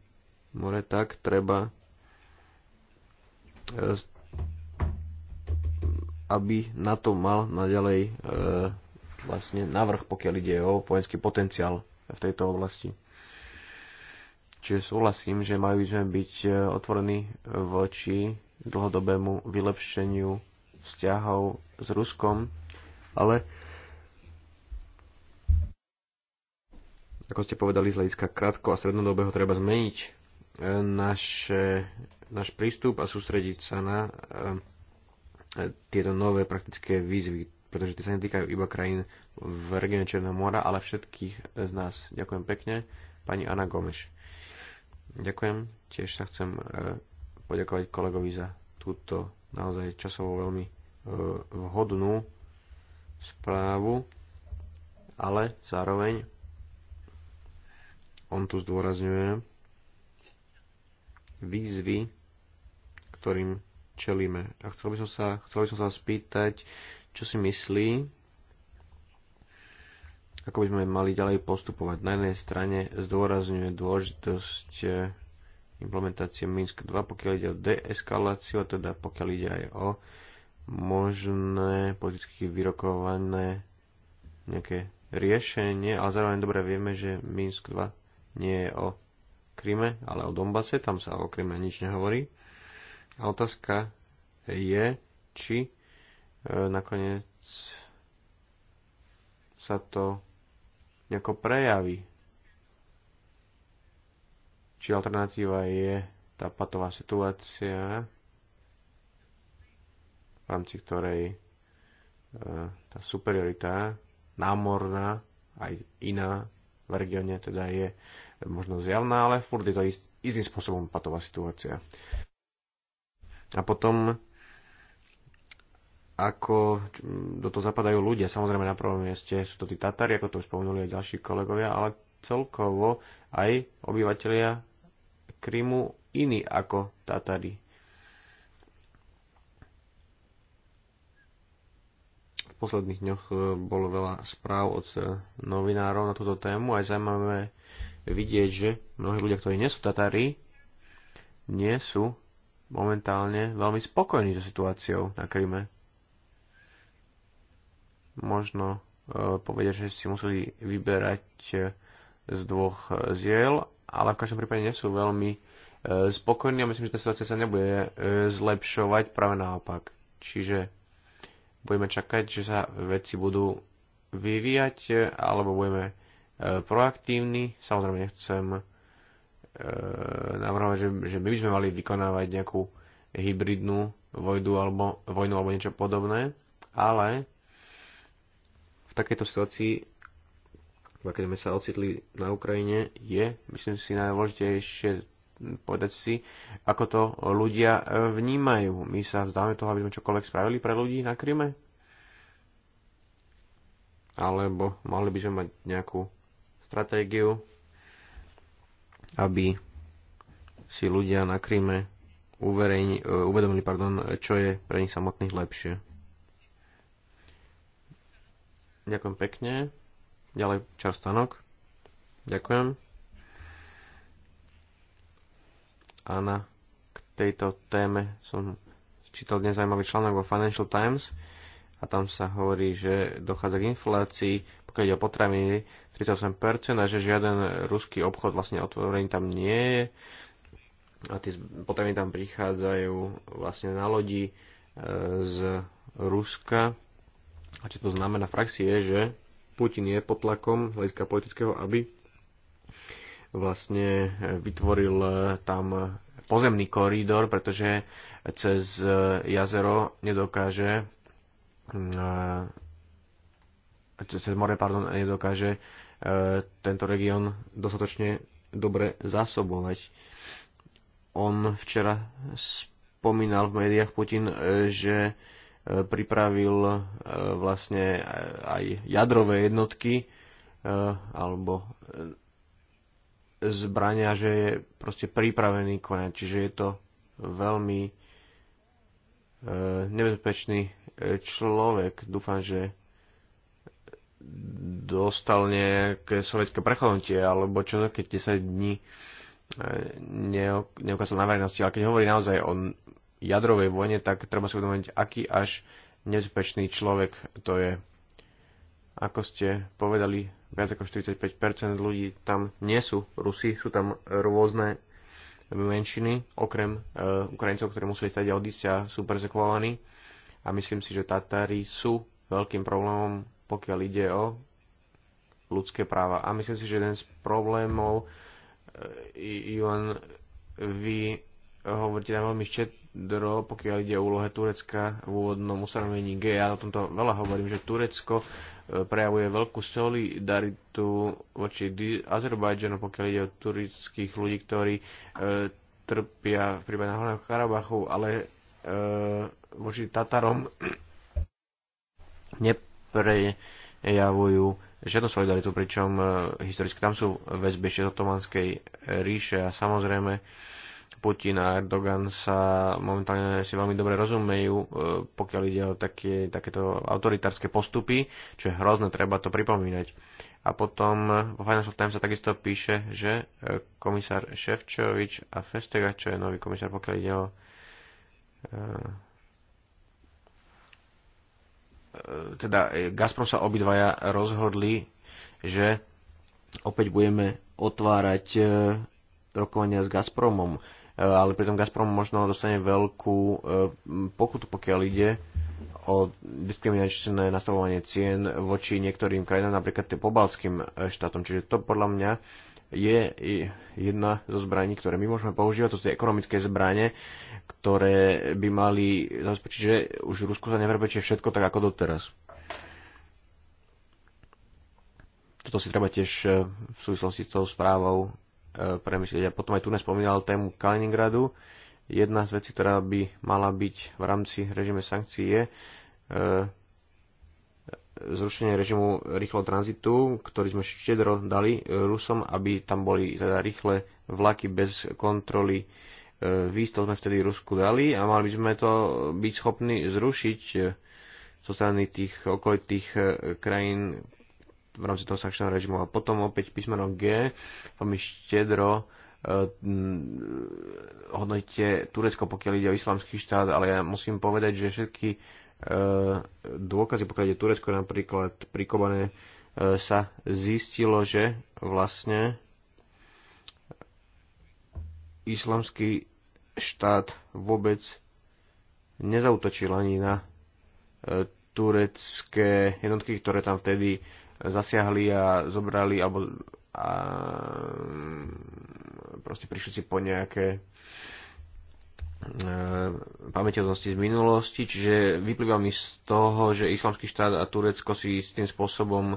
more, tak treba e, aby na to mal naďalej e, vlastne navrh, pokiaľ ide o vojenský potenciál v tejto oblasti. Čiže súhlasím, že mali by sme byť e, otvorení voči dlhodobému vylepšeniu vzťahov s Ruskom, ale ako ste povedali, z hľadiska krátko a strednodobého treba zmeniť e, naš, náš prístup a sústrediť sa na e, tieto nové praktické výzvy, pretože tie sa netýkajú iba krajín v regióne Černého mora, ale všetkých z nás. Ďakujem pekne, pani Ana Gomeš. Ďakujem, tiež sa chcem e, poďakovať kolegovi za túto naozaj časovo veľmi e, vhodnú správu, ale zároveň on tu zdôrazňuje výzvy, ktorým čelíme. A chcel by som sa, chcel by som sa spýtať, čo si myslí, ako by sme mali ďalej postupovať. Na jednej strane zdôrazňuje dôležitosť eh, implementácie Minsk 2, pokiaľ ide o deeskaláciu, a teda pokiaľ ide aj o možné politicky vyrokované nejaké riešenie, ale zároveň dobre vieme, že Minsk 2 nie je o Kryme, ale o Dombase, tam sa o Kryme nič nehovorí. A otázka je, či e, nakoniec sa to nejako prejaví. Či alternatíva je tá patová situácia, v rámci ktorej e, tá superiorita námorná, aj iná v regióne teda je možno zjavná, ale furt je to istým spôsobom patová situácia a potom ako do toho zapadajú ľudia. Samozrejme na prvom mieste sú to tí Tatári, ako to už spomenuli aj ďalší kolegovia, ale celkovo aj obyvateľia Krymu iní ako Tatári. V posledných dňoch e, bolo veľa správ od e, novinárov na túto tému. Aj zaujímavé vidieť, že mnohí ľudia, ktorí nie sú Tatári, nie sú momentálne veľmi spokojní so situáciou na Kryme. Možno e, že si museli vyberať e, z dvoch e, ziel, ale v každom prípade nie sú veľmi e, spokojní a myslím, že tá situácia sa nebude e, zlepšovať, práve naopak. Čiže budeme čakať, že sa veci budú vyvíjať, e, alebo budeme proaktívni. Samozrejme nechcem E, navrhovať, že, že my by sme mali vykonávať nejakú hybridnú vojdu alebo, vojnu alebo niečo podobné, ale v takejto situácii, keď sme sa ocitli na Ukrajine, je, myslím si, najdôležitejšie povedať si, ako to ľudia e, vnímajú. My sa vzdáme toho, aby sme čokoľvek spravili pre ľudí na Kryme? Alebo mali by sme mať nejakú stratégiu, aby si ľudia na Kryme uverejni, e, uvedomili, pardon, čo je pre nich samotných lepšie. Ďakujem pekne. Ďalej Čarstanok. Ďakujem. na k tejto téme som čítal dnes zaujímavý článok vo Financial Times a tam sa hovorí, že dochádza k inflácii, pokiaľ ide o potraviny, 38% a že žiaden ruský obchod vlastne otvorený tam nie je a tie potraviny tam prichádzajú vlastne na lodi e, z Ruska. A čo to znamená v praxi je, že Putin je pod tlakom hľadiska politického, aby vlastne vytvoril tam pozemný koridor, pretože cez jazero nedokáže e, cez more, pardon, nedokáže tento región dostatočne dobre zásobovať. On včera spomínal v médiách Putin, e, že e, pripravil e, vlastne aj jadrové jednotky alebo zbrania, že je proste pripravený konať. Čiže je to veľmi nebezpečný človek. Dúfam, že dostal nejaké sovietské prechodnutie, alebo čo keď 10 dní e, neukázal na verejnosti. Ale keď hovorí naozaj o jadrovej vojne, tak treba si uvedomiť, aký až nebezpečný človek to je. Ako ste povedali, viac ako 45% ľudí tam nie sú Rusi, sú tam rôzne menšiny, okrem uh, Ukrajincov, ktorí museli stať odísť a sú persekvovaní. A myslím si, že Tatári sú veľkým problémom pokiaľ ide o ľudské práva. A myslím si, že jeden z problémov, e, Ivan, vy hovoríte na veľmi štedro, pokiaľ ide o úlohe Turecka v úvodnom ustanovení G. Ja o tomto veľa hovorím, že Turecko e, prejavuje veľkú solidaritu voči Azerbajdžanu, pokiaľ ide o turických ľudí, ktorí e, trpia v prípade Horného Karabachu, ale e, voči Tatarom ne, prejavujú žiadnu solidaritu, pričom e, historicky tam sú väzby ešte otomanskej ríše a samozrejme Putin a Erdogan sa momentálne si veľmi dobre rozumejú, e, pokiaľ ide o také, takéto autoritárske postupy, čo je hrozné, treba to pripomínať. A potom e, vo Financial Times sa takisto píše, že komisár Ševčovič a Festega, čo je nový komisár, pokiaľ ide o E, teda e, Gazprom sa obidvaja rozhodli, že opäť budeme otvárať e, rokovania s Gazpromom, ale pritom Gazprom možno dostane veľkú pokutu, pokiaľ ide o diskriminačné nastavovanie cien voči niektorým krajinám, napríklad tým pobalským štátom. Čiže to podľa mňa je jedna zo zbraní, ktoré my môžeme používať, to sú tie ekonomické zbranie, ktoré by mali zabezpečiť, že už Rusko sa neverbečie všetko tak ako doteraz. Toto si treba tiež e, v súvislosti s tou správou e, premyslieť. A potom aj tu nespomínal tému Kaliningradu. Jedna z vecí, ktorá by mala byť v rámci režime sankcií je e, zrušenie režimu rýchlo tranzitu, ktorý sme štedro dali e, Rusom, aby tam boli teda rýchle vlaky bez kontroly e, víz, to sme vtedy Rusku dali a mali by sme to byť schopní zrušiť e, zo strany tých okolitých krajín v rámci toho sankčného režimu. A potom opäť písmeno G, veľmi štedro hodnotíte Turecko, pokiaľ ide o islamský štát, ale ja musím povedať, že všetky E, dôkazy, pokiaľ je Turecko napríklad prikované, e, sa zistilo, že vlastne islamský štát vôbec nezautočil ani na e, turecké jednotky, ktoré tam vtedy zasiahli a zobrali alebo a proste prišli si po nejaké E, pamäťovnosti z minulosti, čiže vyplýva mi z toho, že islamský štát a Turecko si s tým spôsobom e,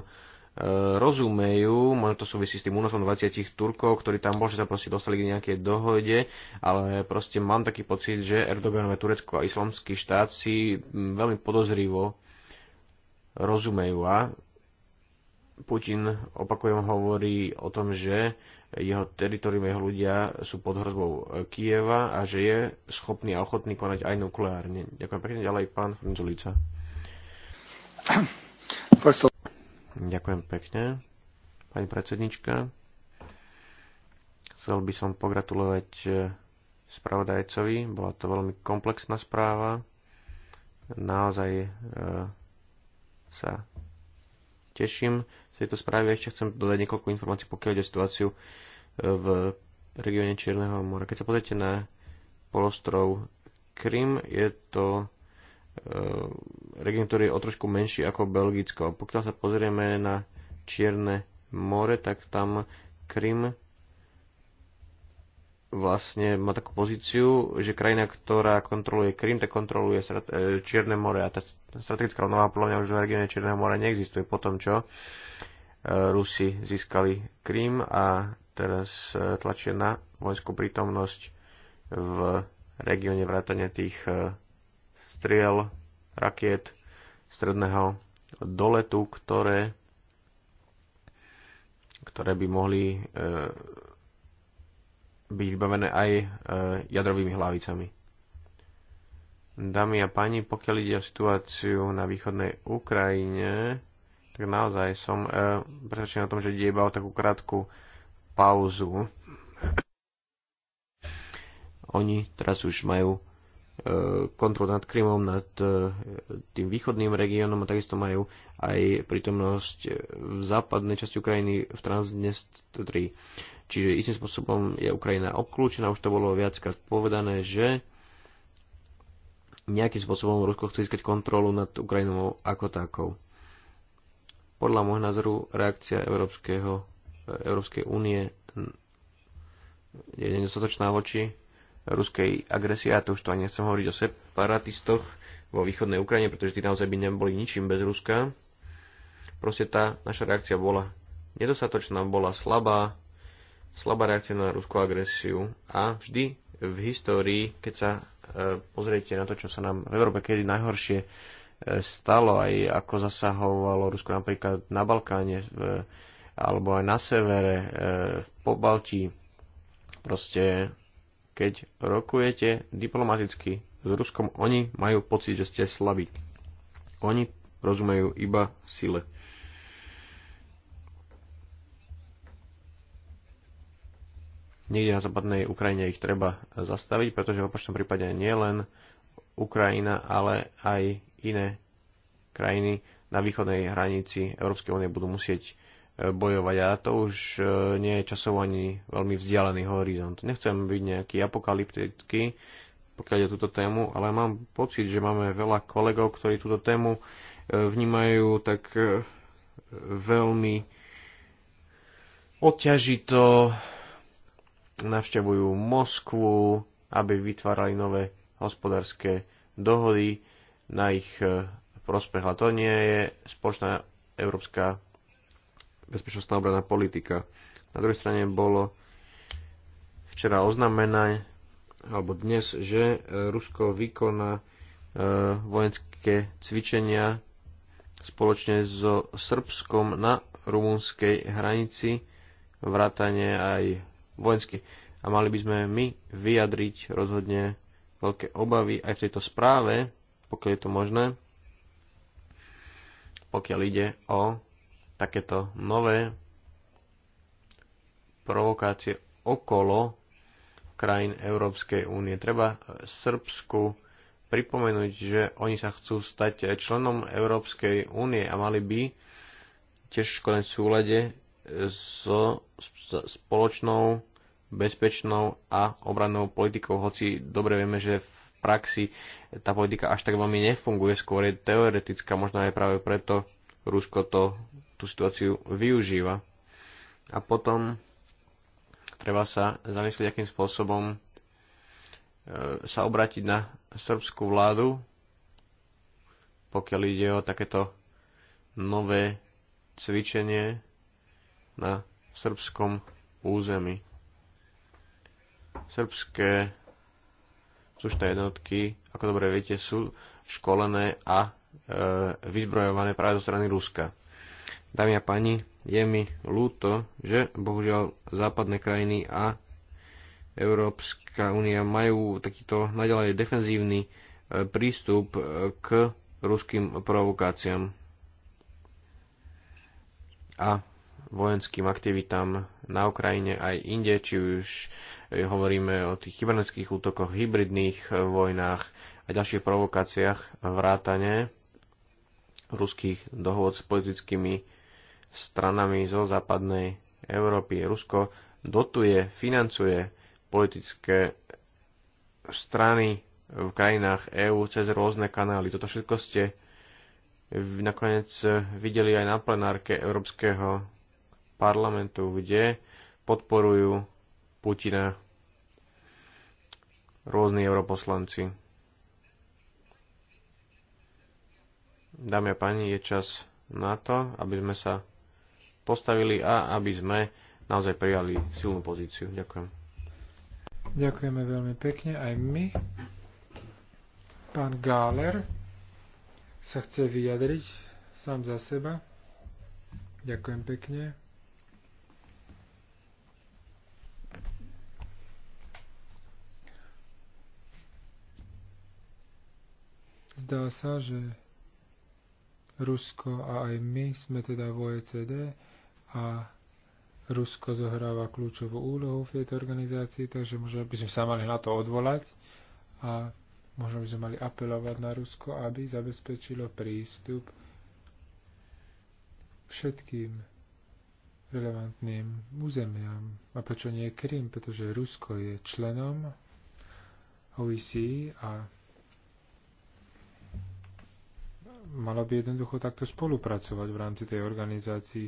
rozumejú, možno to súvisí s tým únosom 20 Turkov, ktorí tam bol, že sa proste dostali k nejakej dohode, ale proste mám taký pocit, že Erdoganové Turecko a islamský štát si veľmi podozrivo rozumejú a Putin, opakujem, hovorí o tom, že jeho teritorium, jeho ľudia sú pod hrozbou Kieva a že je schopný a ochotný konať aj nukleárne. Ďakujem pekne ďalej, pán Frunzulica. Ďakujem pekne, pani predsednička. Chcel by som pogratulovať eh, spravodajcovi. Bola to veľmi komplexná správa. Naozaj e, sa teším tejto správy. Ešte chcem dodať niekoľko informácií, pokiaľ ide o situáciu e, v regióne Čierneho mora. Keď sa pozrite na polostrov Krym, je to e, región, ktorý je o trošku menší ako Belgicko. Pokiaľ sa pozrieme na Čierne more, tak tam Krym vlastne má takú pozíciu, že krajina, ktorá kontroluje Krym, tak kontroluje e, Čierne more a tá strategická rovnováha podľa mňa už v regióne Čierneho mora neexistuje po tom, čo e, Rusi získali Krym a teraz e, tlačia na vojenskú prítomnosť v regióne vrátania tých striel, rakiet, stredného doletu, ktoré, ktoré by mohli byť vybavené aj e, jadrovými hlavicami. Dámy a páni, pokiaľ ide o situáciu na východnej Ukrajine, tak naozaj som e, presvedčený o tom, že ide iba o takú krátku pauzu. Oni teraz už majú e, kontrol nad Krymom, nad e, tým východným regiónom a takisto majú aj prítomnosť v západnej časti Ukrajiny v Transdnestri. Čiže istým spôsobom je Ukrajina obklúčená, už to bolo viackrát povedané, že nejakým spôsobom Rusko chce získať kontrolu nad Ukrajinou ako takou. Podľa môjho názoru reakcia Európskeho, Európskej únie je nedostatočná voči ruskej agresie, a to už to ani nechcem hovoriť o separatistoch vo východnej Ukrajine, pretože tí naozaj by neboli ničím bez Ruska. Proste tá naša reakcia bola nedostatočná, bola slabá, slabá reakcia na ruskú agresiu a vždy v histórii, keď sa e, pozriete na to, čo sa nám v Európe kedy najhoršie e, stalo, aj ako zasahovalo Rusko napríklad na Balkáne alebo aj na severe, e, v Pobalti, Proste, keď rokujete diplomaticky s Ruskom, oni majú pocit, že ste slabí. Oni rozumejú iba sile. niekde na západnej Ukrajine ich treba zastaviť, pretože v opačnom prípade nie len Ukrajina, ale aj iné krajiny na východnej hranici Európskej únie budú musieť e, bojovať a to už e, nie je časovo ani veľmi vzdialený horizont. Nechcem byť nejaký apokalyptický, pokiaľ je túto tému, ale mám pocit, že máme veľa kolegov, ktorí túto tému e, vnímajú tak veľmi odťažito, navštevujú Moskvu, aby vytvárali nové hospodárske dohody na ich e, prospech. A to nie je spoločná európska bezpečnostná obranná politika. Na druhej strane bolo včera oznamené, alebo dnes, že e, Rusko vykoná e, vojenské cvičenia spoločne so Srbskom na rumunskej hranici, vrátane aj vojensky. A mali by sme my vyjadriť rozhodne veľké obavy aj v tejto správe, pokiaľ je to možné, pokiaľ ide o takéto nové provokácie okolo krajín Európskej únie. Treba Srbsku pripomenúť, že oni sa chcú stať členom Európskej únie a mali by tiež konec v súlade so spoločnou, bezpečnou a obrannou politikou, hoci dobre vieme, že v praxi tá politika až tak veľmi nefunguje, skôr je teoretická, možno aj práve preto Rusko to, tú situáciu využíva. A potom treba sa zamyslieť, akým spôsobom e, sa obrátiť na srbskú vládu, pokiaľ ide o takéto nové cvičenie na srbskom území. Srbské slušné jednotky, ako dobre viete, sú školené a e, vyzbrojované práve zo strany Ruska. Dámy a páni, je mi ľúto, že bohužiaľ západné krajiny a Európska únia majú takýto naďalej defenzívny e, prístup e, k ruským provokáciám. A vojenským aktivitám na Ukrajine aj inde, či už eh, hovoríme o tých kybernetických útokoch, hybridných eh, vojnách a ďalších provokáciách vrátane ruských dohôd s politickými stranami zo západnej Európy. Rusko dotuje, financuje politické strany v krajinách EÚ cez rôzne kanály. Toto všetko ste nakoniec eh, videli aj na plenárke Európskeho parlamentu, kde podporujú Putina rôzni europoslanci. Dámy a páni, je čas na to, aby sme sa postavili a aby sme naozaj prijali silnú pozíciu. Ďakujem. Ďakujeme veľmi pekne aj my. Pán Gáler sa chce vyjadriť sám za seba. Ďakujem pekne. Zdá sa, že Rusko a aj my sme teda v OECD a Rusko zohráva kľúčovú úlohu v tejto organizácii, takže možno by sme sa mali na to odvolať a možno by sme mali apelovať na Rusko, aby zabezpečilo prístup všetkým relevantným územiam. A prečo nie Krym? Pretože Rusko je členom OEC a malo by jednoducho takto spolupracovať v rámci tej organizácii,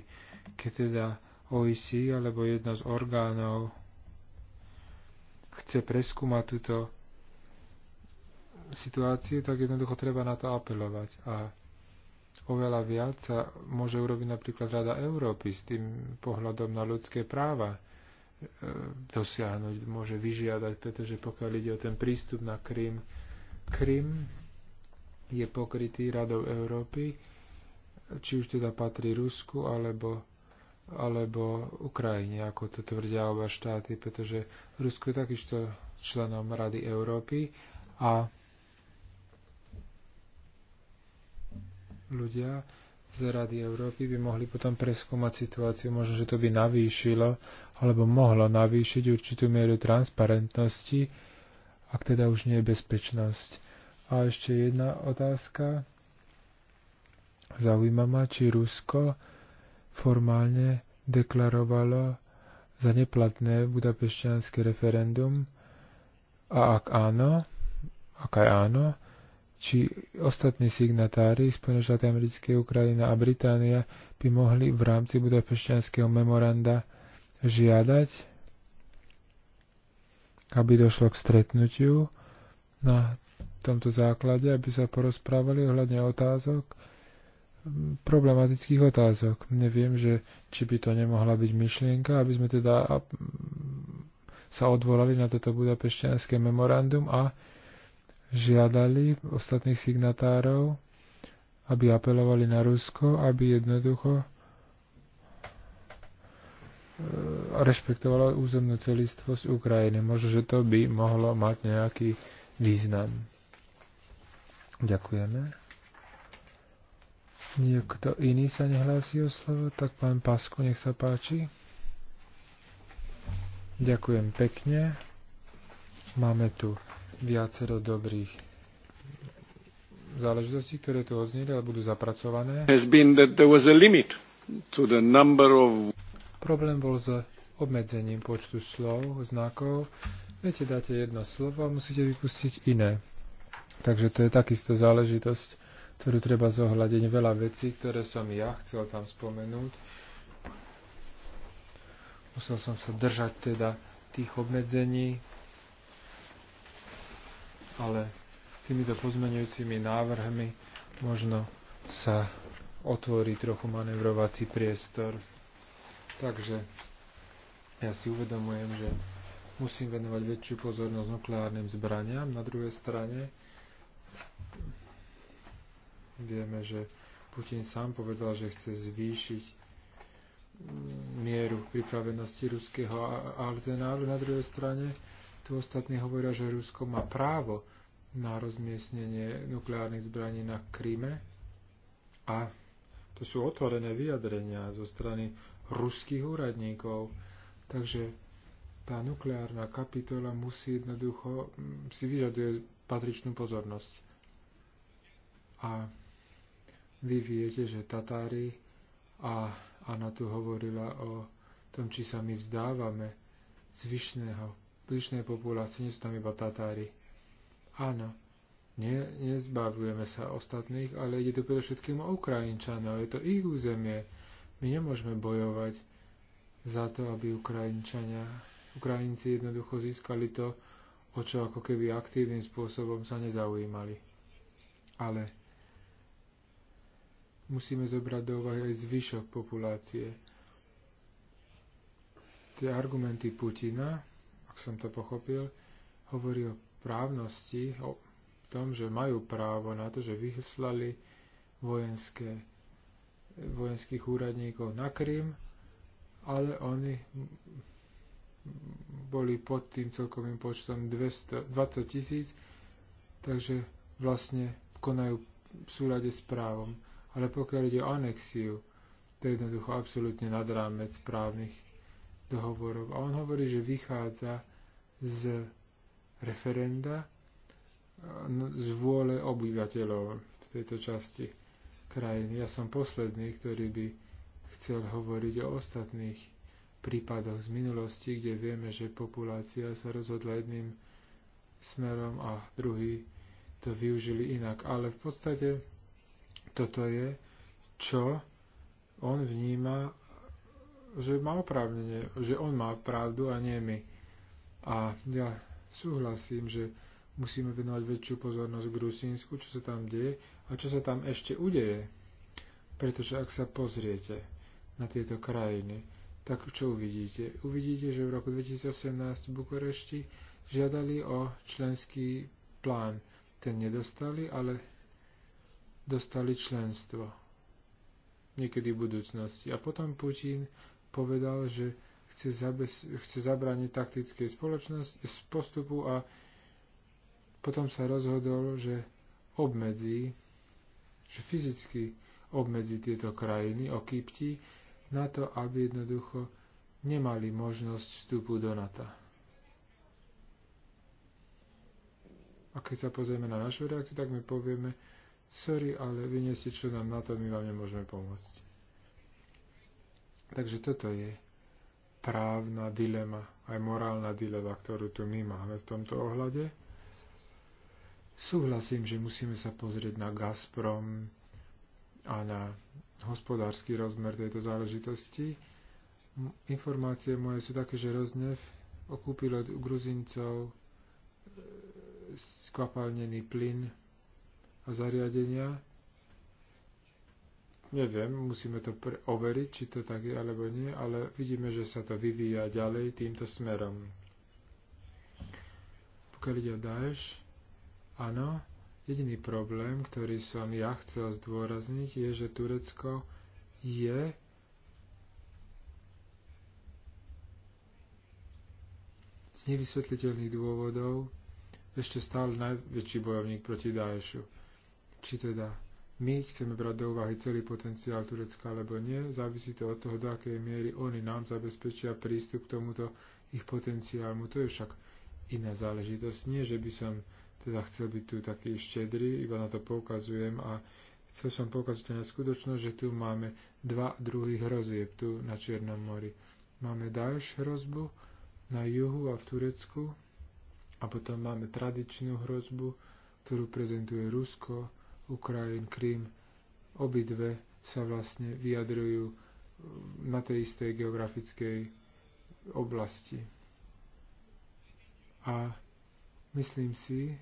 keď teda OIC alebo jedno z orgánov chce preskúmať túto situáciu, tak jednoducho treba na to apelovať. A oveľa viac sa môže urobiť napríklad Rada Európy s tým pohľadom na ľudské práva e, dosiahnuť, môže vyžiadať, pretože pokiaľ ide o ten prístup na Krym, Krym je pokrytý Radou Európy, či už teda patrí Rusku alebo, alebo Ukrajine, ako to tvrdia oba štáty, pretože Rusko je takisto členom Rady Európy a ľudia z Rady Európy by mohli potom preskúmať situáciu, možno, že to by navýšilo alebo mohlo navýšiť určitú mieru transparentnosti, ak teda už nie je bezpečnosť a ešte jedna otázka. Zaujíma ma, či Rusko formálne deklarovalo za neplatné budapešťanské referendum a ak áno, ak aj áno, či ostatní signatári Spojené štáty americké, Ukrajina a Británia by mohli v rámci budapešťanského memoranda žiadať, aby došlo k stretnutiu na tomto základe, aby sa porozprávali ohľadne otázok, problematických otázok. Neviem, že či by to nemohla byť myšlienka, aby sme teda sa odvolali na toto budapešťanské memorandum a žiadali ostatných signatárov, aby apelovali na Rusko, aby jednoducho e, rešpektovalo územnú celistvosť Ukrajiny. Možno, že to by mohlo mať nejaký význam. Ďakujeme. Niekto iný sa nehlási o slovo, tak pán Pasko, nech sa páči. Ďakujem pekne. Máme tu viacero dobrých záležitostí, ktoré tu ozneli, ale budú zapracované. Problém bol s obmedzením počtu slov, znakov. Viete, dáte jedno slovo a musíte vypustiť iné. Takže to je takisto záležitosť, ktorú treba zohľadiť. Veľa vecí, ktoré som ja chcel tam spomenúť. Musel som sa držať teda tých obmedzení, ale s týmito pozmenujúcimi návrhmi možno sa otvorí trochu manevrovací priestor. Takže ja si uvedomujem, že musím venovať väčšiu pozornosť nukleárnym zbraniam na druhej strane Vieme, že Putin sám povedal, že chce zvýšiť mieru pripravenosti ruského arzenálu. Na druhej strane tu ostatní hovoria, že Rusko má právo na rozmiestnenie nukleárnych zbraní na Kríme a to sú otvorené vyjadrenia zo strany ruských úradníkov. Takže tá nukleárna kapitola musí jednoducho mm, si vyžaduje patričnú pozornosť. A vy viete, že Tatári a Anna tu hovorila o tom, či sa my vzdávame zvyšného, zvyšnej populácie, nie sú tam iba Tatári. Áno, nie, nezbavujeme sa ostatných, ale ide to predovšetkým o Ukrajinčanov, je to ich územie. My nemôžeme bojovať za to, aby Ukrajinčania, Ukrajinci jednoducho získali to, o čo ako keby aktívnym spôsobom sa nezaujímali. Ale musíme zobrať do úvahy aj zvyšok populácie. Tie argumenty Putina, ak som to pochopil, hovorí o právnosti, o tom, že majú právo na to, že vyslali vojenské, vojenských úradníkov na Krym, ale oni boli pod tým celkovým počtom 200, 20 tisíc, takže vlastne konajú v súlade s právom. Ale pokiaľ ide o anexiu, to je jednoducho absolútne nad rámec právnych dohovorov. A on hovorí, že vychádza z referenda, no, z vôle obyvateľov v tejto časti krajiny. Ja som posledný, ktorý by chcel hovoriť o ostatných prípadoch z minulosti, kde vieme, že populácia sa rozhodla jedným smerom a druhý to využili inak. Ale v podstate toto je, čo on vníma, že má oprávnenie, že on má pravdu a nie my. A ja súhlasím, že musíme venovať väčšiu pozornosť Grusínsku, čo sa tam deje a čo sa tam ešte udeje. Pretože ak sa pozriete na tieto krajiny, tak čo uvidíte? Uvidíte, že v roku 2018 v Bukurešti žiadali o členský plán. Ten nedostali, ale dostali členstvo. Niekedy v budúcnosti. A potom Putin povedal, že chce, zabez, chce zabrániť taktickej spoločnosti z postupu a potom sa rozhodol, že obmedzí, že fyzicky obmedzi tieto krajiny, okýpti, na to, aby jednoducho nemali možnosť vstupu do NATO. A keď sa pozrieme na našu reakciu, tak my povieme, sorry, ale vy nie ste členom NATO, my vám nemôžeme pomôcť. Takže toto je právna dilema, aj morálna dilema, ktorú tu my máme v tomto ohľade. Súhlasím, že musíme sa pozrieť na Gazprom a na hospodársky rozmer tejto záležitosti. Informácie moje sú také, že Roznev okúpil od Gruzincov e, skvapalnený plyn a zariadenia. Neviem, musíme to overiť, či to tak je alebo nie, ale vidíme, že sa to vyvíja ďalej týmto smerom. Pokiaľ ide o Daesh, áno, jediný problém, ktorý som ja chcel zdôrazniť, je, že Turecko je z nevysvetliteľných dôvodov ešte stále najväčší bojovník proti Daešu či teda my chceme brať do úvahy celý potenciál Turecka alebo nie, závisí to od toho, do akej miery oni nám zabezpečia prístup k tomuto ich potenciálmu. To je však iná záležitosť. Nie, že by som teda chcel byť tu taký štedrý, iba na to poukazujem a chcel som poukázať na skutočnosť, že tu máme dva druhých hrozieb tu na Čiernom mori. Máme Daesh hrozbu na juhu a v Turecku a potom máme tradičnú hrozbu, ktorú prezentuje Rusko, Ukrajín, Krím, obidve sa vlastne vyjadrujú na tej istej geografickej oblasti. A myslím si,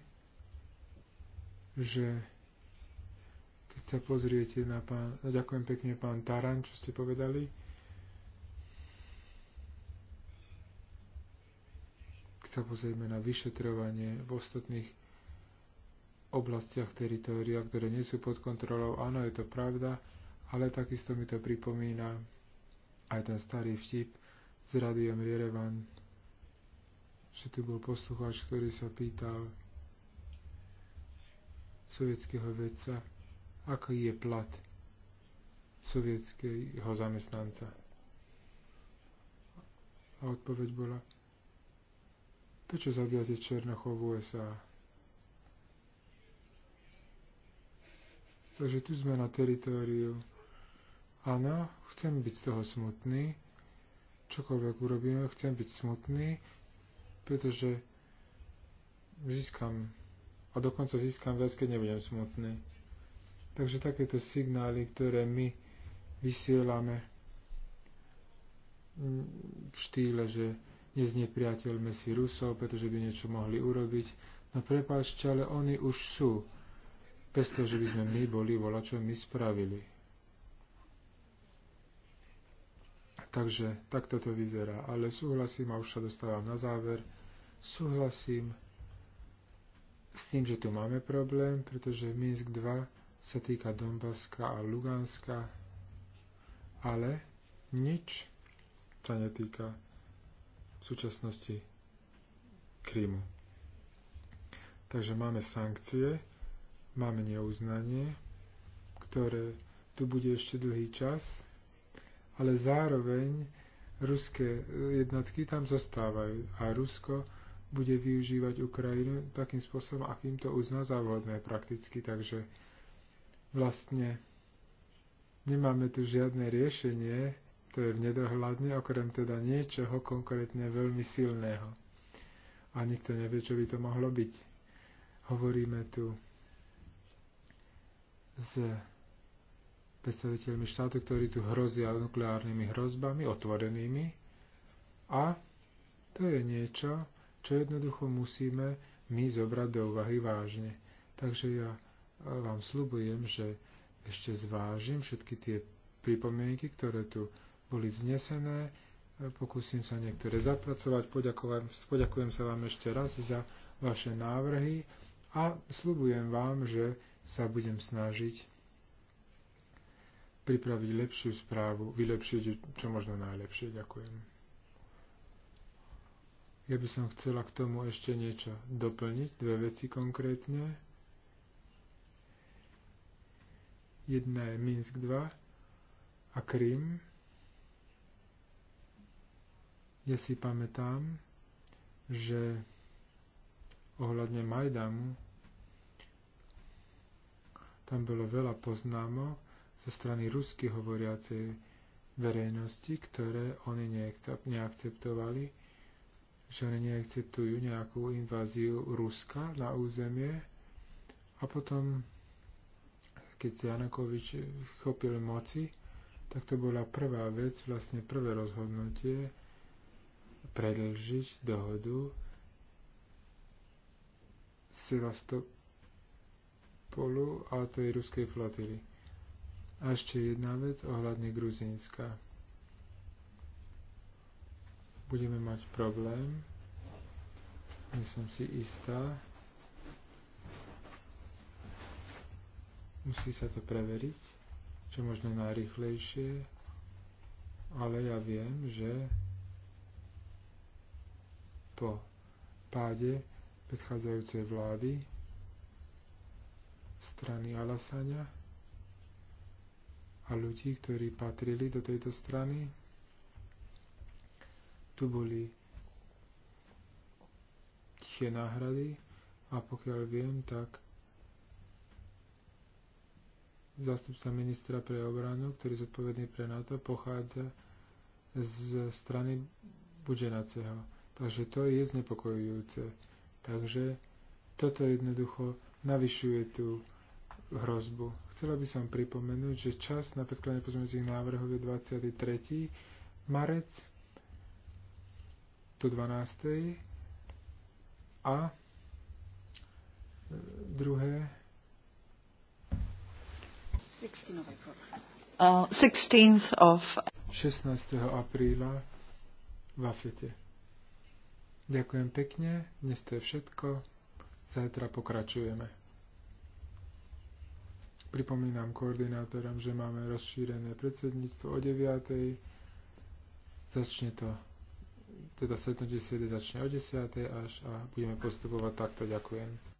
že keď sa pozriete na pán, a no ďakujem pekne pán Taran, čo ste povedali, keď sa pozrieme na vyšetrovanie v ostatných oblastiach teritória, ktoré nie sú pod kontrolou. Áno, je to pravda, ale takisto mi to pripomína aj ten starý vtip s radiom Jerevan, že tu bol poslucháč, ktorý sa pýtal sovietského vedca, aký je plat sovietského zamestnanca. A odpoveď bola, prečo zabijate Černochov v USA? Takže tu sme na teritóriu. Áno, chcem byť z toho smutný. Čokoľvek urobíme, chcem byť smutný, pretože získam a dokonca získam viac, keď nebudem smutný. Takže takéto signály, ktoré my vysielame v štýle, že neznepriateľme si Rusov, pretože by niečo mohli urobiť, no prepáčte, ale oni už sú bez toho, že by sme my boli vola, čo my spravili. Takže takto to vyzerá. Ale súhlasím, a už sa dostávam na záver, súhlasím s tým, že tu máme problém, pretože Minsk 2 sa týka Donbaska a Luganska, ale nič sa netýka v súčasnosti Krymu. Takže máme sankcie, máme neuznanie, ktoré tu bude ešte dlhý čas, ale zároveň ruské eh, jednotky tam zostávajú a Rusko bude využívať Ukrajinu takým spôsobom, akým to uzná za vhodné prakticky. Takže vlastne nemáme tu žiadne riešenie, to je v nedohľadne, okrem teda niečoho konkrétne veľmi silného. A nikto nevie, čo by to mohlo byť. Hovoríme tu s predstaviteľmi štátu, ktorí tu hrozia nukleárnymi hrozbami, otvorenými. A to je niečo, čo jednoducho musíme my zobrať do úvahy vážne. Takže ja e, vám slubujem, že ešte zvážim všetky tie pripomienky, ktoré tu boli vznesené. E, pokúsim sa niektoré zapracovať. Poďakujem, poďakujem sa vám ešte raz za vaše návrhy a slubujem vám, že sa budem snažiť pripraviť lepšiu správu, vylepšiť čo možno najlepšie. Ďakujem. Ja by som chcela k tomu ešte niečo doplniť, dve veci konkrétne. Jedna je Minsk 2 a Krym. Ja si pamätám, že ohľadne Majdamu tam bolo veľa poznámok zo strany rusky hovoriacej verejnosti, ktoré oni neakceptovali, že oni neakceptujú nejakú inváziu Ruska na územie. A potom, keď sa Janakovič chopil moci, tak to bola prvá vec, vlastne prvé rozhodnutie predlžiť dohodu Polu a tej ruskej flotily. A ešte jedna vec ohľadne Gruzínska. Budeme mať problém, nie som si istá. Musí sa to preveriť, čo možno najrychlejšie, ale ja viem, že po páde predchádzajúcej vlády strany Alasania a ľudí, ktorí patrili do tejto strany. Tu boli tiché náhrady a pokiaľ viem, tak zástupca ministra pre obranu, ktorý je zodpovedný pre NATO, pochádza z strany Budženaceho. Takže to je znepokojujúce. Takže toto jednoducho navyšuje tú hrozbu. Chcela by som pripomenúť, že čas na predkladanie pozmeňujúcich návrhov je 23. marec do 12. a e, druhé 16. Uh, apríla v Afete. Ďakujem pekne, dnes to je všetko, zajtra pokračujeme. Pripomínam koordinátorom, že máme rozšírené predsedníctvo o 9. Začne to, teda stretnutie siede začne o 10. až a budeme postupovať takto. Ďakujem.